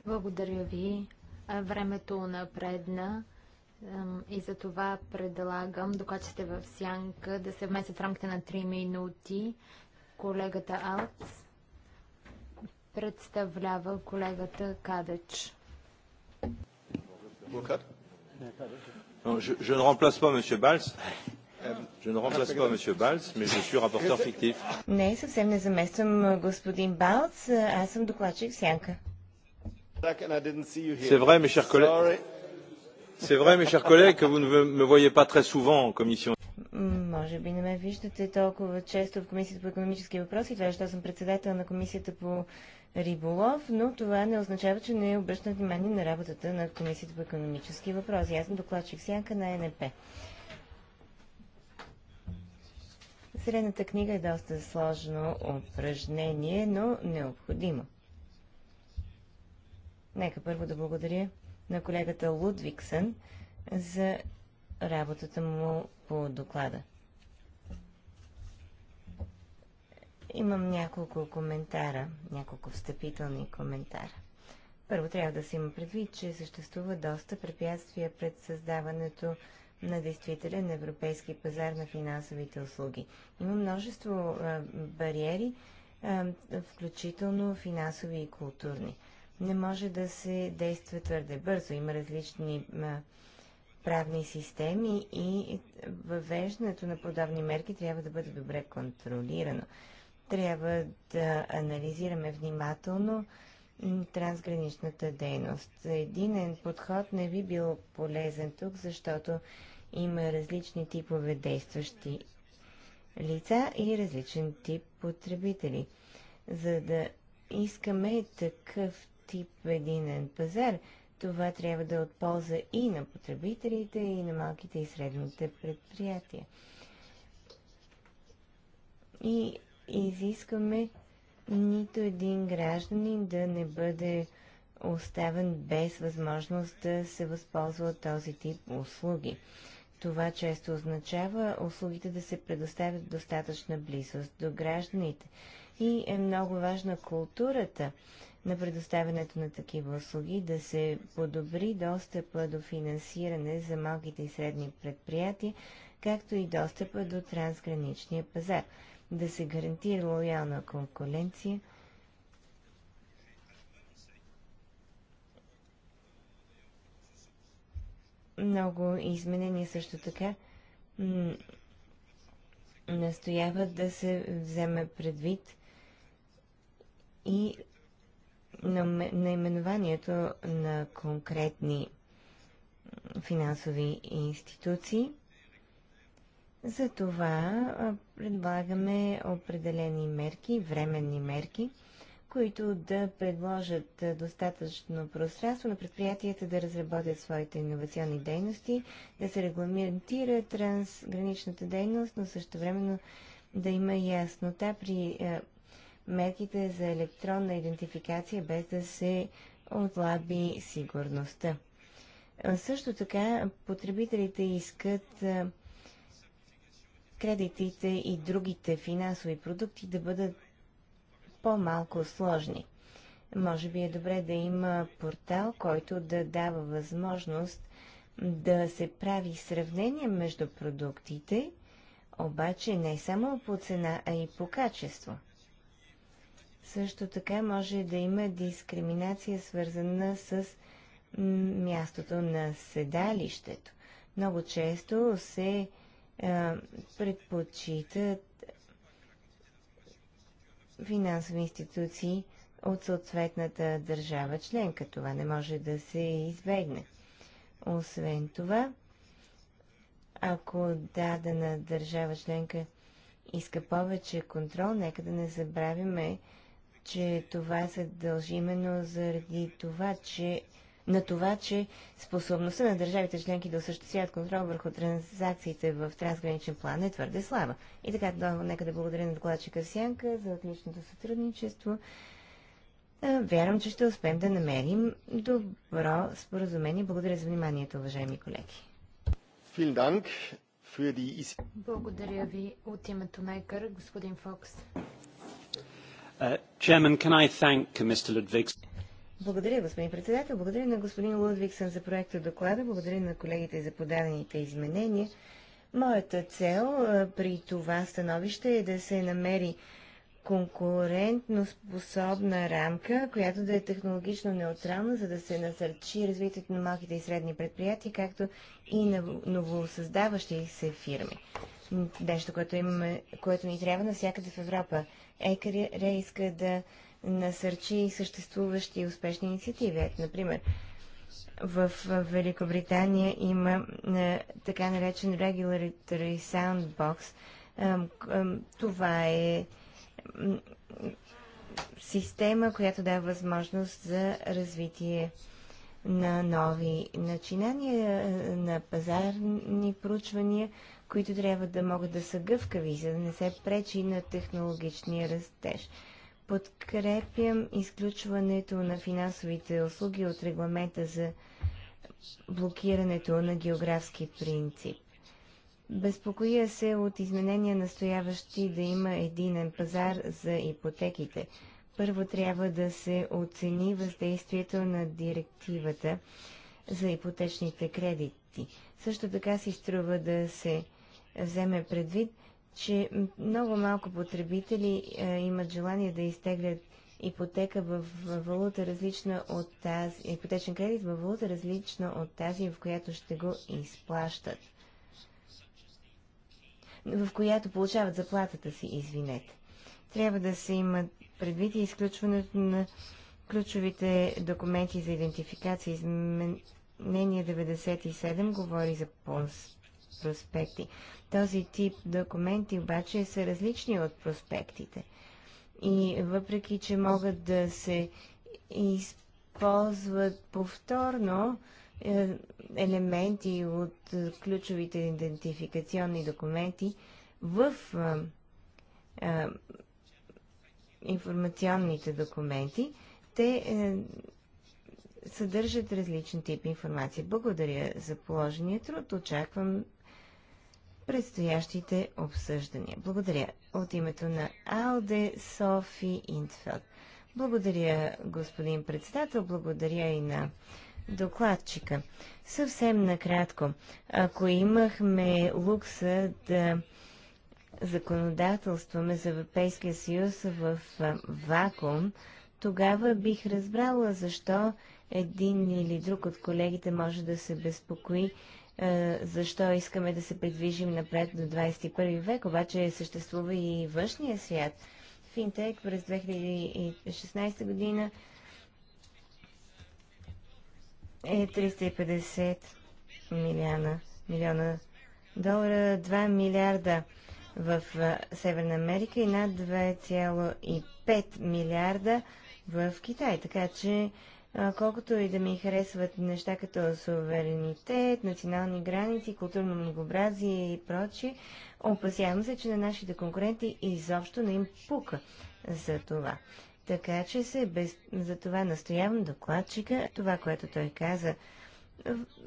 Благодаря ви. Времето напредна и за това предлагам, докато сте в сянка, да се вмесят в рамките на 3 минути колегата Алц представлява колегата Кадач. Je, je ne remplace pas M. Balz. Je ne remplace Не, съвсем не замествам господин Балц, аз съм докладчик Сянка. C'est vrai, mes chers collègues. C'est vrai, mes chers collègues, que vous ne me voyez pas très souvent en commission. Може би не ме виждате толкова често в Комисията по економически въпроси, това е, защото съм председател на Комисията по риболов, но това не означава, че не обръщам внимание на работата на Комисията по економически въпроси. Аз съм докладчик Сянка на НП. Зелената книга е доста сложно упражнение, но необходимо. Нека първо да благодаря на колегата Лудвиксън за работата му по доклада. Имам няколко коментара, няколко встъпителни коментара. Първо трябва да се има предвид, че съществува доста препятствия пред създаването на действителен европейски пазар на финансовите услуги. Има множество бариери, включително финансови и културни. Не може да се действа твърде бързо. Има различни правни системи и въвеждането на подобни мерки трябва да бъде добре контролирано. Трябва да анализираме внимателно трансграничната дейност. Единен подход не би бил полезен тук, защото има различни типове действащи лица и различен тип потребители. За да искаме такъв тип единен пазар, това трябва да е от полза и на потребителите, и на малките и средните предприятия. И изискваме нито един гражданин да не бъде оставен без възможност да се възползва от този тип услуги. Това често означава услугите да се предоставят в достатъчна близост до гражданите. И е много важна културата на предоставянето на такива услуги да се подобри достъпа до финансиране за малките и средни предприятия, както и достъпа до трансграничния пазар да се гарантира лоялна конкуренция. Много изменения също така настояват да се вземе предвид и наименованието на конкретни финансови институции. За това предлагаме определени мерки, временни мерки, които да предложат достатъчно пространство на предприятията да разработят своите иновационни дейности, да се регламентира трансграничната дейност, но също времено да има яснота при мерките за електронна идентификация, без да се отлаби сигурността. Също така, потребителите искат кредитите и другите финансови продукти да бъдат по-малко сложни. Може би е добре да има портал, който да дава възможност да се прави сравнение между продуктите, обаче не само по цена, а и по качество. Също така може да има дискриминация, свързана с мястото на седалището. Много често се е, предпочитат финансови институции от съответната държава членка. Това не може да се избегне. Освен това, ако дадена държава членка иска повече контрол, нека да не забравяме, че това се дължи именно заради това, че на това, че способността на държавите членки да осъществяват контрол върху транзакциите в трансграничен план е твърде слаба. И така, да, нека да благодаря на докладчика Сянка за отличното сътрудничество. Вярвам, че ще успеем да намерим добро споразумение. Благодаря за вниманието, уважаеми колеги. Благодаря ви от името на ЕКР, господин Фокс. Uh, chairman, can I thank Mr. Ludvigsen? Благодаря, господин председател. Благодаря на господин Лудвиксън за проекта доклада. Благодаря на колегите за подадените изменения. Моята цел при това становище е да се намери конкурентно способна рамка, която да е технологично неутрална, за да се насърчи развитието на малките и средни предприятия, както и на новосъздаващи се фирми. Нещо, което, имаме, което ни трябва навсякъде в Европа. Екари иска да насърчи съществуващи успешни инициативи. Ето, например, в Великобритания има е, така наречен Regulatory Soundbox. Това е система, която дава възможност за развитие на нови начинания, е, на пазарни проучвания, които трябва да могат да са гъвкави, за да не се пречи на технологичния растеж. Подкрепям изключването на финансовите услуги от регламента за блокирането на географски принцип. Безпокоя се от изменения настояващи да има единен пазар за ипотеките. Първо трябва да се оцени въздействието на директивата за ипотечните кредити. Също така си струва да се вземе предвид че много малко потребители е, имат желание да изтеглят ипотека в, в валута различна от тази, ипотечен кредит в валута различна от тази, в която ще го изплащат. В която получават заплатата си, извинете. Трябва да се има предвид и изключването на ключовите документи за идентификация. Изменение 97 говори за пос проспекти. Този тип документи обаче са различни от проспектите. И въпреки, че могат да се използват повторно е, елементи от ключовите идентификационни документи в е, е, информационните документи, те съдържат различен тип информация. Благодаря за положения труд. Очаквам предстоящите обсъждания. Благодаря от името на Алде Софи Интфелд. Благодаря, господин председател, благодаря и на докладчика. Съвсем накратко, ако имахме лукса да законодателстваме за Европейския съюз в вакуум, тогава бих разбрала защо един или друг от колегите може да се безпокои е, защо искаме да се придвижим напред до 21 век, обаче съществува и външния свят. Финтек през 2016 година е 350 милиона, милиона долара, 2 милиарда в е, Северна Америка и над 2,5 милиарда в Китай. Така че колкото и да ми харесват неща като суверенитет, национални граници, културно многообразие и прочие, опасявам се, че на нашите конкуренти изобщо не им пука за това. Така че се без... за това настоявам докладчика, това, което той каза,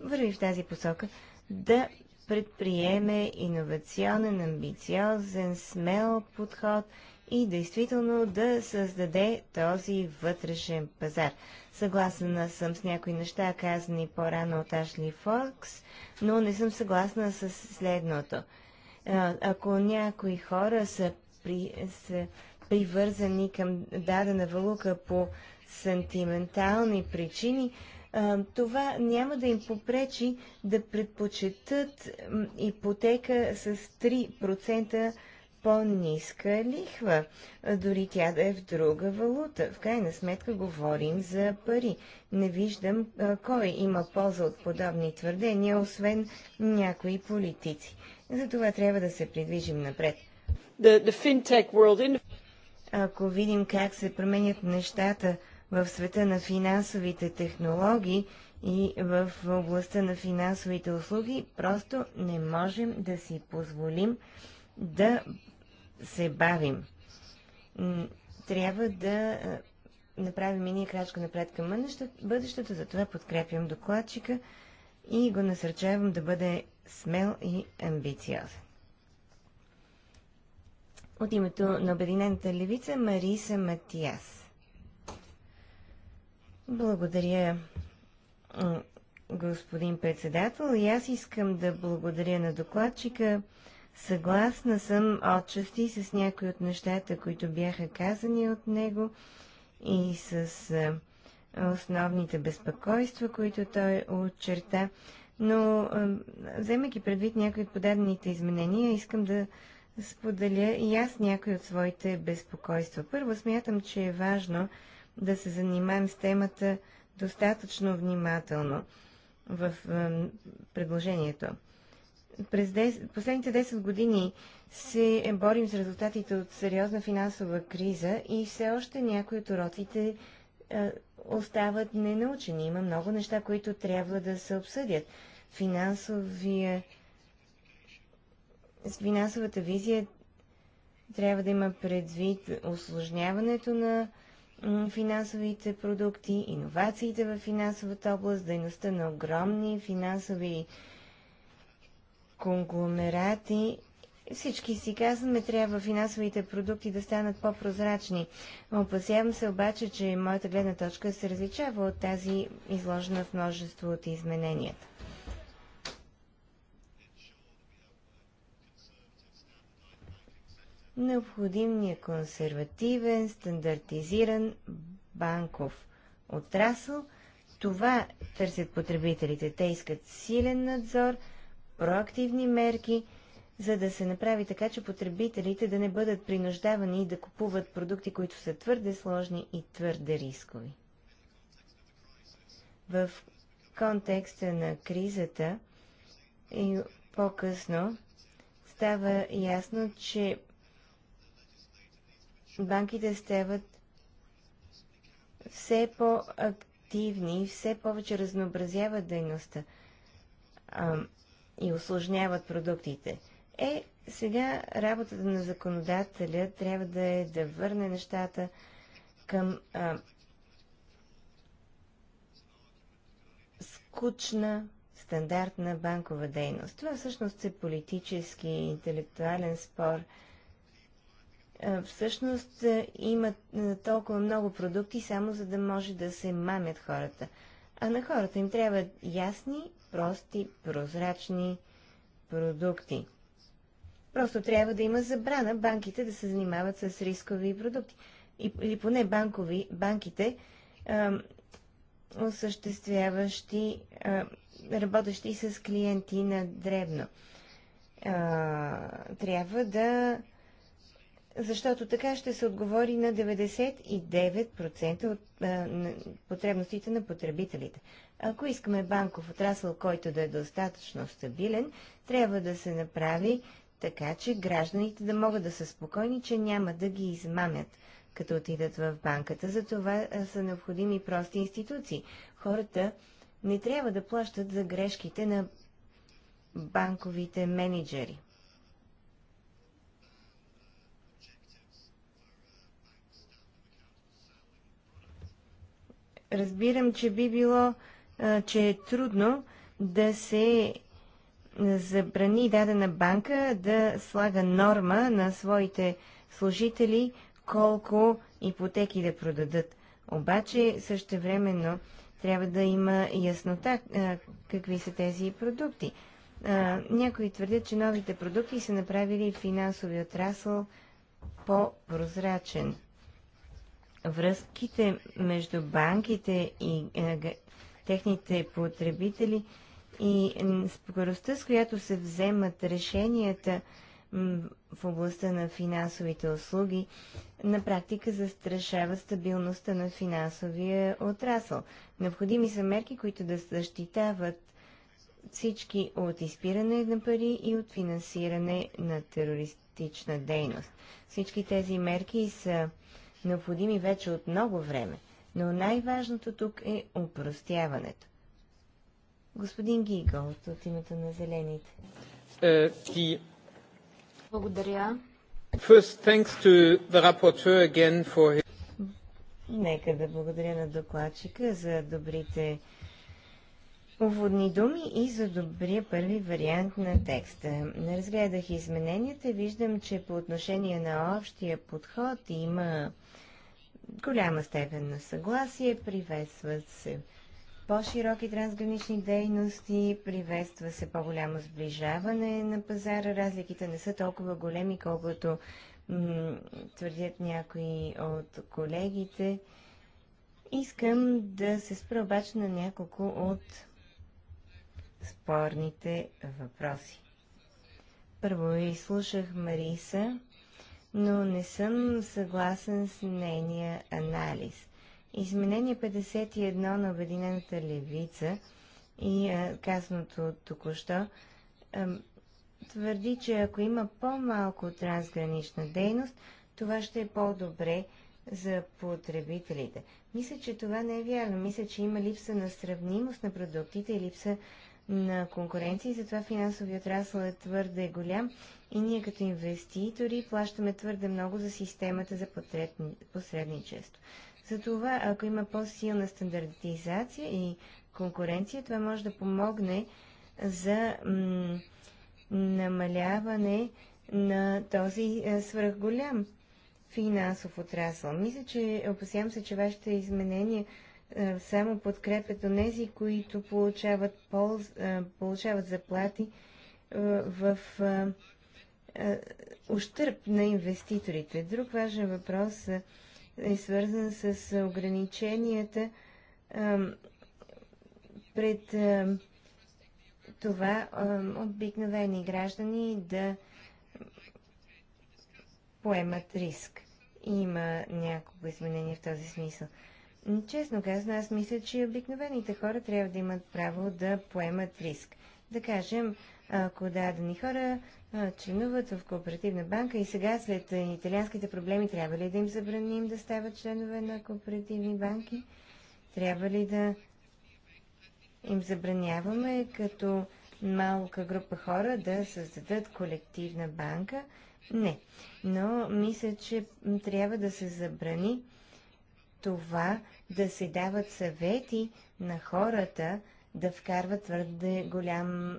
върви в тази посока, да предприеме иновационен, амбициозен, смел подход и действително да създаде този вътрешен пазар. Съгласна съм с някои неща, казани по-рано от Ашли Фокс, но не съм съгласна с следното. Ако някои хора са, при, са привързани към дадена валука по сантиментални причини, това няма да им попречи да предпочитат ипотека с 3% по-ниска лихва, дори тя да е в друга валута. В крайна сметка говорим за пари. Не виждам а, кой има полза от подобни твърдения, освен някои политици. Затова трябва да се придвижим напред. The, the fintech world in... Ако видим как се променят нещата в света на финансовите технологии и в областта на финансовите услуги, просто не можем да си позволим да се бавим. Трябва да направим и ние крачка напред към бъдещето, затова подкрепям докладчика и го насърчавам да бъде смел и амбициозен. От името на Обединената левица Мариса Матиас. Благодаря, господин председател. И аз искам да благодаря на докладчика Съгласна съм отчасти с някои от нещата, които бяха казани от него и с основните безпокойства, които той очерта, но вземайки предвид някои от подадените изменения, искам да споделя и аз някои от своите безпокойства. Първо смятам, че е важно да се занимаем с темата достатъчно внимателно в предложението през 10, последните 10 години се борим с резултатите от сериозна финансова криза и все още някои от уроците е, остават ненаучени. Има много неща, които трябва да се обсъдят. Финансовия, финансовата визия трябва да има предвид осложняването на финансовите продукти, иновациите в финансовата област, дейността на огромни финансови конгломерати, всички си казваме, трябва финансовите продукти да станат по-прозрачни. Опасявам се обаче, че моята гледна точка се различава от тази изложена в множество от измененията. Необходимният консервативен, стандартизиран банков отрасъл – това търсят потребителите. Те искат силен надзор – проактивни мерки, за да се направи така, че потребителите да не бъдат принуждавани да купуват продукти, които са твърде сложни и твърде рискови. В контекста на кризата и по-късно става ясно, че банките стават все по-активни, все повече разнообразяват дейността и осложняват продуктите. Е, сега работата на законодателя трябва да е да върне нещата към а, скучна, стандартна банкова дейност. Това всъщност е политически и интелектуален спор. всъщност има толкова много продукти, само за да може да се мамят хората. А на хората им трябват ясни, прости, прозрачни продукти. Просто трябва да има забрана банките да се занимават с рискови продукти. Или поне банкови, банките, а, осъществяващи, а, работещи с клиенти на дребно. А, трябва да защото така ще се отговори на 99% от а, на потребностите на потребителите. Ако искаме банков отрасъл, който да е достатъчно стабилен, трябва да се направи така, че гражданите да могат да са спокойни, че няма да ги измамят, като отидат в банката. За това са необходими прости институции. Хората не трябва да плащат за грешките на банковите менеджери. Разбирам, че би било че е трудно да се забрани дадена банка да слага норма на своите служители колко ипотеки да продадат. Обаче същевременно трябва да има яснота какви са тези продукти. някои твърдят, че новите продукти са направили финансови отрасъл по-прозрачен. Връзките между банките и техните потребители и скоростта, с която се вземат решенията в областта на финансовите услуги, на практика застрашава стабилността на финансовия отрасъл. Необходими са мерки, които да защитават всички от изпиране на пари и от финансиране на терористична дейност. Всички тези мерки са необходими вече от много време. Но най-важното тук е упростяването. Господин Гигол, от името на Зелените. Uh, е, the... Благодаря. First, thanks to the rapporteur again for his... Нека да благодаря на докладчика за добрите уводни думи и за добрия първи вариант на текста. Разгледах измененията и виждам, че по отношение на общия подход има голяма степен на съгласие, приветстват се по-широки трансгранични дейности, приветства се по-голямо сближаване на пазара. Разликите не са толкова големи, колкото твърдят някои от колегите. Искам да се спра обаче на няколко от спорните въпроси. Първо изслушах Мариса но не съм съгласен с нейния анализ. Изменение 51 на Обединената левица и а, казаното току-що твърди, че ако има по-малко трансгранична дейност, това ще е по-добре за потребителите. Мисля, че това не е вярно. Мисля, че има липса на сравнимост на продуктите и липса на конкуренция и затова финансовият отрасъл е твърде голям и ние като инвеститори плащаме твърде много за системата за посредничество. Затова, ако има по-силна стандартизация и конкуренция, това може да помогне за намаляване на този е, свръхголям финансов отрасъл. Мисля, че опасявам се, че вашите изменения е, само подкрепят онези, които получават, полз, е, получават заплати е, в ущърп на инвеститорите. Друг важен въпрос е свързан с ограниченията пред това обикновени граждани да поемат риск. Има няколко изменения в този смисъл. Честно казано, аз мисля, че обикновените хора трябва да имат право да поемат риск. Да кажем, ако дадени хора членуват в кооперативна банка и сега след италианските проблеми трябва ли да им забраним да стават членове на кооперативни банки? Трябва ли да им забраняваме като малка група хора да създадат колективна банка? Не. Но мисля, че трябва да се забрани това да се дават съвети на хората да вкарват твърде голям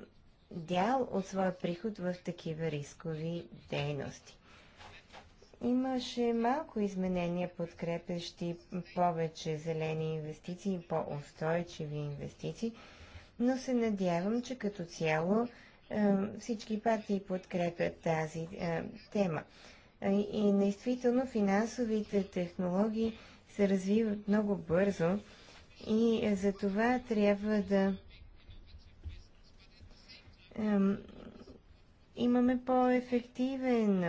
дял от своя приход в такива рискови дейности. Имаше малко изменения, подкрепящи повече зелени инвестиции, по-устойчиви инвестиции, но се надявам, че като цяло е, всички партии подкрепят тази е, тема. И, и действително финансовите технологии – се развиват много бързо и за това трябва да ем, имаме по-ефективен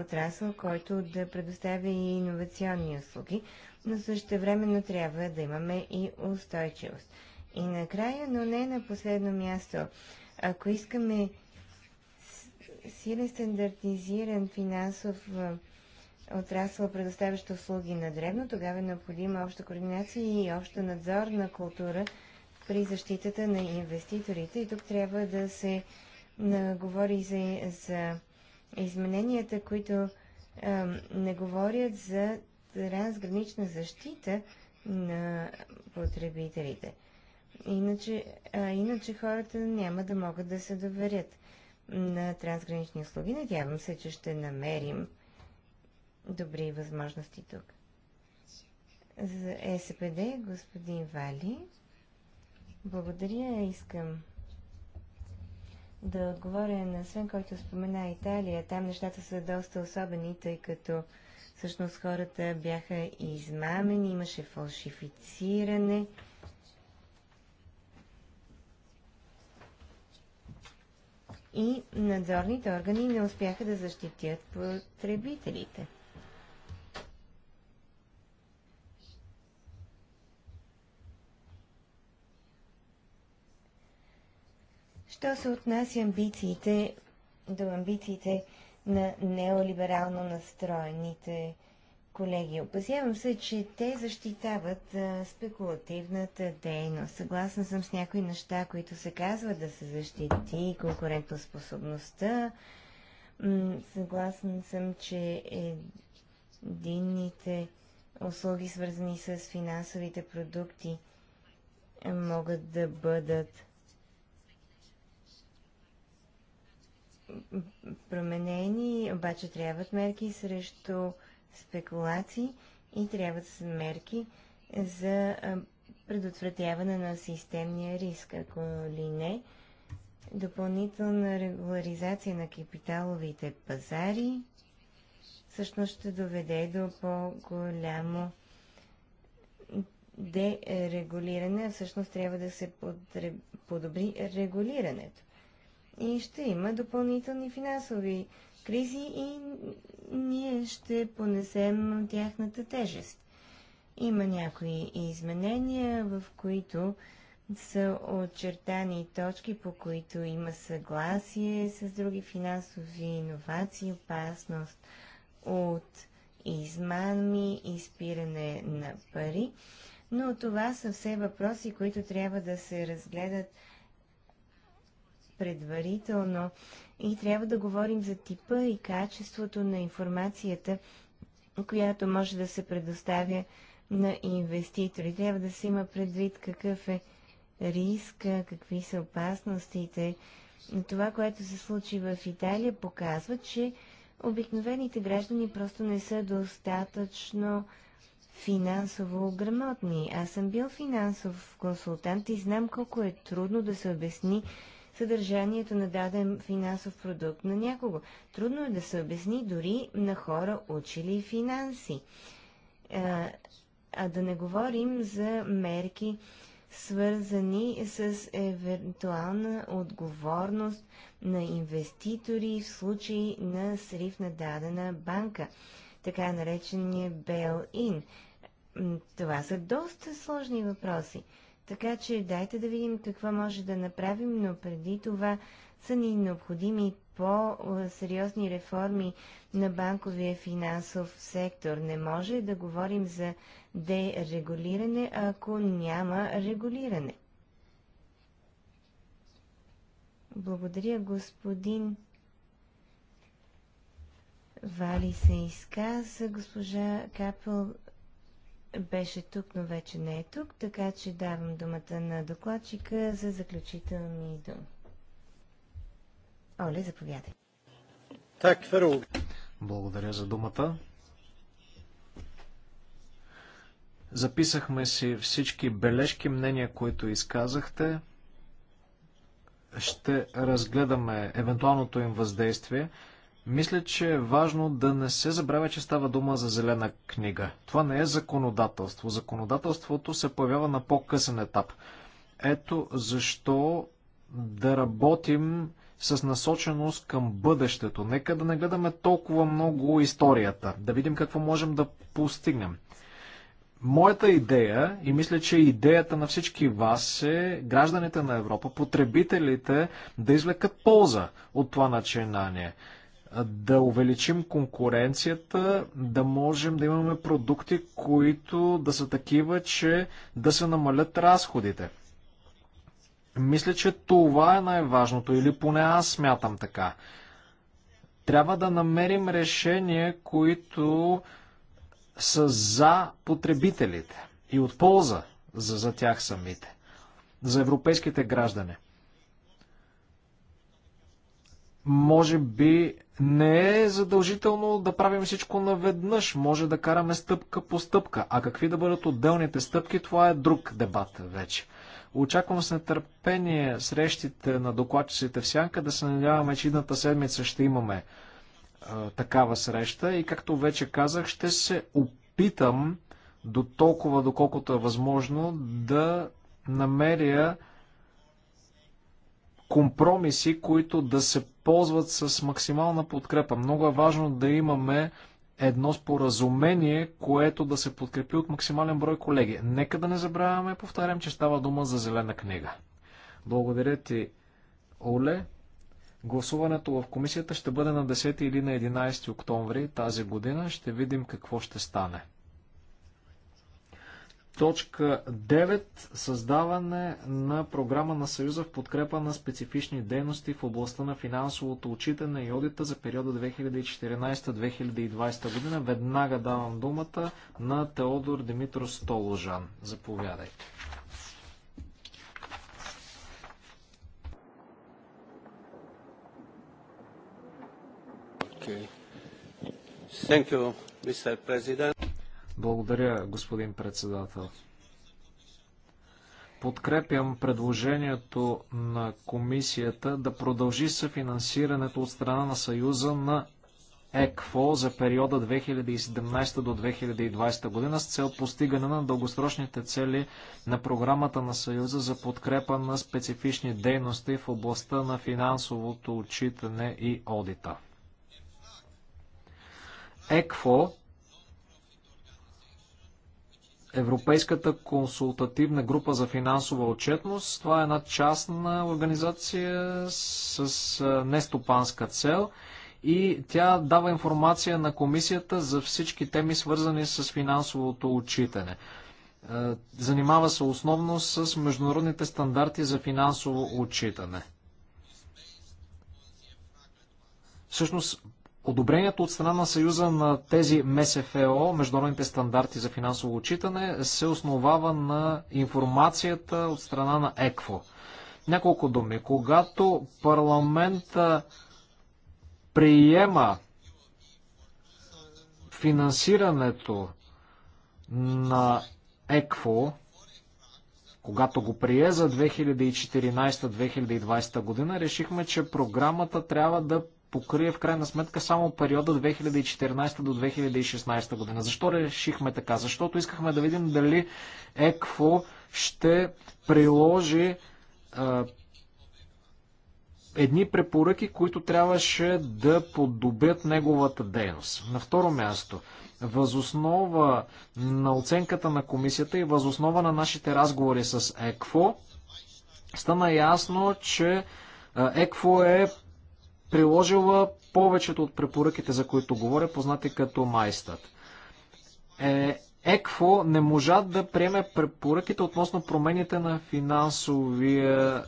отрасъл, който да предоставя и иновационни услуги, но също времено трябва да имаме и устойчивост. И накрая, но не на последно място, ако искаме силен стандартизиран финансов а, отрасъл, предоставящ услуги на древно, тогава е необходима обща координация и обща надзорна култура при защитата на инвеститорите. И тук трябва да се говори за, за измененията, които а, не говорят за трансгранична защита на потребителите. Иначе, а, иначе хората няма да могат да се доверят на трансгранични услуги. Надявам се, че ще намерим добри възможности тук. За е СПД, господин Вали, благодаря. Искам да отговоря на Свен, който спомена Италия. Там нещата са доста особени, тъй като всъщност хората бяха измамени, имаше фалшифициране. И надзорните органи не успяха да защитят потребителите. Що се отнася амбициите, до амбициите на неолиберално настроените колеги. Опасявам се, че те защитават а, спекулативната дейност. Съгласна съм с някои неща, които се казват да се защити конкурентоспособността. Съгласна съм, че единните услуги, свързани с финансовите продукти, могат да бъдат променени, обаче трябват мерки срещу спекулации и трябват да мерки за предотвратяване на системния риск. Ако ли не, допълнителна регуларизация на капиталовите пазари всъщност ще доведе до по-голямо дерегулиране, всъщност трябва да се подобри регулирането и ще има допълнителни финансови кризи и ние ще понесем тяхната тежест. Има някои изменения, в които са очертани точки, по които има съгласие с други финансови иновации, опасност от измами, и изпиране на пари. Но това са все въпроси, които трябва да се разгледат предварително и трябва да говорим за типа и качеството на информацията, която може да се предоставя на инвеститори. Трябва да се има предвид какъв е риска, какви са опасностите. Това, което се случи в Италия, показва, че обикновените граждани просто не са достатъчно финансово грамотни. Аз съм бил финансов консултант и знам колко е трудно да се обясни съдържанието на даден финансов продукт на някого. Трудно е да се обясни дори на хора, учили финанси. А, е, а да не говорим за мерки, свързани с евентуална отговорност на инвеститори в случай на срив на дадена банка, така наречения бейл-ин. Това са доста сложни въпроси. Така че дайте да видим какво може да направим, но преди това са ни необходими по-сериозни реформи на банковия финансов сектор. Не може да говорим за дерегулиране, ако няма регулиране. Благодаря, господин Вали се изказа, госпожа Капел беше тук, но вече не е тук, така че давам думата на докладчика за заключителни думи. Оле, заповядай. Так, феро. Благодаря за думата. Записахме си всички бележки, мнения, които изказахте. Ще разгледаме евентуалното им въздействие. Мисля, че е важно да не се забравя, че става дума за зелена книга. Това не е законодателство. Законодателството се появява на по-късен етап. Ето защо да работим с насоченост към бъдещето. Нека да не гледаме толкова много историята, да видим какво можем да постигнем. Моята идея и мисля, че идеята на всички вас е гражданите на Европа, потребителите да извлекат полза от това начинание да увеличим конкуренцията, да можем да имаме продукти, които да са такива, че да се намалят разходите. Мисля, че това е най-важното, или поне аз смятам така. Трябва да намерим решения, които са за потребителите и от полза за, за тях самите, за европейските граждани. Може би не е задължително да правим всичко наведнъж, може да караме стъпка по стъпка. А какви да бъдат отделните стъпки, това е друг дебат вече. Очаквам с нетърпение срещите на докладчиците в Сянка, да се надяваме, че едната седмица ще имаме е, такава среща и както вече казах, ще се опитам до толкова, доколкото е възможно, да намеря компромиси, които да се ползват с максимална подкрепа. Много е важно да имаме едно споразумение, което да се подкрепи от максимален брой колеги. Нека да не забравяме, повтарям, че става дума за зелена книга. Благодаря ти, Оле. Гласуването в комисията ще бъде на 10 или на 11 октомври тази година. Ще видим какво ще стане. Точка 9. Създаване на програма на Съюза в подкрепа на специфични дейности в областта на финансовото отчитане и одита за периода 2014-2020 година. Веднага давам думата на Теодор Димитро Столожан. Заповядайте. Okay. Thank you, Mr. President. Благодаря, господин председател. Подкрепям предложението на комисията да продължи съфинансирането от страна на Съюза на ЕКФО за периода 2017 до 2020 година с цел постигане на дългосрочните цели на програмата на Съюза за подкрепа на специфични дейности в областта на финансовото отчитане и одита. ЕКФО Европейската консултативна група за финансова отчетност. Това е една частна организация с нестопанска цел и тя дава информация на комисията за всички теми, свързани с финансовото отчитане. Занимава се основно с международните стандарти за финансово отчитане. Всъщност, Одобрението от страна на Съюза на тези МСФО, международните стандарти за финансово отчитане, се основава на информацията от страна на ЕКФО. Няколко думи. Когато парламента приема финансирането на ЕКФО, когато го прие за 2014-2020 година, решихме, че програмата трябва да покрие в крайна сметка само периода 2014 до 2016 година. Защо решихме така? Защото искахме да видим дали ЕКФО ще приложи а, едни препоръки, които трябваше да подобрят неговата дейност. На второ място, възоснова на оценката на комисията и възоснова на нашите разговори с ЕКФО, стана ясно, че ЕКФО е приложила повечето от препоръките, за които говоря, познати като майстат. Е, ЕКФО не можа да приеме препоръките относно промените на финансовия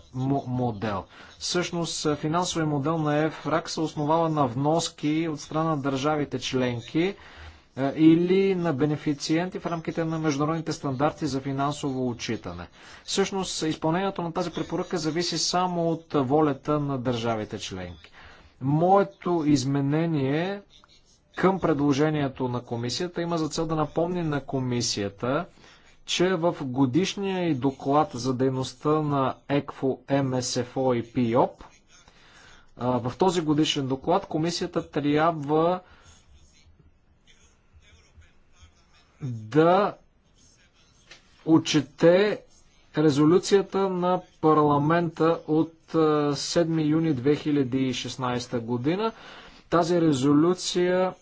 модел. Същност, финансовия модел на ЕФРАК се основава на вноски от страна на държавите членки е, или на бенефициенти в рамките на международните стандарти за финансово отчитане. Същност, изпълнението на тази препоръка зависи само от волята на държавите членки. Моето изменение към предложението на комисията има за цел да напомни на комисията, че в годишния и доклад за дейността на ЕКФО, МСФО и ПИОП, в този годишен доклад комисията трябва да отчете резолюцията на парламента от 7 юни 2016 година. Тази резолюция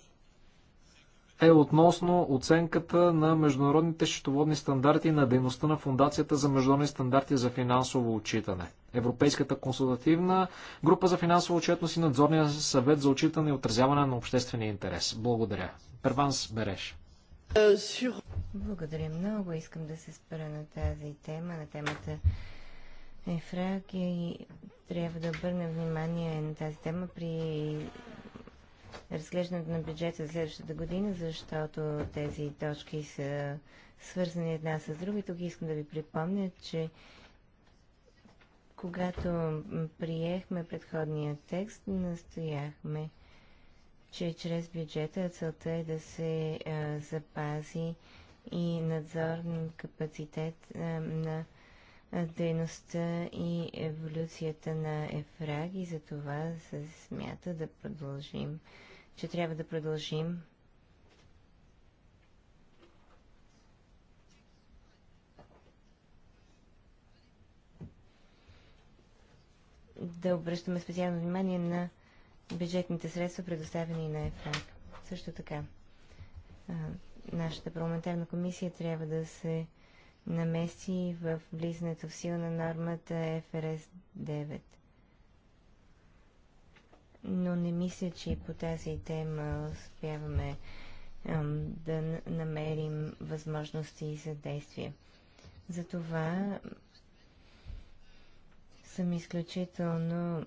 е относно оценката на международните счетоводни стандарти на дейността на Фундацията за международни стандарти за финансово отчитане. Европейската консултативна група за финансово отчетност и надзорния съвет за отчитане и отразяване на обществения интерес. Благодаря. Перванс Береш. Благодаря много. Искам да се спра на тази тема, на темата Ефрагия и трябва да обърнем внимание на тази тема при разглеждането на бюджета за следващата година, защото тези точки са свързани една с друга. И тук искам да ви припомня, че когато приехме предходния текст, настояхме, че чрез бюджета целта е да се а, запази и надзорен капацитет а, на дейността и еволюцията на Ефраг и за това се смята да продължим, че трябва да продължим да обръщаме специално внимание на бюджетните средства, предоставени на ЕФРАГ. Също така, нашата парламентарна комисия трябва да се намеси в влизането в сила на нормата ФРС 9. Но не мисля, че по тази тема успяваме ам, да намерим възможности за действие. Затова съм изключително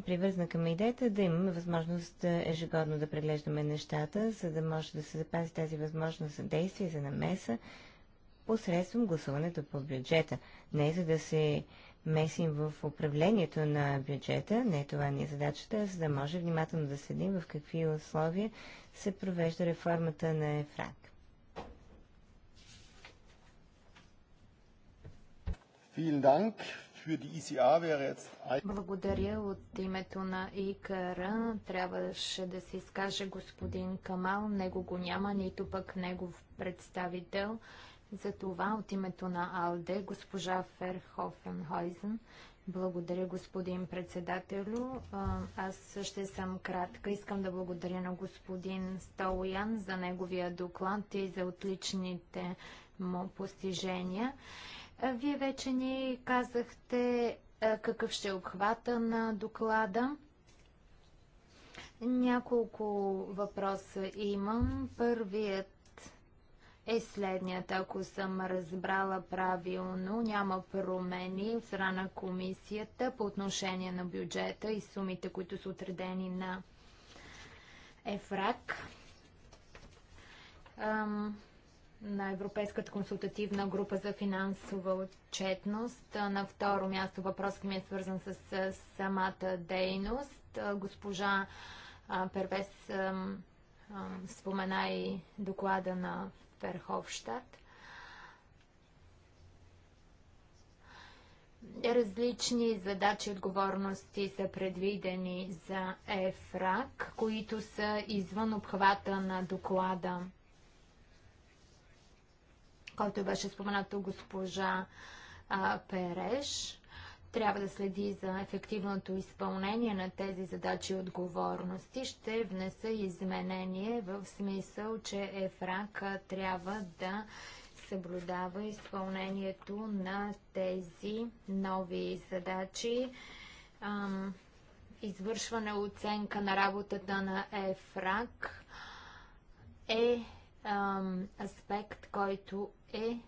привързана към идеята да имаме възможност да ежегодно да преглеждаме нещата, за да може да се запази тази възможност за действие, за намеса, посредством гласуването по бюджета. Не за да се месим в управлението на бюджета, не това ни е задачата, за да може внимателно да следим в какви условия се провежда реформата на ЕФРАК. Vielen Dank E благодаря от името на ИКР. Трябваше да се изкаже господин Камал. Него го няма, нито пък негов представител. Затова от името на АЛДЕ госпожа Ферхофенхойзен. Благодаря, господин председателю. Аз ще съм кратка. Искам да благодаря на господин Столоян за неговия доклад и за отличните му постижения. Вие вече ни казахте какъв ще е обхвата на доклада. Няколко въпроса имам. Първият е следният. Ако съм разбрала правилно, няма промени от страна на комисията по отношение на бюджета и сумите, които са отредени на ЕФРАК. Ам, на Европейската консултативна група за финансова отчетност. На второ място въпросът ми е свързан с, самата дейност. Госпожа Первес спомена и доклада на Ферховщад. Различни задачи и отговорности са предвидени за ЕФРАК, които са извън обхвата на доклада който беше споменато госпожа а, Переш. Трябва да следи за ефективното изпълнение на тези задачи и отговорности. Ще внеса изменение в смисъл, че ЕФРАК трябва да съблюдава изпълнението на тези нови задачи. Ам, извършване оценка на работата на ЕФРАК е аспект, който е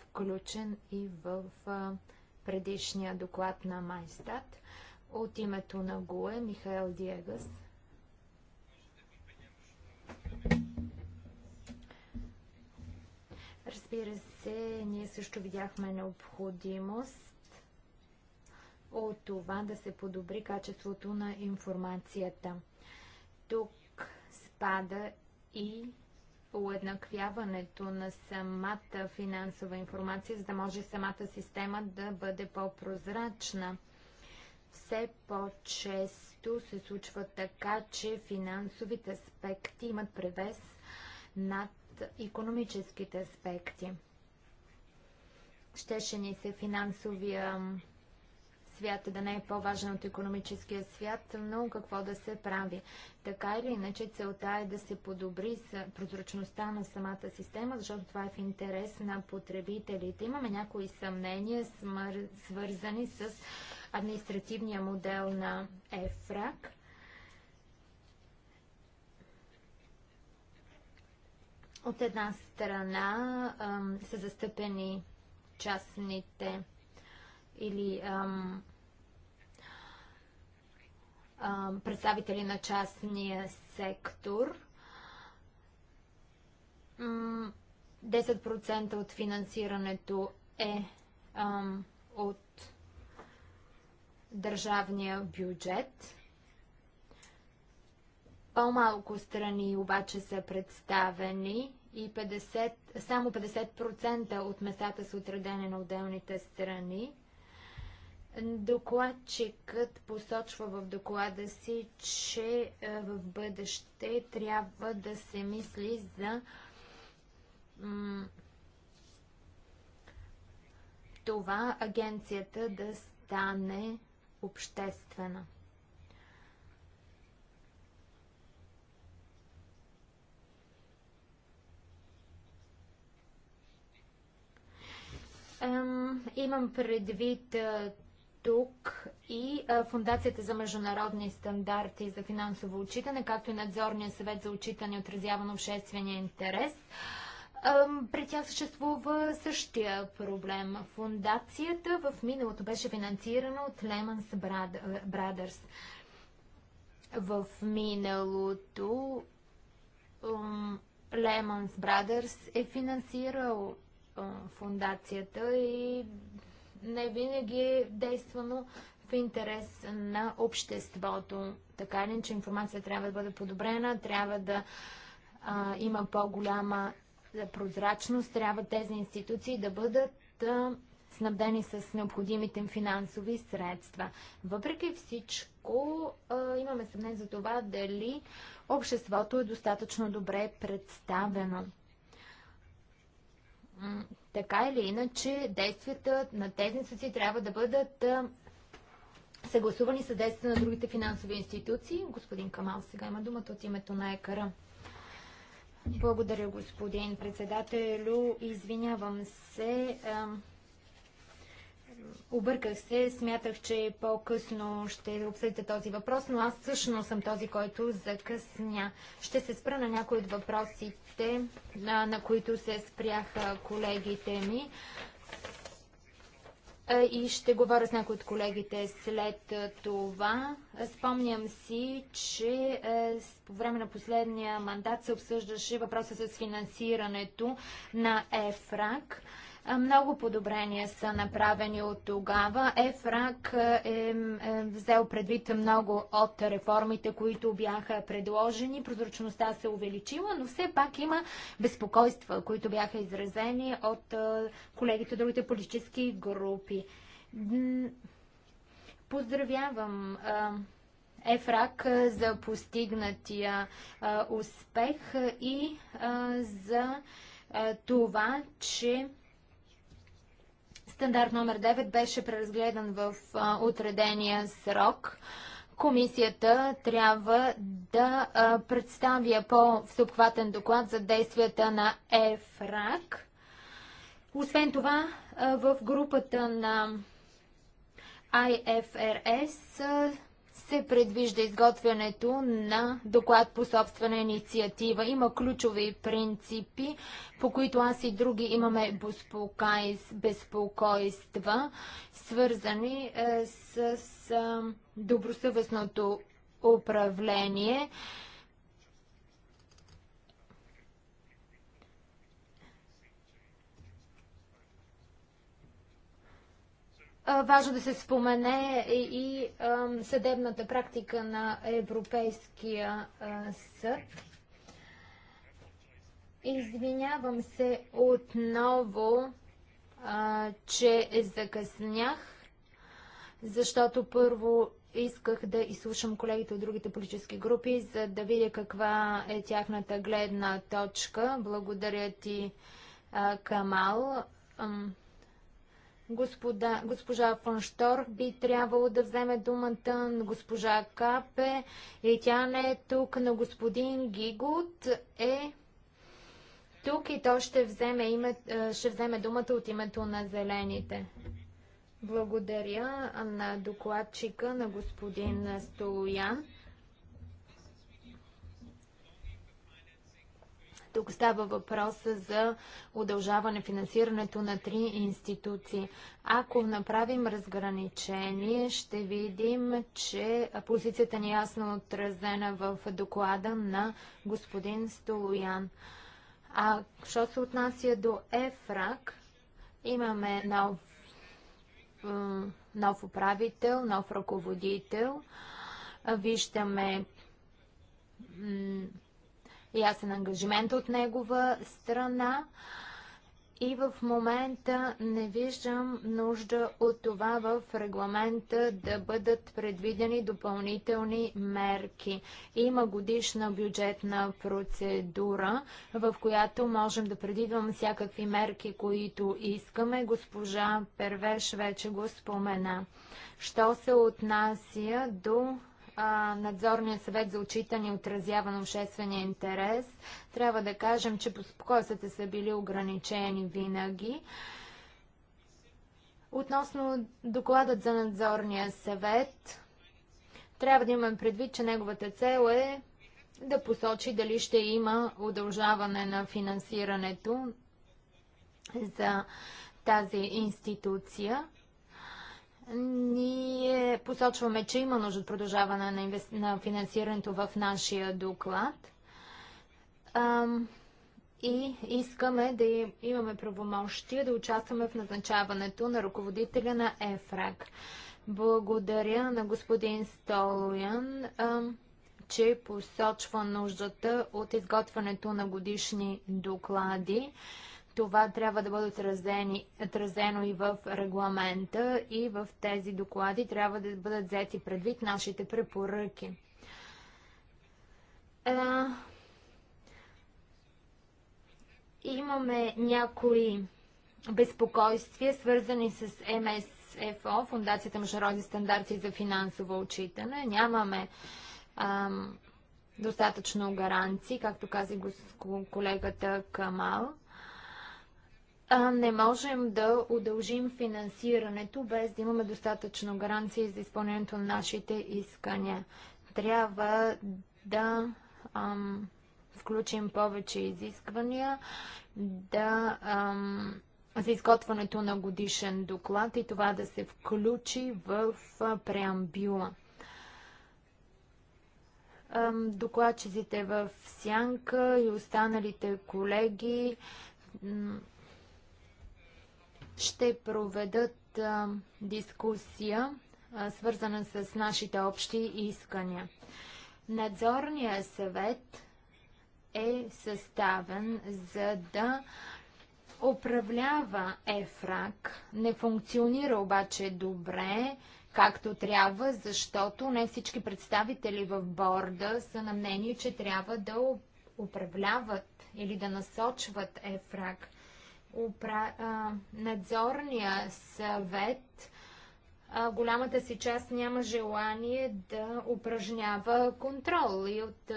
включен и в предишния доклад на Майстат. От името на ГУЕ Михаил Диегас. Разбира се, ние също видяхме необходимост от това да се подобри качеството на информацията. Тук спада и уеднаквяването на самата финансова информация, за да може самата система да бъде по-прозрачна. Все по-често се случва така, че финансовите аспекти имат превес над економическите аспекти. Щеше ни се финансовия свят, да не е по-важен от економическия свят, но какво да се прави. Така или иначе целта е да се подобри прозрачността на самата система, защото това е в интерес на потребителите. Имаме някои съмнения, свързани с административния модел на ЕФРАК. От една страна са застъпени частните или ам, ам, представители на частния сектор. 10% от финансирането е ам, от държавния бюджет. По-малко страни обаче са представени и 50, само 50% от местата са отредени на отделните страни. Докладчикът посочва в доклада си, че е, в бъдеще трябва да се мисли за това агенцията да стане обществена. Имам предвид е, тук и Фундацията за международни стандарти за финансово отчитане, както и Надзорния съвет за отчитане и отразяване обществения интерес. при тях съществува същия проблем. Фундацията в миналото беше финансирана от Lehman's Brothers. В миналото Lehman's Brothers е финансирал фундацията и не винаги е действано в интерес на обществото. Така или че информация трябва да бъде подобрена, трябва да а, има по-голяма прозрачност, трябва тези институции да бъдат а, снабдени с необходимите финансови средства. Въпреки всичко, а, имаме съмнение за това дали обществото е достатъчно добре представено така или иначе действията на тези институции трябва да бъдат съгласувани с действията на другите финансови институции. Господин Камал сега има думата от името на ЕКАРА. Благодаря, господин председателю. Извинявам се. Обърках се, смятах, че по-късно ще обсъдите този въпрос, но аз всъщност съм този, който закъсня. Ще се спра на някои от въпросите казахте, на, на които се спряха колегите ми. И ще говоря с някои от колегите след това. Спомням си, че по време на последния мандат се обсъждаше въпроса с финансирането на ЕФРАК. Много подобрения са направени от тогава. ЕФРАК е, е, е взел предвид много от реформите, които бяха предложени. Прозрачността се увеличила, но все пак има безпокойства, които бяха изразени от е, колегите от другите политически групи. Поздравявам ЕФРАК за постигнатия успех и за това, че Стандарт номер 9 беше преразгледан в отредения срок. Комисията трябва да представя по-всеобхватен доклад за действията на ЕФРАК. Освен това, в групата на IFRS се предвижда изготвянето на доклад по собствена инициатива. Има ключови принципи, по които аз и други имаме безпокойства, свързани е, с, е, добросъвестното управление. Важно да се спомене и съдебната практика на Европейския съд. Извинявам се отново, че закъснях, защото първо исках да изслушам колегите от другите политически групи, за да видя каква е тяхната гледна точка. Благодаря ти, Камал. Господа, госпожа Фонштор би трябвало да вземе думата на госпожа Капе и тя не е тук, но господин Гигот е тук и то ще вземе, име, е, ще вземе думата от името на зелените. Благодаря на докладчика на господин Стоян. Тук става въпроса за удължаване финансирането на три институции. Ако направим разграничение, ще видим, че позицията ни е ясно отразена в доклада на господин Столоян. А що се отнася до ЕФРАК, имаме нов, нов управител, нов ръководител. Виждаме ясен ангажимент от негова страна. И в момента не виждам нужда от това в регламента да бъдат предвидени допълнителни мерки. Има годишна бюджетна процедура, в която можем да предвидвам всякакви мерки, които искаме. Госпожа Первеш вече го спомена. Що се отнася до Надзорният съвет за отчитане и отразява на обществения интерес. Трябва да кажем, че безпокойствата са били ограничени винаги. Относно докладът за надзорния съвет, трябва да имам предвид, че неговата цел е да посочи дали ще има удължаване на финансирането за тази институция. Ние посочваме, че има нужда от продължаване на, инвес... на финансирането в нашия доклад. Ам, и искаме да имаме правомощия да участваме в назначаването на ръководителя на ЕФРАК. Благодаря на господин Столоян, ам, че посочва нуждата от изготвянето на годишни доклади. Това трябва да бъде отразено и в регламента, и в тези доклади трябва да бъдат взети предвид нашите препоръки. имаме някои безпокойствия, свързани с МСФО, Фундацията Международни стандарти за финансово отчитане. Нямаме достатъчно гаранции, както каза колегата Камал а, не можем да удължим финансирането без да имаме достатъчно гаранции за изпълнението на нашите искания. Трябва да ам, включим повече изисквания, да ам, за изготвянето на годишен доклад и това да се включи в преамбюла. Докладчиците в Сянка и останалите колеги ще проведат а, дискусия, а, свързана с нашите общи искания. Надзорният съвет е съставен за да управлява ЕФРАК. Не функционира обаче добре, както трябва, защото не всички представители в борда са на мнение, че трябва да управляват или да насочват ЕФРАК надзорния съвет голямата си част няма желание да упражнява контрол и от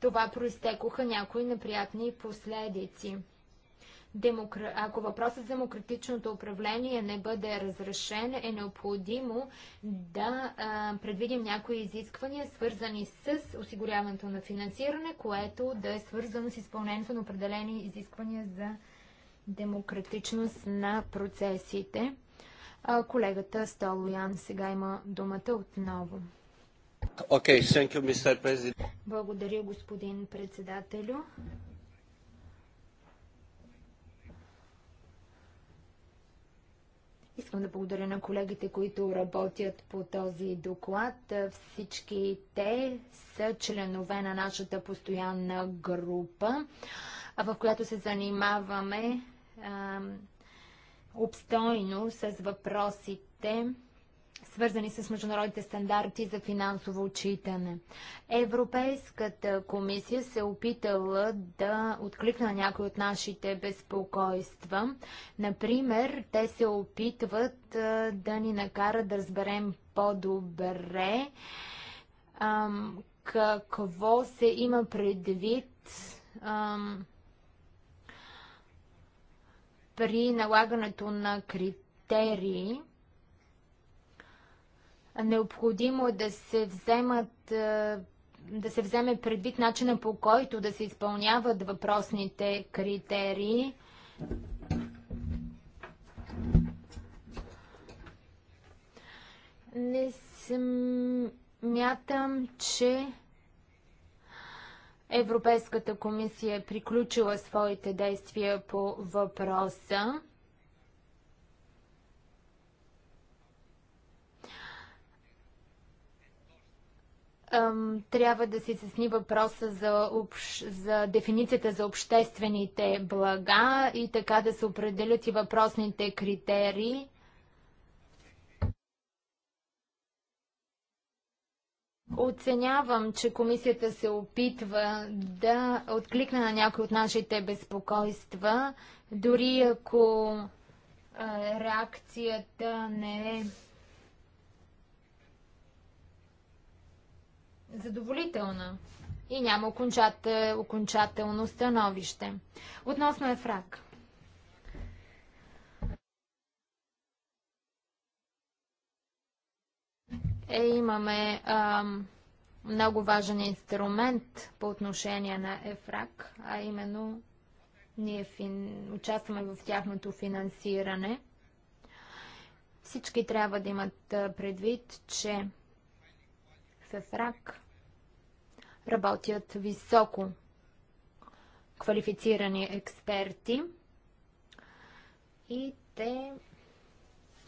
това проистекоха някои неприятни последици демокра... ако въпросът за демократичното управление не бъде разрешен, е необходимо да а, предвидим някои изисквания, свързани с осигуряването на финансиране, което да е свързано с изпълнението на определени изисквания за демократичност на процесите. А, колегата Столоян сега има думата отново. Okay, you, Благодаря, господин председателю. Искам да благодаря на колегите, които работят по този доклад. Всички те са членове на нашата постоянна група, в която се занимаваме обстойно с въпросите, свързани с международните стандарти за финансово отчитане. Европейската комисия се е опитала да откликна някои от нашите безпокойства. Например, те се опитват да ни накарат да разберем по-добре какво се има предвид ам, при налагането на критерии Необходимо е да се вземат е, да се вземе предвид начина по който да се изпълняват въпросните критерии. Не смятам, че Европейската комисия е приключила своите действия по въпроса. трябва да се изясни въпроса за, общ, за дефиницията за обществените блага и така да се определят и въпросните критерии. Оценявам, че комисията се опитва да откликне на някои от нашите безпокойства, дори ако реакцията не е задоволителна и няма е, окончателно становище. Относно Ефрак. Е, имаме а, много важен инструмент по отношение на Ефрак, а именно ние фин... участваме в тяхното финансиране. Всички трябва да имат предвид, че в Ефрак работят високо квалифицирани експерти и те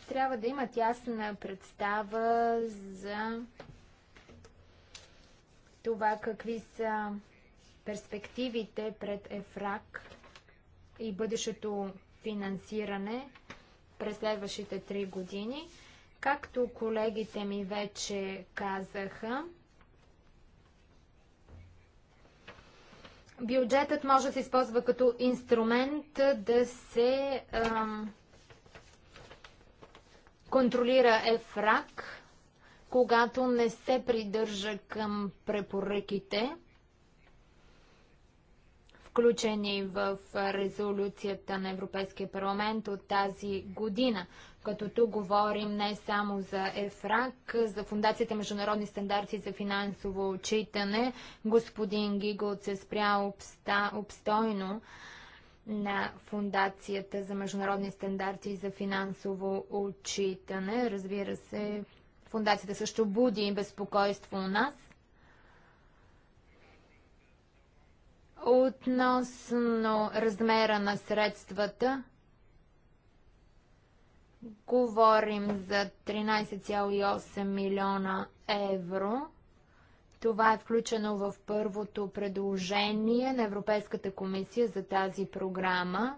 трябва да имат ясна представа за това какви са перспективите пред ЕФРАК и бъдещето финансиране през следващите три години. Както колегите ми вече казаха, Бюджетът може да се използва като инструмент да се ам, контролира ефрак, когато не се придържа към препоръките включени в резолюцията на Европейския парламент от тази година. Като тук говорим не само за ЕФРАК, за Фундацията Международни стандарти за финансово отчитане, господин Гигот се спря обста, обстойно на Фундацията за международни стандарти за финансово отчитане. Разбира се, Фундацията също буди безпокойство у нас. Относно размера на средствата, говорим за 13,8 милиона евро. Това е включено в първото предложение на Европейската комисия за тази програма,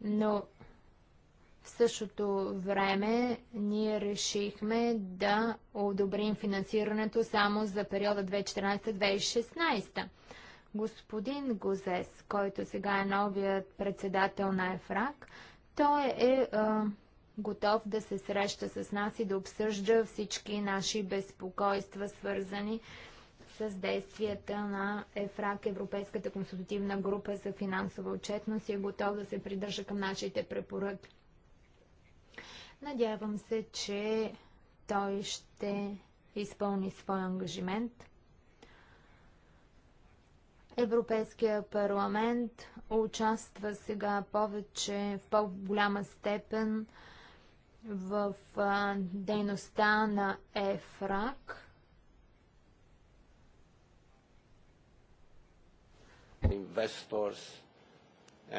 но в същото време ние решихме да одобрим финансирането само за периода 2014-2016. Господин Гозес, който сега е новият председател на ЕФРАК, той е а, готов да се среща с нас и да обсъжда всички наши безпокойства, свързани с действията на ЕФРАК, Европейската консултативна група за финансова отчетност и е готов да се придържа към нашите препоръки. Надявам се, че той ще изпълни своя ангажимент. Европейския парламент участва сега повече, в по-голяма степен в дейността на ЕФРАК.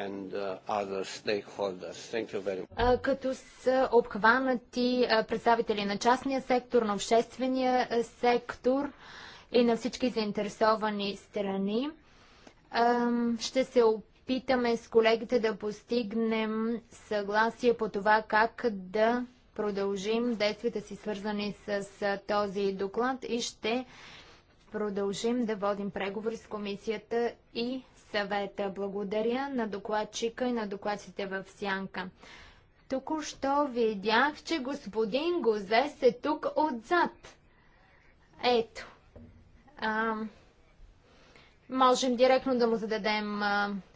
and uh, other stakeholders. Thank you very much. като са обхванати представители на частния сектор, на обществения сектор и на всички заинтересовани страни. Ще се опитаме с колегите да постигнем съгласие по това как да продължим действията си свързани с този доклад и ще продължим да водим преговори с комисията и съвета. Благодаря на докладчика и на докладците в Сянка. Току-що видях, че господин Гозе се тук отзад. Ето. Можем директно да му зададем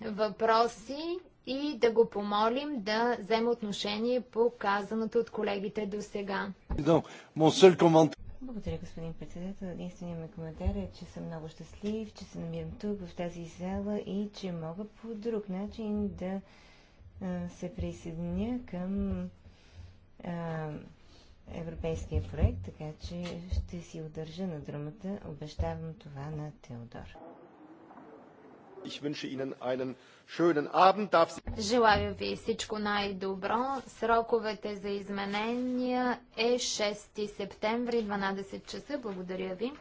въпроси и да го помолим да вземе отношение по казаното от колегите до сега. Благодаря, господин председател. Единственият ми коментар е, че съм много щастлив, че се намирам тук, в тази зала и че мога по друг начин да а, се присъединя към а, европейския проект, така че ще си удържа на драмата. Обещавам това на Теодор. Ich wünsche Ihnen einen schönen Abend. Darf... Желая ви всичко най-добро. Сроковете за изменения е 6 септември, 12 часа. Благодаря ви.